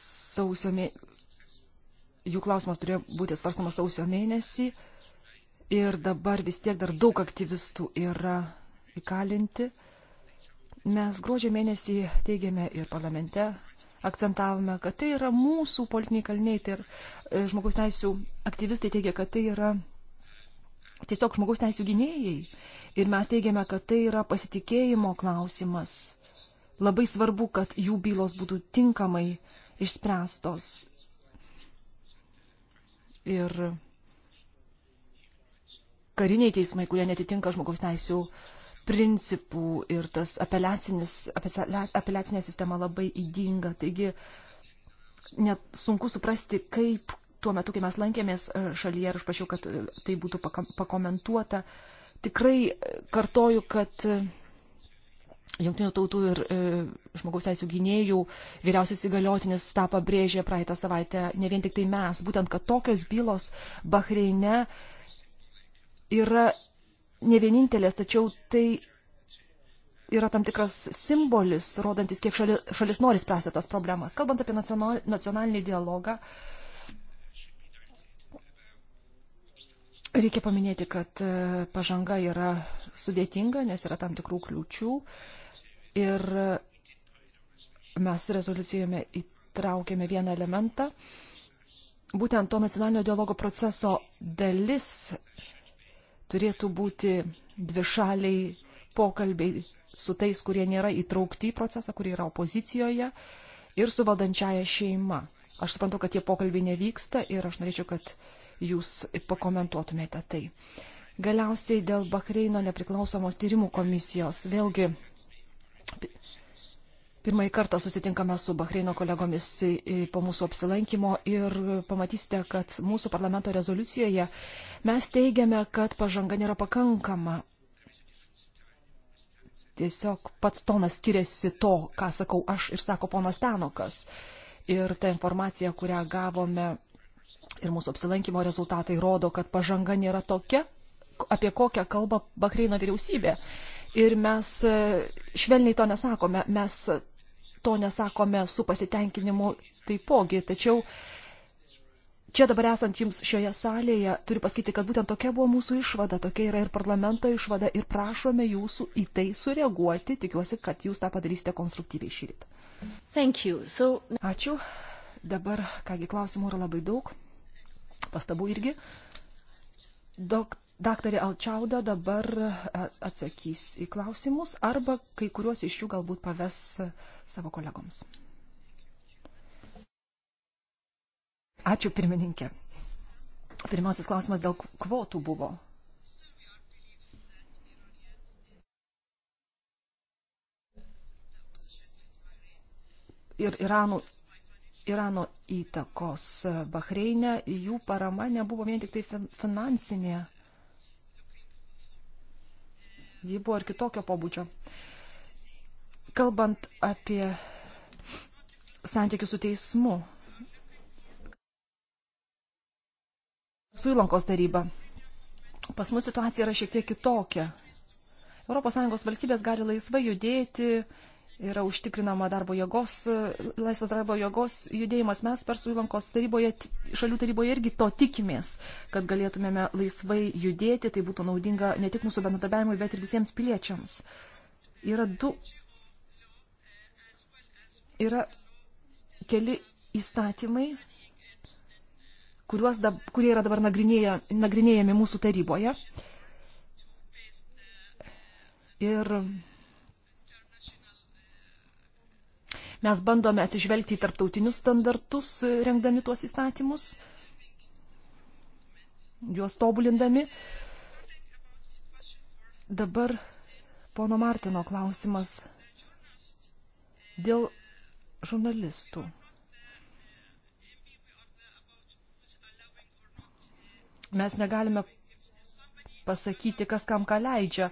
sausio mė... jų klausimas turėjo būti svarstamas sausio mėnesį ir dabar vis tiek dar daug aktyvistų yra įkalinti. Mes gruodžio mėnesį teigėme ir parlamente, akcentavome, kad tai yra mūsų politiniai kalniai tai ir e, žmogaus teisų aktyvistai teigia, kad tai yra tiesiog žmogaus teisų gynėjai. Ir mes teigiame, kad tai yra pasitikėjimo klausimas. Labai svarbu, kad jų bylos būtų tinkamai išspręstos. Ir kariniai teismai, kurie netitinka žmogaus teisų uh, principų ir tas apeliacinė sistema labai įdinga. Taigi net sunku suprasti, kaip tuo metu, kai mes lankėmės e, šalyje ir aš prašiau, kad e, tai būtų pakomentuota, tikrai e, kartoju, kad Junktinių tautų ir e, žmogaus teisų gynėjų vyriausias įgaliotinis tą pabrėžė praeitą savaitę, ne vien tik tai mes, būtent, kad tokios bylos Bahreine yra ne vienintelės, tačiau tai yra tam tikras simbolis, rodantis, kiek šalis, šalis nori spręsti tas problemas. Kalbant apie nacionalinį dialogą, reikia paminėti, kad e, pažanga yra sudėtinga, nes yra tam tikrų kliūčių. Ir e, mes rezoliucijoje įtraukėme vieną elementą. Būtent to nacionalinio dialogo proceso dalis turėtų būti dvišaliai pokalbiai su tais, kurie nėra įtraukti į procesą, kurie yra opozicijoje ir su valdančiaja šeima. Aš suprantu, kad tie pokalbiai nevyksta ir aš norėčiau, kad jūs pakomentuotumėte tai. Galiausiai dėl Bahreino nepriklausomos tyrimų komisijos. Vėlgi, Pirmąjį kartą susitinkame su Bahreino kolegomis po mūsų apsilankimo ir pamatysite, kad mūsų parlamento rezoliucijoje mes teigiame, kad pažanga nėra pakankama. Tiesiog pats tonas skiriasi to, ką sakau aš ir sako ponas Tenokas. Ir ta informacija, kurią gavome ir mūsų apsilankimo rezultatai rodo, kad pažanga nėra tokia, apie kokią kalba Bahreino vyriausybė. Ir mes e, švelniai to nesakome, mes to nesakome su pasitenkinimu taipogi, tačiau čia dabar esant jums šioje salėje, turiu pasakyti, kad būtent tokia buvo mūsų išvada, tokia yra ir parlamento išvada ir prašome jūsų į tai sureaguoti, tikiuosi, kad jūs tą padarysite konstruktyviai šį rytą. So... Ačiū. Dabar, kągi, klausimų yra labai daug, pastabų irgi. Dok, Daktarė Alčiauda dabar e, atsakys į klausimus arba kai kuriuos iš jų galbūt paves savo kolegoms. Ačiū pirmininkė. Pirmasis klausimas dėl kvotų buvo. Ir Irano, Irano įtakos Bahreinė, jų parama nebuvo vien tik tai finansinė Ji buvo ir kitokio pobūdžio. Kalbant apie santykių su teismu, su įlankos taryba, pas mus situacija yra šiek tiek kitokia. ES valstybės gali laisvai judėti, yra užtikrinama darbo jėgos, laisvas darbo jėgos judėjimas. Mes Persų įlankos taryboje, šalių taryboje irgi to tikimės, kad galėtumėme laisvai judėti, tai būtų naudinga ne tik mūsų bendradarbiavimui, bet ir visiems piliečiams. Yra du. Yra keli įstatymai, da, kurie yra dabar nagrinėja, nagrinėjami mūsų taryboje. Ir Mes bandome atsižvelgti į tarptautinius standartus, e, rengdami tuos įstatymus, juos tobulindami. Dabar pono Martino klausimas dėl žurnalistų. Mes negalime pasakyti, kas kam ką leidžia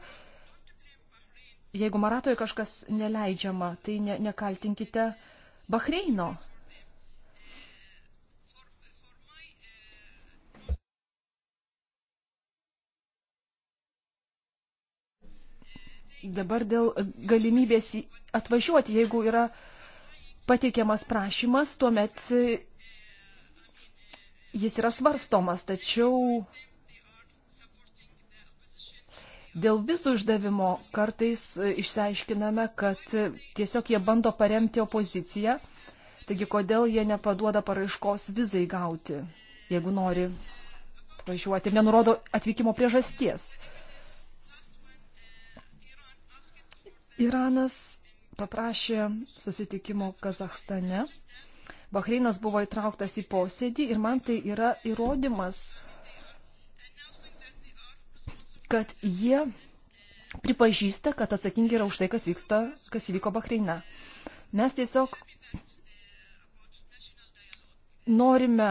jeigu Maratoje kažkas neleidžiama, tai ne, nekaltinkite Bahreino. Dabar dėl galimybės atvažiuoti, jeigu yra pateikiamas prašymas, tuomet jis yra svarstomas, tačiau Dėl vizų išdavimo kartais e, išsiaiškiname, kad e, tiesiog jie bando paremti opoziciją. Taigi, kodėl jie nepaduoda paraiškos vizai gauti, jeigu nori važiuoti ir nenurodo atvykimo priežasties. Iranas paprašė susitikimo Kazahstane. Bahreinas buvo įtrauktas į posėdį ir man tai yra įrodymas, kad jie pripažįsta, kad atsakingi yra už tai, kas vyksta, kas įvyko Bahreina. Mes tiesiog norime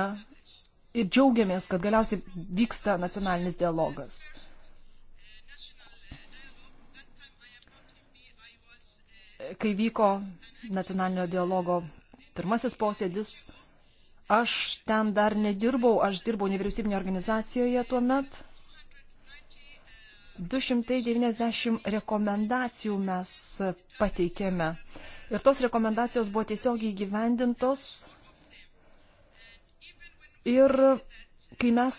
ir džiaugiamės, kad galiausiai vyksta nacionalinis dialogas. Kai vyko nacionalinio dialogo pirmasis posėdis, aš ten dar nedirbau, aš dirbau nevyriausybinio organizacijoje tuo metu 290 rekomendacijų mes pateikėme. Ir tos rekomendacijos buvo tiesiogiai gyvendintos. Ir kai mes,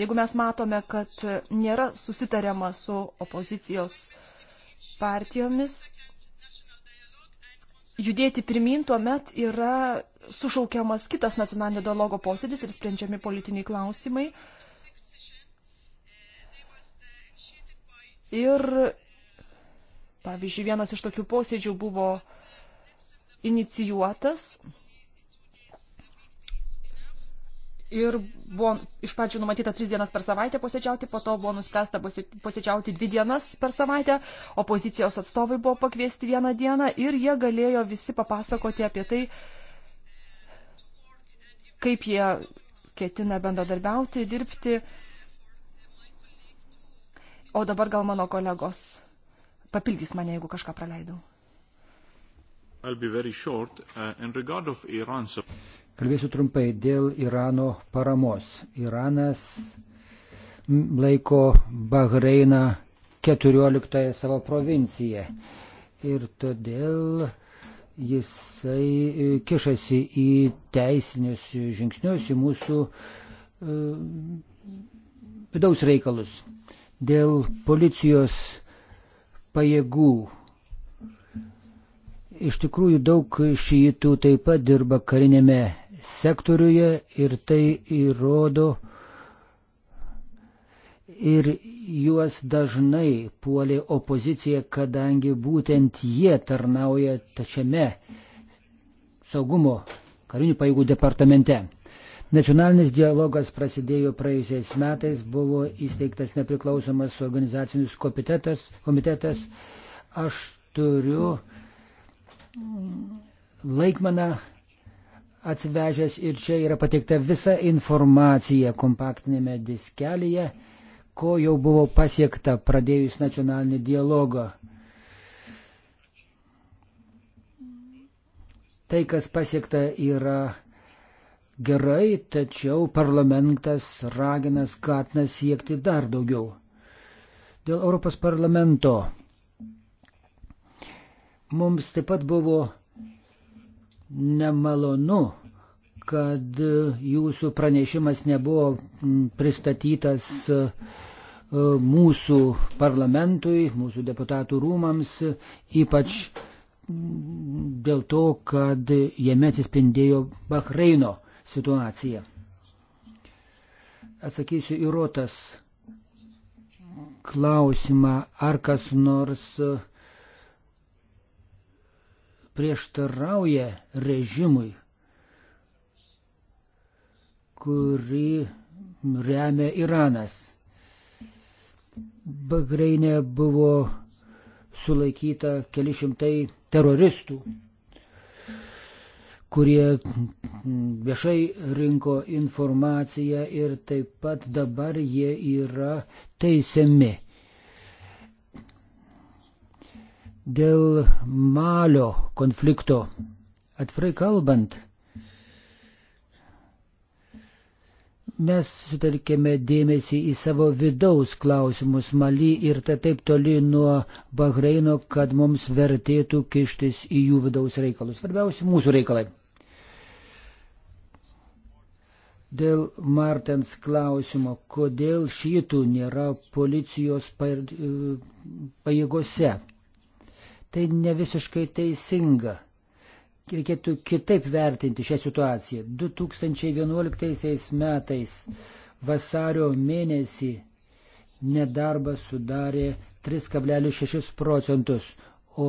jeigu mes matome, kad nėra susitariama su opozicijos partijomis, judėti pirmin, tuomet yra sušaukiamas kitas nacionalinio dialogo posėdis ir sprendžiami politiniai klausimai. Ir, pavyzdžiui, vienas iš tokių posėdžių buvo inicijuotas ir buvo iš pradžių numatyta tris dienas per savaitę posėdžiauti, po to buvo nuspręsta posėdžiauti dvi dienas per savaitę, opozicijos atstovai buvo pakviesti vieną dieną ir jie galėjo visi papasakoti apie tai, kaip jie ketina bendradarbiauti, dirbti O dabar gal mano kolegos papildys mane, jeigu kažką praleidau. Short, uh, Iran's... Kalbėsiu trumpai dėl Irano paramos. Iranas laiko Bahreiną 14 savo provinciją. Ir todėl jisai e, kišasi į teisinius žingsnius, į mūsų e, vidaus reikalus dėl policijos pajėgų. Iš tikrųjų daug šytų taip pat dirba karinėme sektoriuje ir tai įrodo ir juos dažnai puolė opozicija, kadangi būtent jie tarnauja tačiame saugumo karinių paėgų departamente. Nacionalinis dialogas prasidėjo praėjusiais metais, buvo įsteigtas nepriklausomas organizacinis komitetas. komitetas. Aš turiu mm, laikmeną atsivežęs ir čia yra pateikta visa informacija kompaktinėme diskelėje, ko jau buvo pasiekta pradėjus nacionalinį dialogą. Tai, kas pasiekta, yra gerai, tačiau parlamentas ragina skatina siekti dar daugiau. Dėl Europos parlamento mums taip pat buvo nemalonu, kad jūsų pranešimas nebuvo pristatytas e, mūsų parlamentui, mūsų deputatų rūmams, ypač dėl to, kad jame atsispindėjo Bahreino situaciją. Atsakysiu į rotas klausimą, ar kas nors uh, prieštarauja režimui, kurį remia Iranas. Bagreinė buvo sulaikyta keli šimtai teroristų kurie viešai rinko informaciją ir taip pat dabar jie yra teisiami. Dėl malio konflikto, atvirai kalbant, mes sutelkėme dėmesį į savo vidaus klausimus Mali ir tai taip toli nuo Bahreino, kad mums vertėtų kištis į jų vidaus reikalus. Svarbiausia mūsų reikalai. Dėl Martens klausimo, kodėl šitų nėra policijos e, pajėgose. Tai ne visiškai teisinga. Reikėtų kitaip vertinti šią situaciją. 2011 metais vasario mėnesį nedarbas sudarė 3,6 procentus, o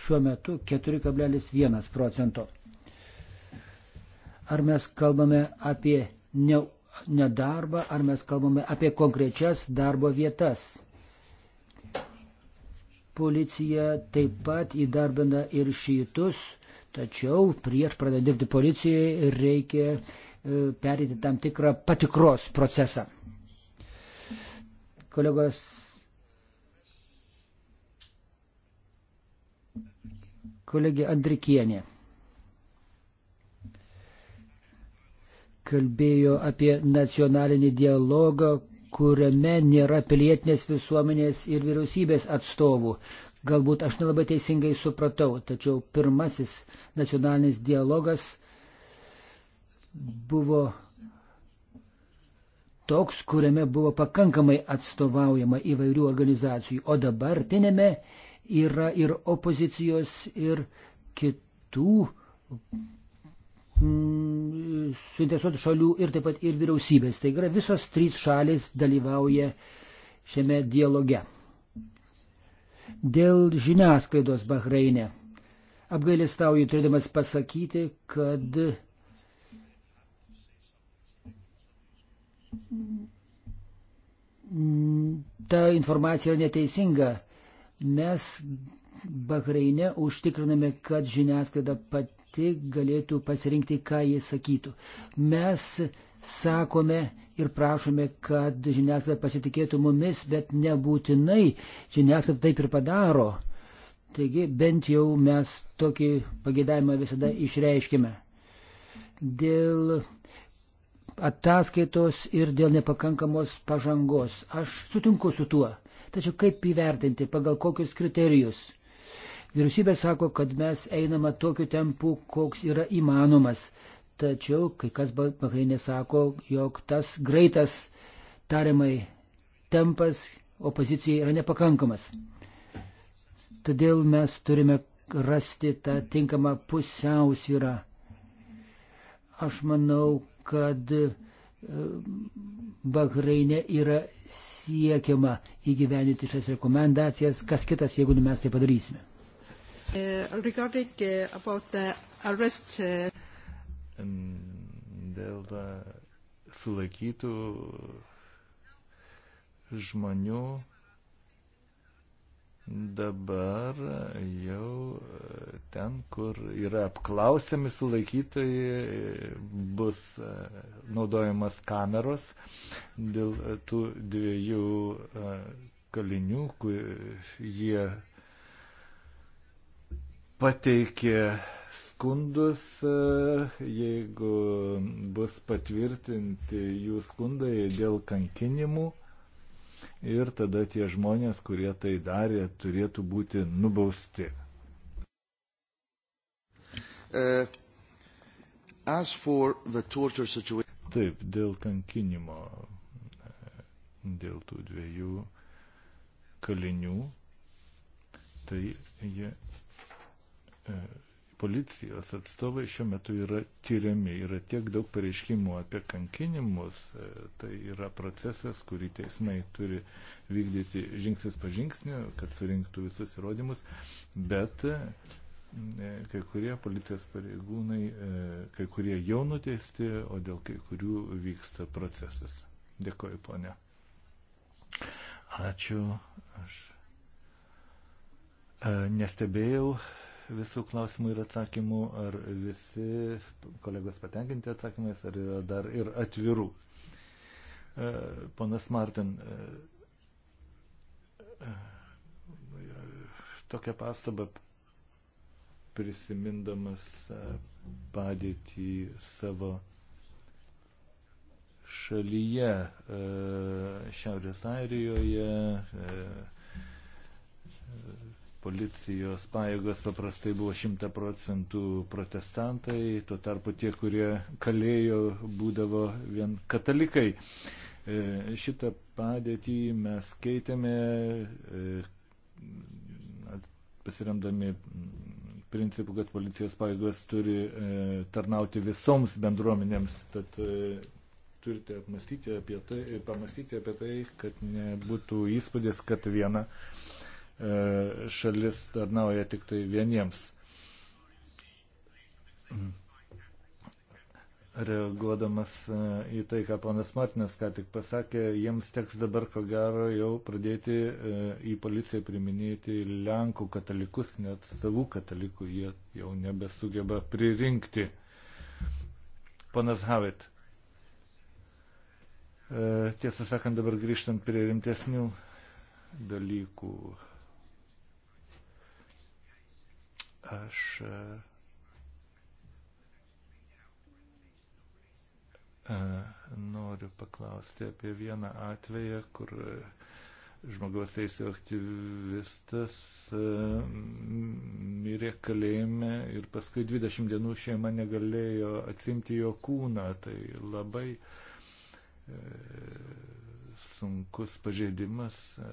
šiuo metu 4,1 procento. Ar mes kalbame apie ne, nedarbą, ar mes kalbame apie konkrečias darbo vietas. Policija taip pat įdarbina ir šitus, tačiau prieš pradedant dirbti policijai reikia e, perėti tam tikrą patikros procesą. Kolegos kolegė Andrikienė. kalbėjo apie nacionalinį dialogą, kuriame nėra pilietinės visuomenės ir vyriausybės atstovų. Galbūt aš nelabai teisingai supratau, tačiau pirmasis nacionalinis dialogas buvo toks, kuriame buvo pakankamai atstovaujama įvairių organizacijų, o dabartinėme yra ir opozicijos, ir kitų mm, suinteresuotų šalių ir taip pat ir vyriausybės. Tai yra visos trys šalis dalyvauja šiame dialoge. Dėl žiniasklaidos Bahreinė. Apgailestauju turėdamas pasakyti, kad ta informacija yra neteisinga. Mes Bahreinė užtikriname, kad žiniasklaida pat tik galėtų pasirinkti, ką jis sakytų. Mes sakome ir prašome, kad žiniasklaida pasitikėtų mumis, bet nebūtinai žiniasklaida taip ir padaro. Taigi bent jau mes tokį pagėdavimą visada išreiškime. Dėl ataskaitos ir dėl nepakankamos pažangos. Aš sutinku su tuo. Tačiau kaip įvertinti, pagal kokius kriterijus? Vyriausybė sako, kad mes einama tokiu tempu, koks yra įmanomas. Tačiau kai kas Bahreinė sako, jog tas greitas tariamai tempas opozicijai yra nepakankamas. Todėl mes turime rasti tą tinkamą pusiausvyrą. Aš manau, kad e, Bahreinė yra siekiama įgyveninti šias rekomendacijas, kas kitas, jeigu mes tai padarysime. Uh, regarding uh, about the arrest. Uh, dėl sulaikytų žmonių dabar jau ten, kur yra apklausiami sulaikytojai, bus naudojamas kameros dėl tų dviejų kalinių, jie pateikė skundus, e, jeigu bus patvirtinti jų skundai dėl kankinimų. Ir tada tie žmonės, kurie tai darė, turėtų būti nubausti. Uh, Taip, dėl kankinimo, e, dėl tų dviejų kalinių, tai jie E, policijos atstovai šiuo metu yra tyriami. Yra tiek daug pareiškimų apie kankinimus. E, tai yra procesas, kurį teismai turi vykdyti žingsnis po žingsnio, kad surinktų visus įrodymus. Bet e, kai kurie policijos pareigūnai, kai kurie jau nuteisti, o dėl kai kurių vyksta procesas. Dėkoju, ponė. Ačiū. Aš nestebėjau visų klausimų ir atsakymų, ar visi kolegos patenkinti atsakymais, ar yra dar ir atvirų. E, ponas Martin, e, e, tokią pastabą prisimindamas padėtį savo šalyje, Šiaurės Airijoje, policijos pajėgos paprastai buvo 100 procentų protestantai, tuo tarpu tie, kurie kalėjo, būdavo vien katalikai. E, šitą padėtį mes keitėme, e, pasiremdami principu, kad policijos pajėgos turi e, tarnauti visoms bendruomenėms. Tad turite apmastyti apie tai, pamastyti apie tai, kad nebūtų įspūdis, kad viena E, šalis tarnauja tik tai vieniems. Reaguodamas e, į tai, ką ponas Martinas ką tik pasakė, jiems teks dabar ko gero jau pradėti e, į policiją priminėti Lenkų katalikus, net savų katalikų jie jau nebesugeba pririnkti. Ponas Havit, tiesą sakant, dabar grįžtant prie rimtesnių dalykų. Aš e, noriu paklausti apie vieną atveją, kur e, žmogaus teisų aktyvistas e, mirė kalėjime ir paskui 20 dienų šeima negalėjo atsimti jo kūną. Tai labai sunkus pažeidimas. E,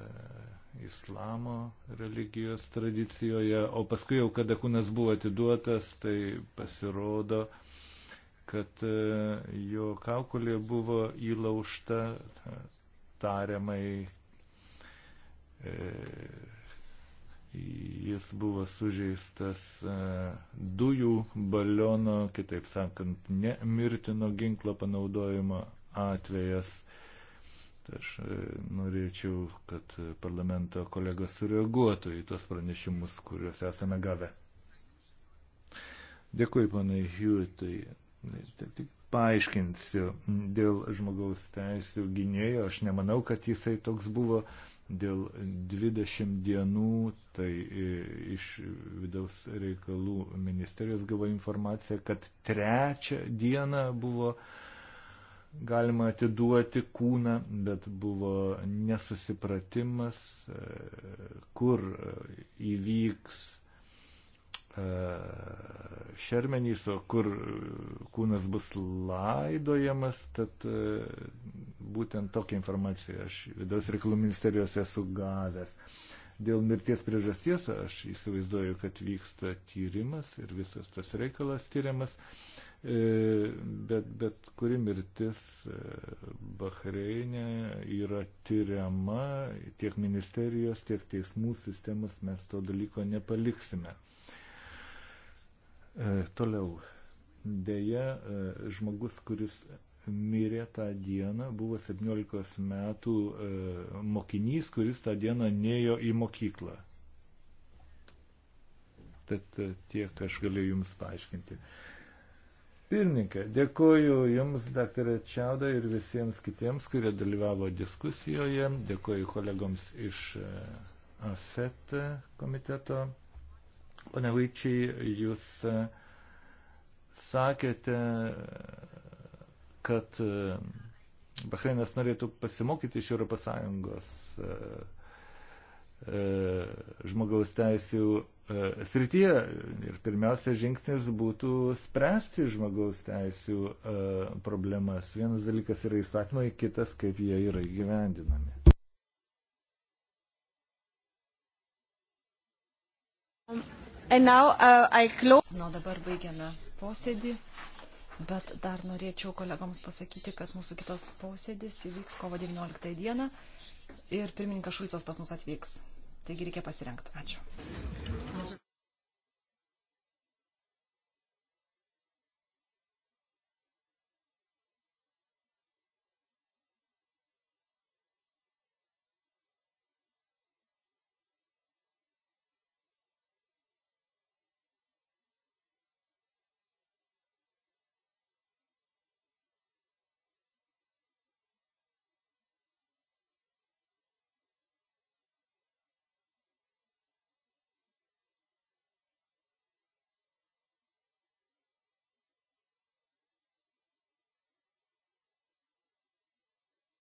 islamo religijos tradicijoje, o paskui jau, kada kūnas buvo atiduotas, tai pasirodo, kad e, jo kaukulė buvo įlaužta e, tariamai. E, jis buvo sužeistas dujų baliono, kitaip sakant, nemirtino ginklo panaudojimo atvejas. Tai aš e, norėčiau, kad parlamento kolegos sureaguotų į tos pranešimus, kuriuos esame gavę. Dėkui, panai Hiutai. Tik, tik tai paaiškinsiu, dėl žmogaus teisų gynėjo, aš nemanau, kad jisai toks buvo. Dėl 20 dienų, tai e, iš vidaus reikalų ministerijos gavo informaciją, kad trečią dieną buvo uh, galima atiduoti kūną, bet buvo nesusipratimas, e, kur e, įvyks e, šermenys, o kur kūnas bus laidojamas, tad būtent tokią informaciją aš vidaus reikalų ministerijos esu gavęs. Dėl mirties priežasties aš įsivaizduoju, kad vyksta tyrimas ir visas tas reikalas tyriamas. Uh, E, bet, bet kuri mirtis e, Bahreinė yra tyriama tiek ministerijos, tiek teismų sistemos, mes to dalyko nepaliksime. E, toliau. Deja, žmogus, kuris mirė tą dieną, buvo 17 metų mokinys, kuris tą dieną nėjo į mokyklą. Tad tiek aš galėjau Jums paaiškinti pirmininkė. Dėkuoju Jums, daktarė Čiauda ir visiems kitiems, kurie dalyvavo diskusijoje. Dėkuoju kolegoms iš e, AFET komiteto. Pane Vaičiai, Jūs e, sakėte, kad e, Bahreinas norėtų pasimokyti iš ES žmogaus teisų E, srityje. Ir pirmiausia žingsnis būtų spręsti žmogaus teisų e, problemas. Vienas dalykas yra įstatymai, kitas kaip jie yra įgyvendinami. Now, uh, nu, dabar baigiame posėdį. Bet dar norėčiau kolegoms pasakyti, kad mūsų kitas posėdis įvyks kovo 19 dieną ir pirmininkas Šulcas pas mus atvyks. Taigi reikia pasirengti. Ačiū.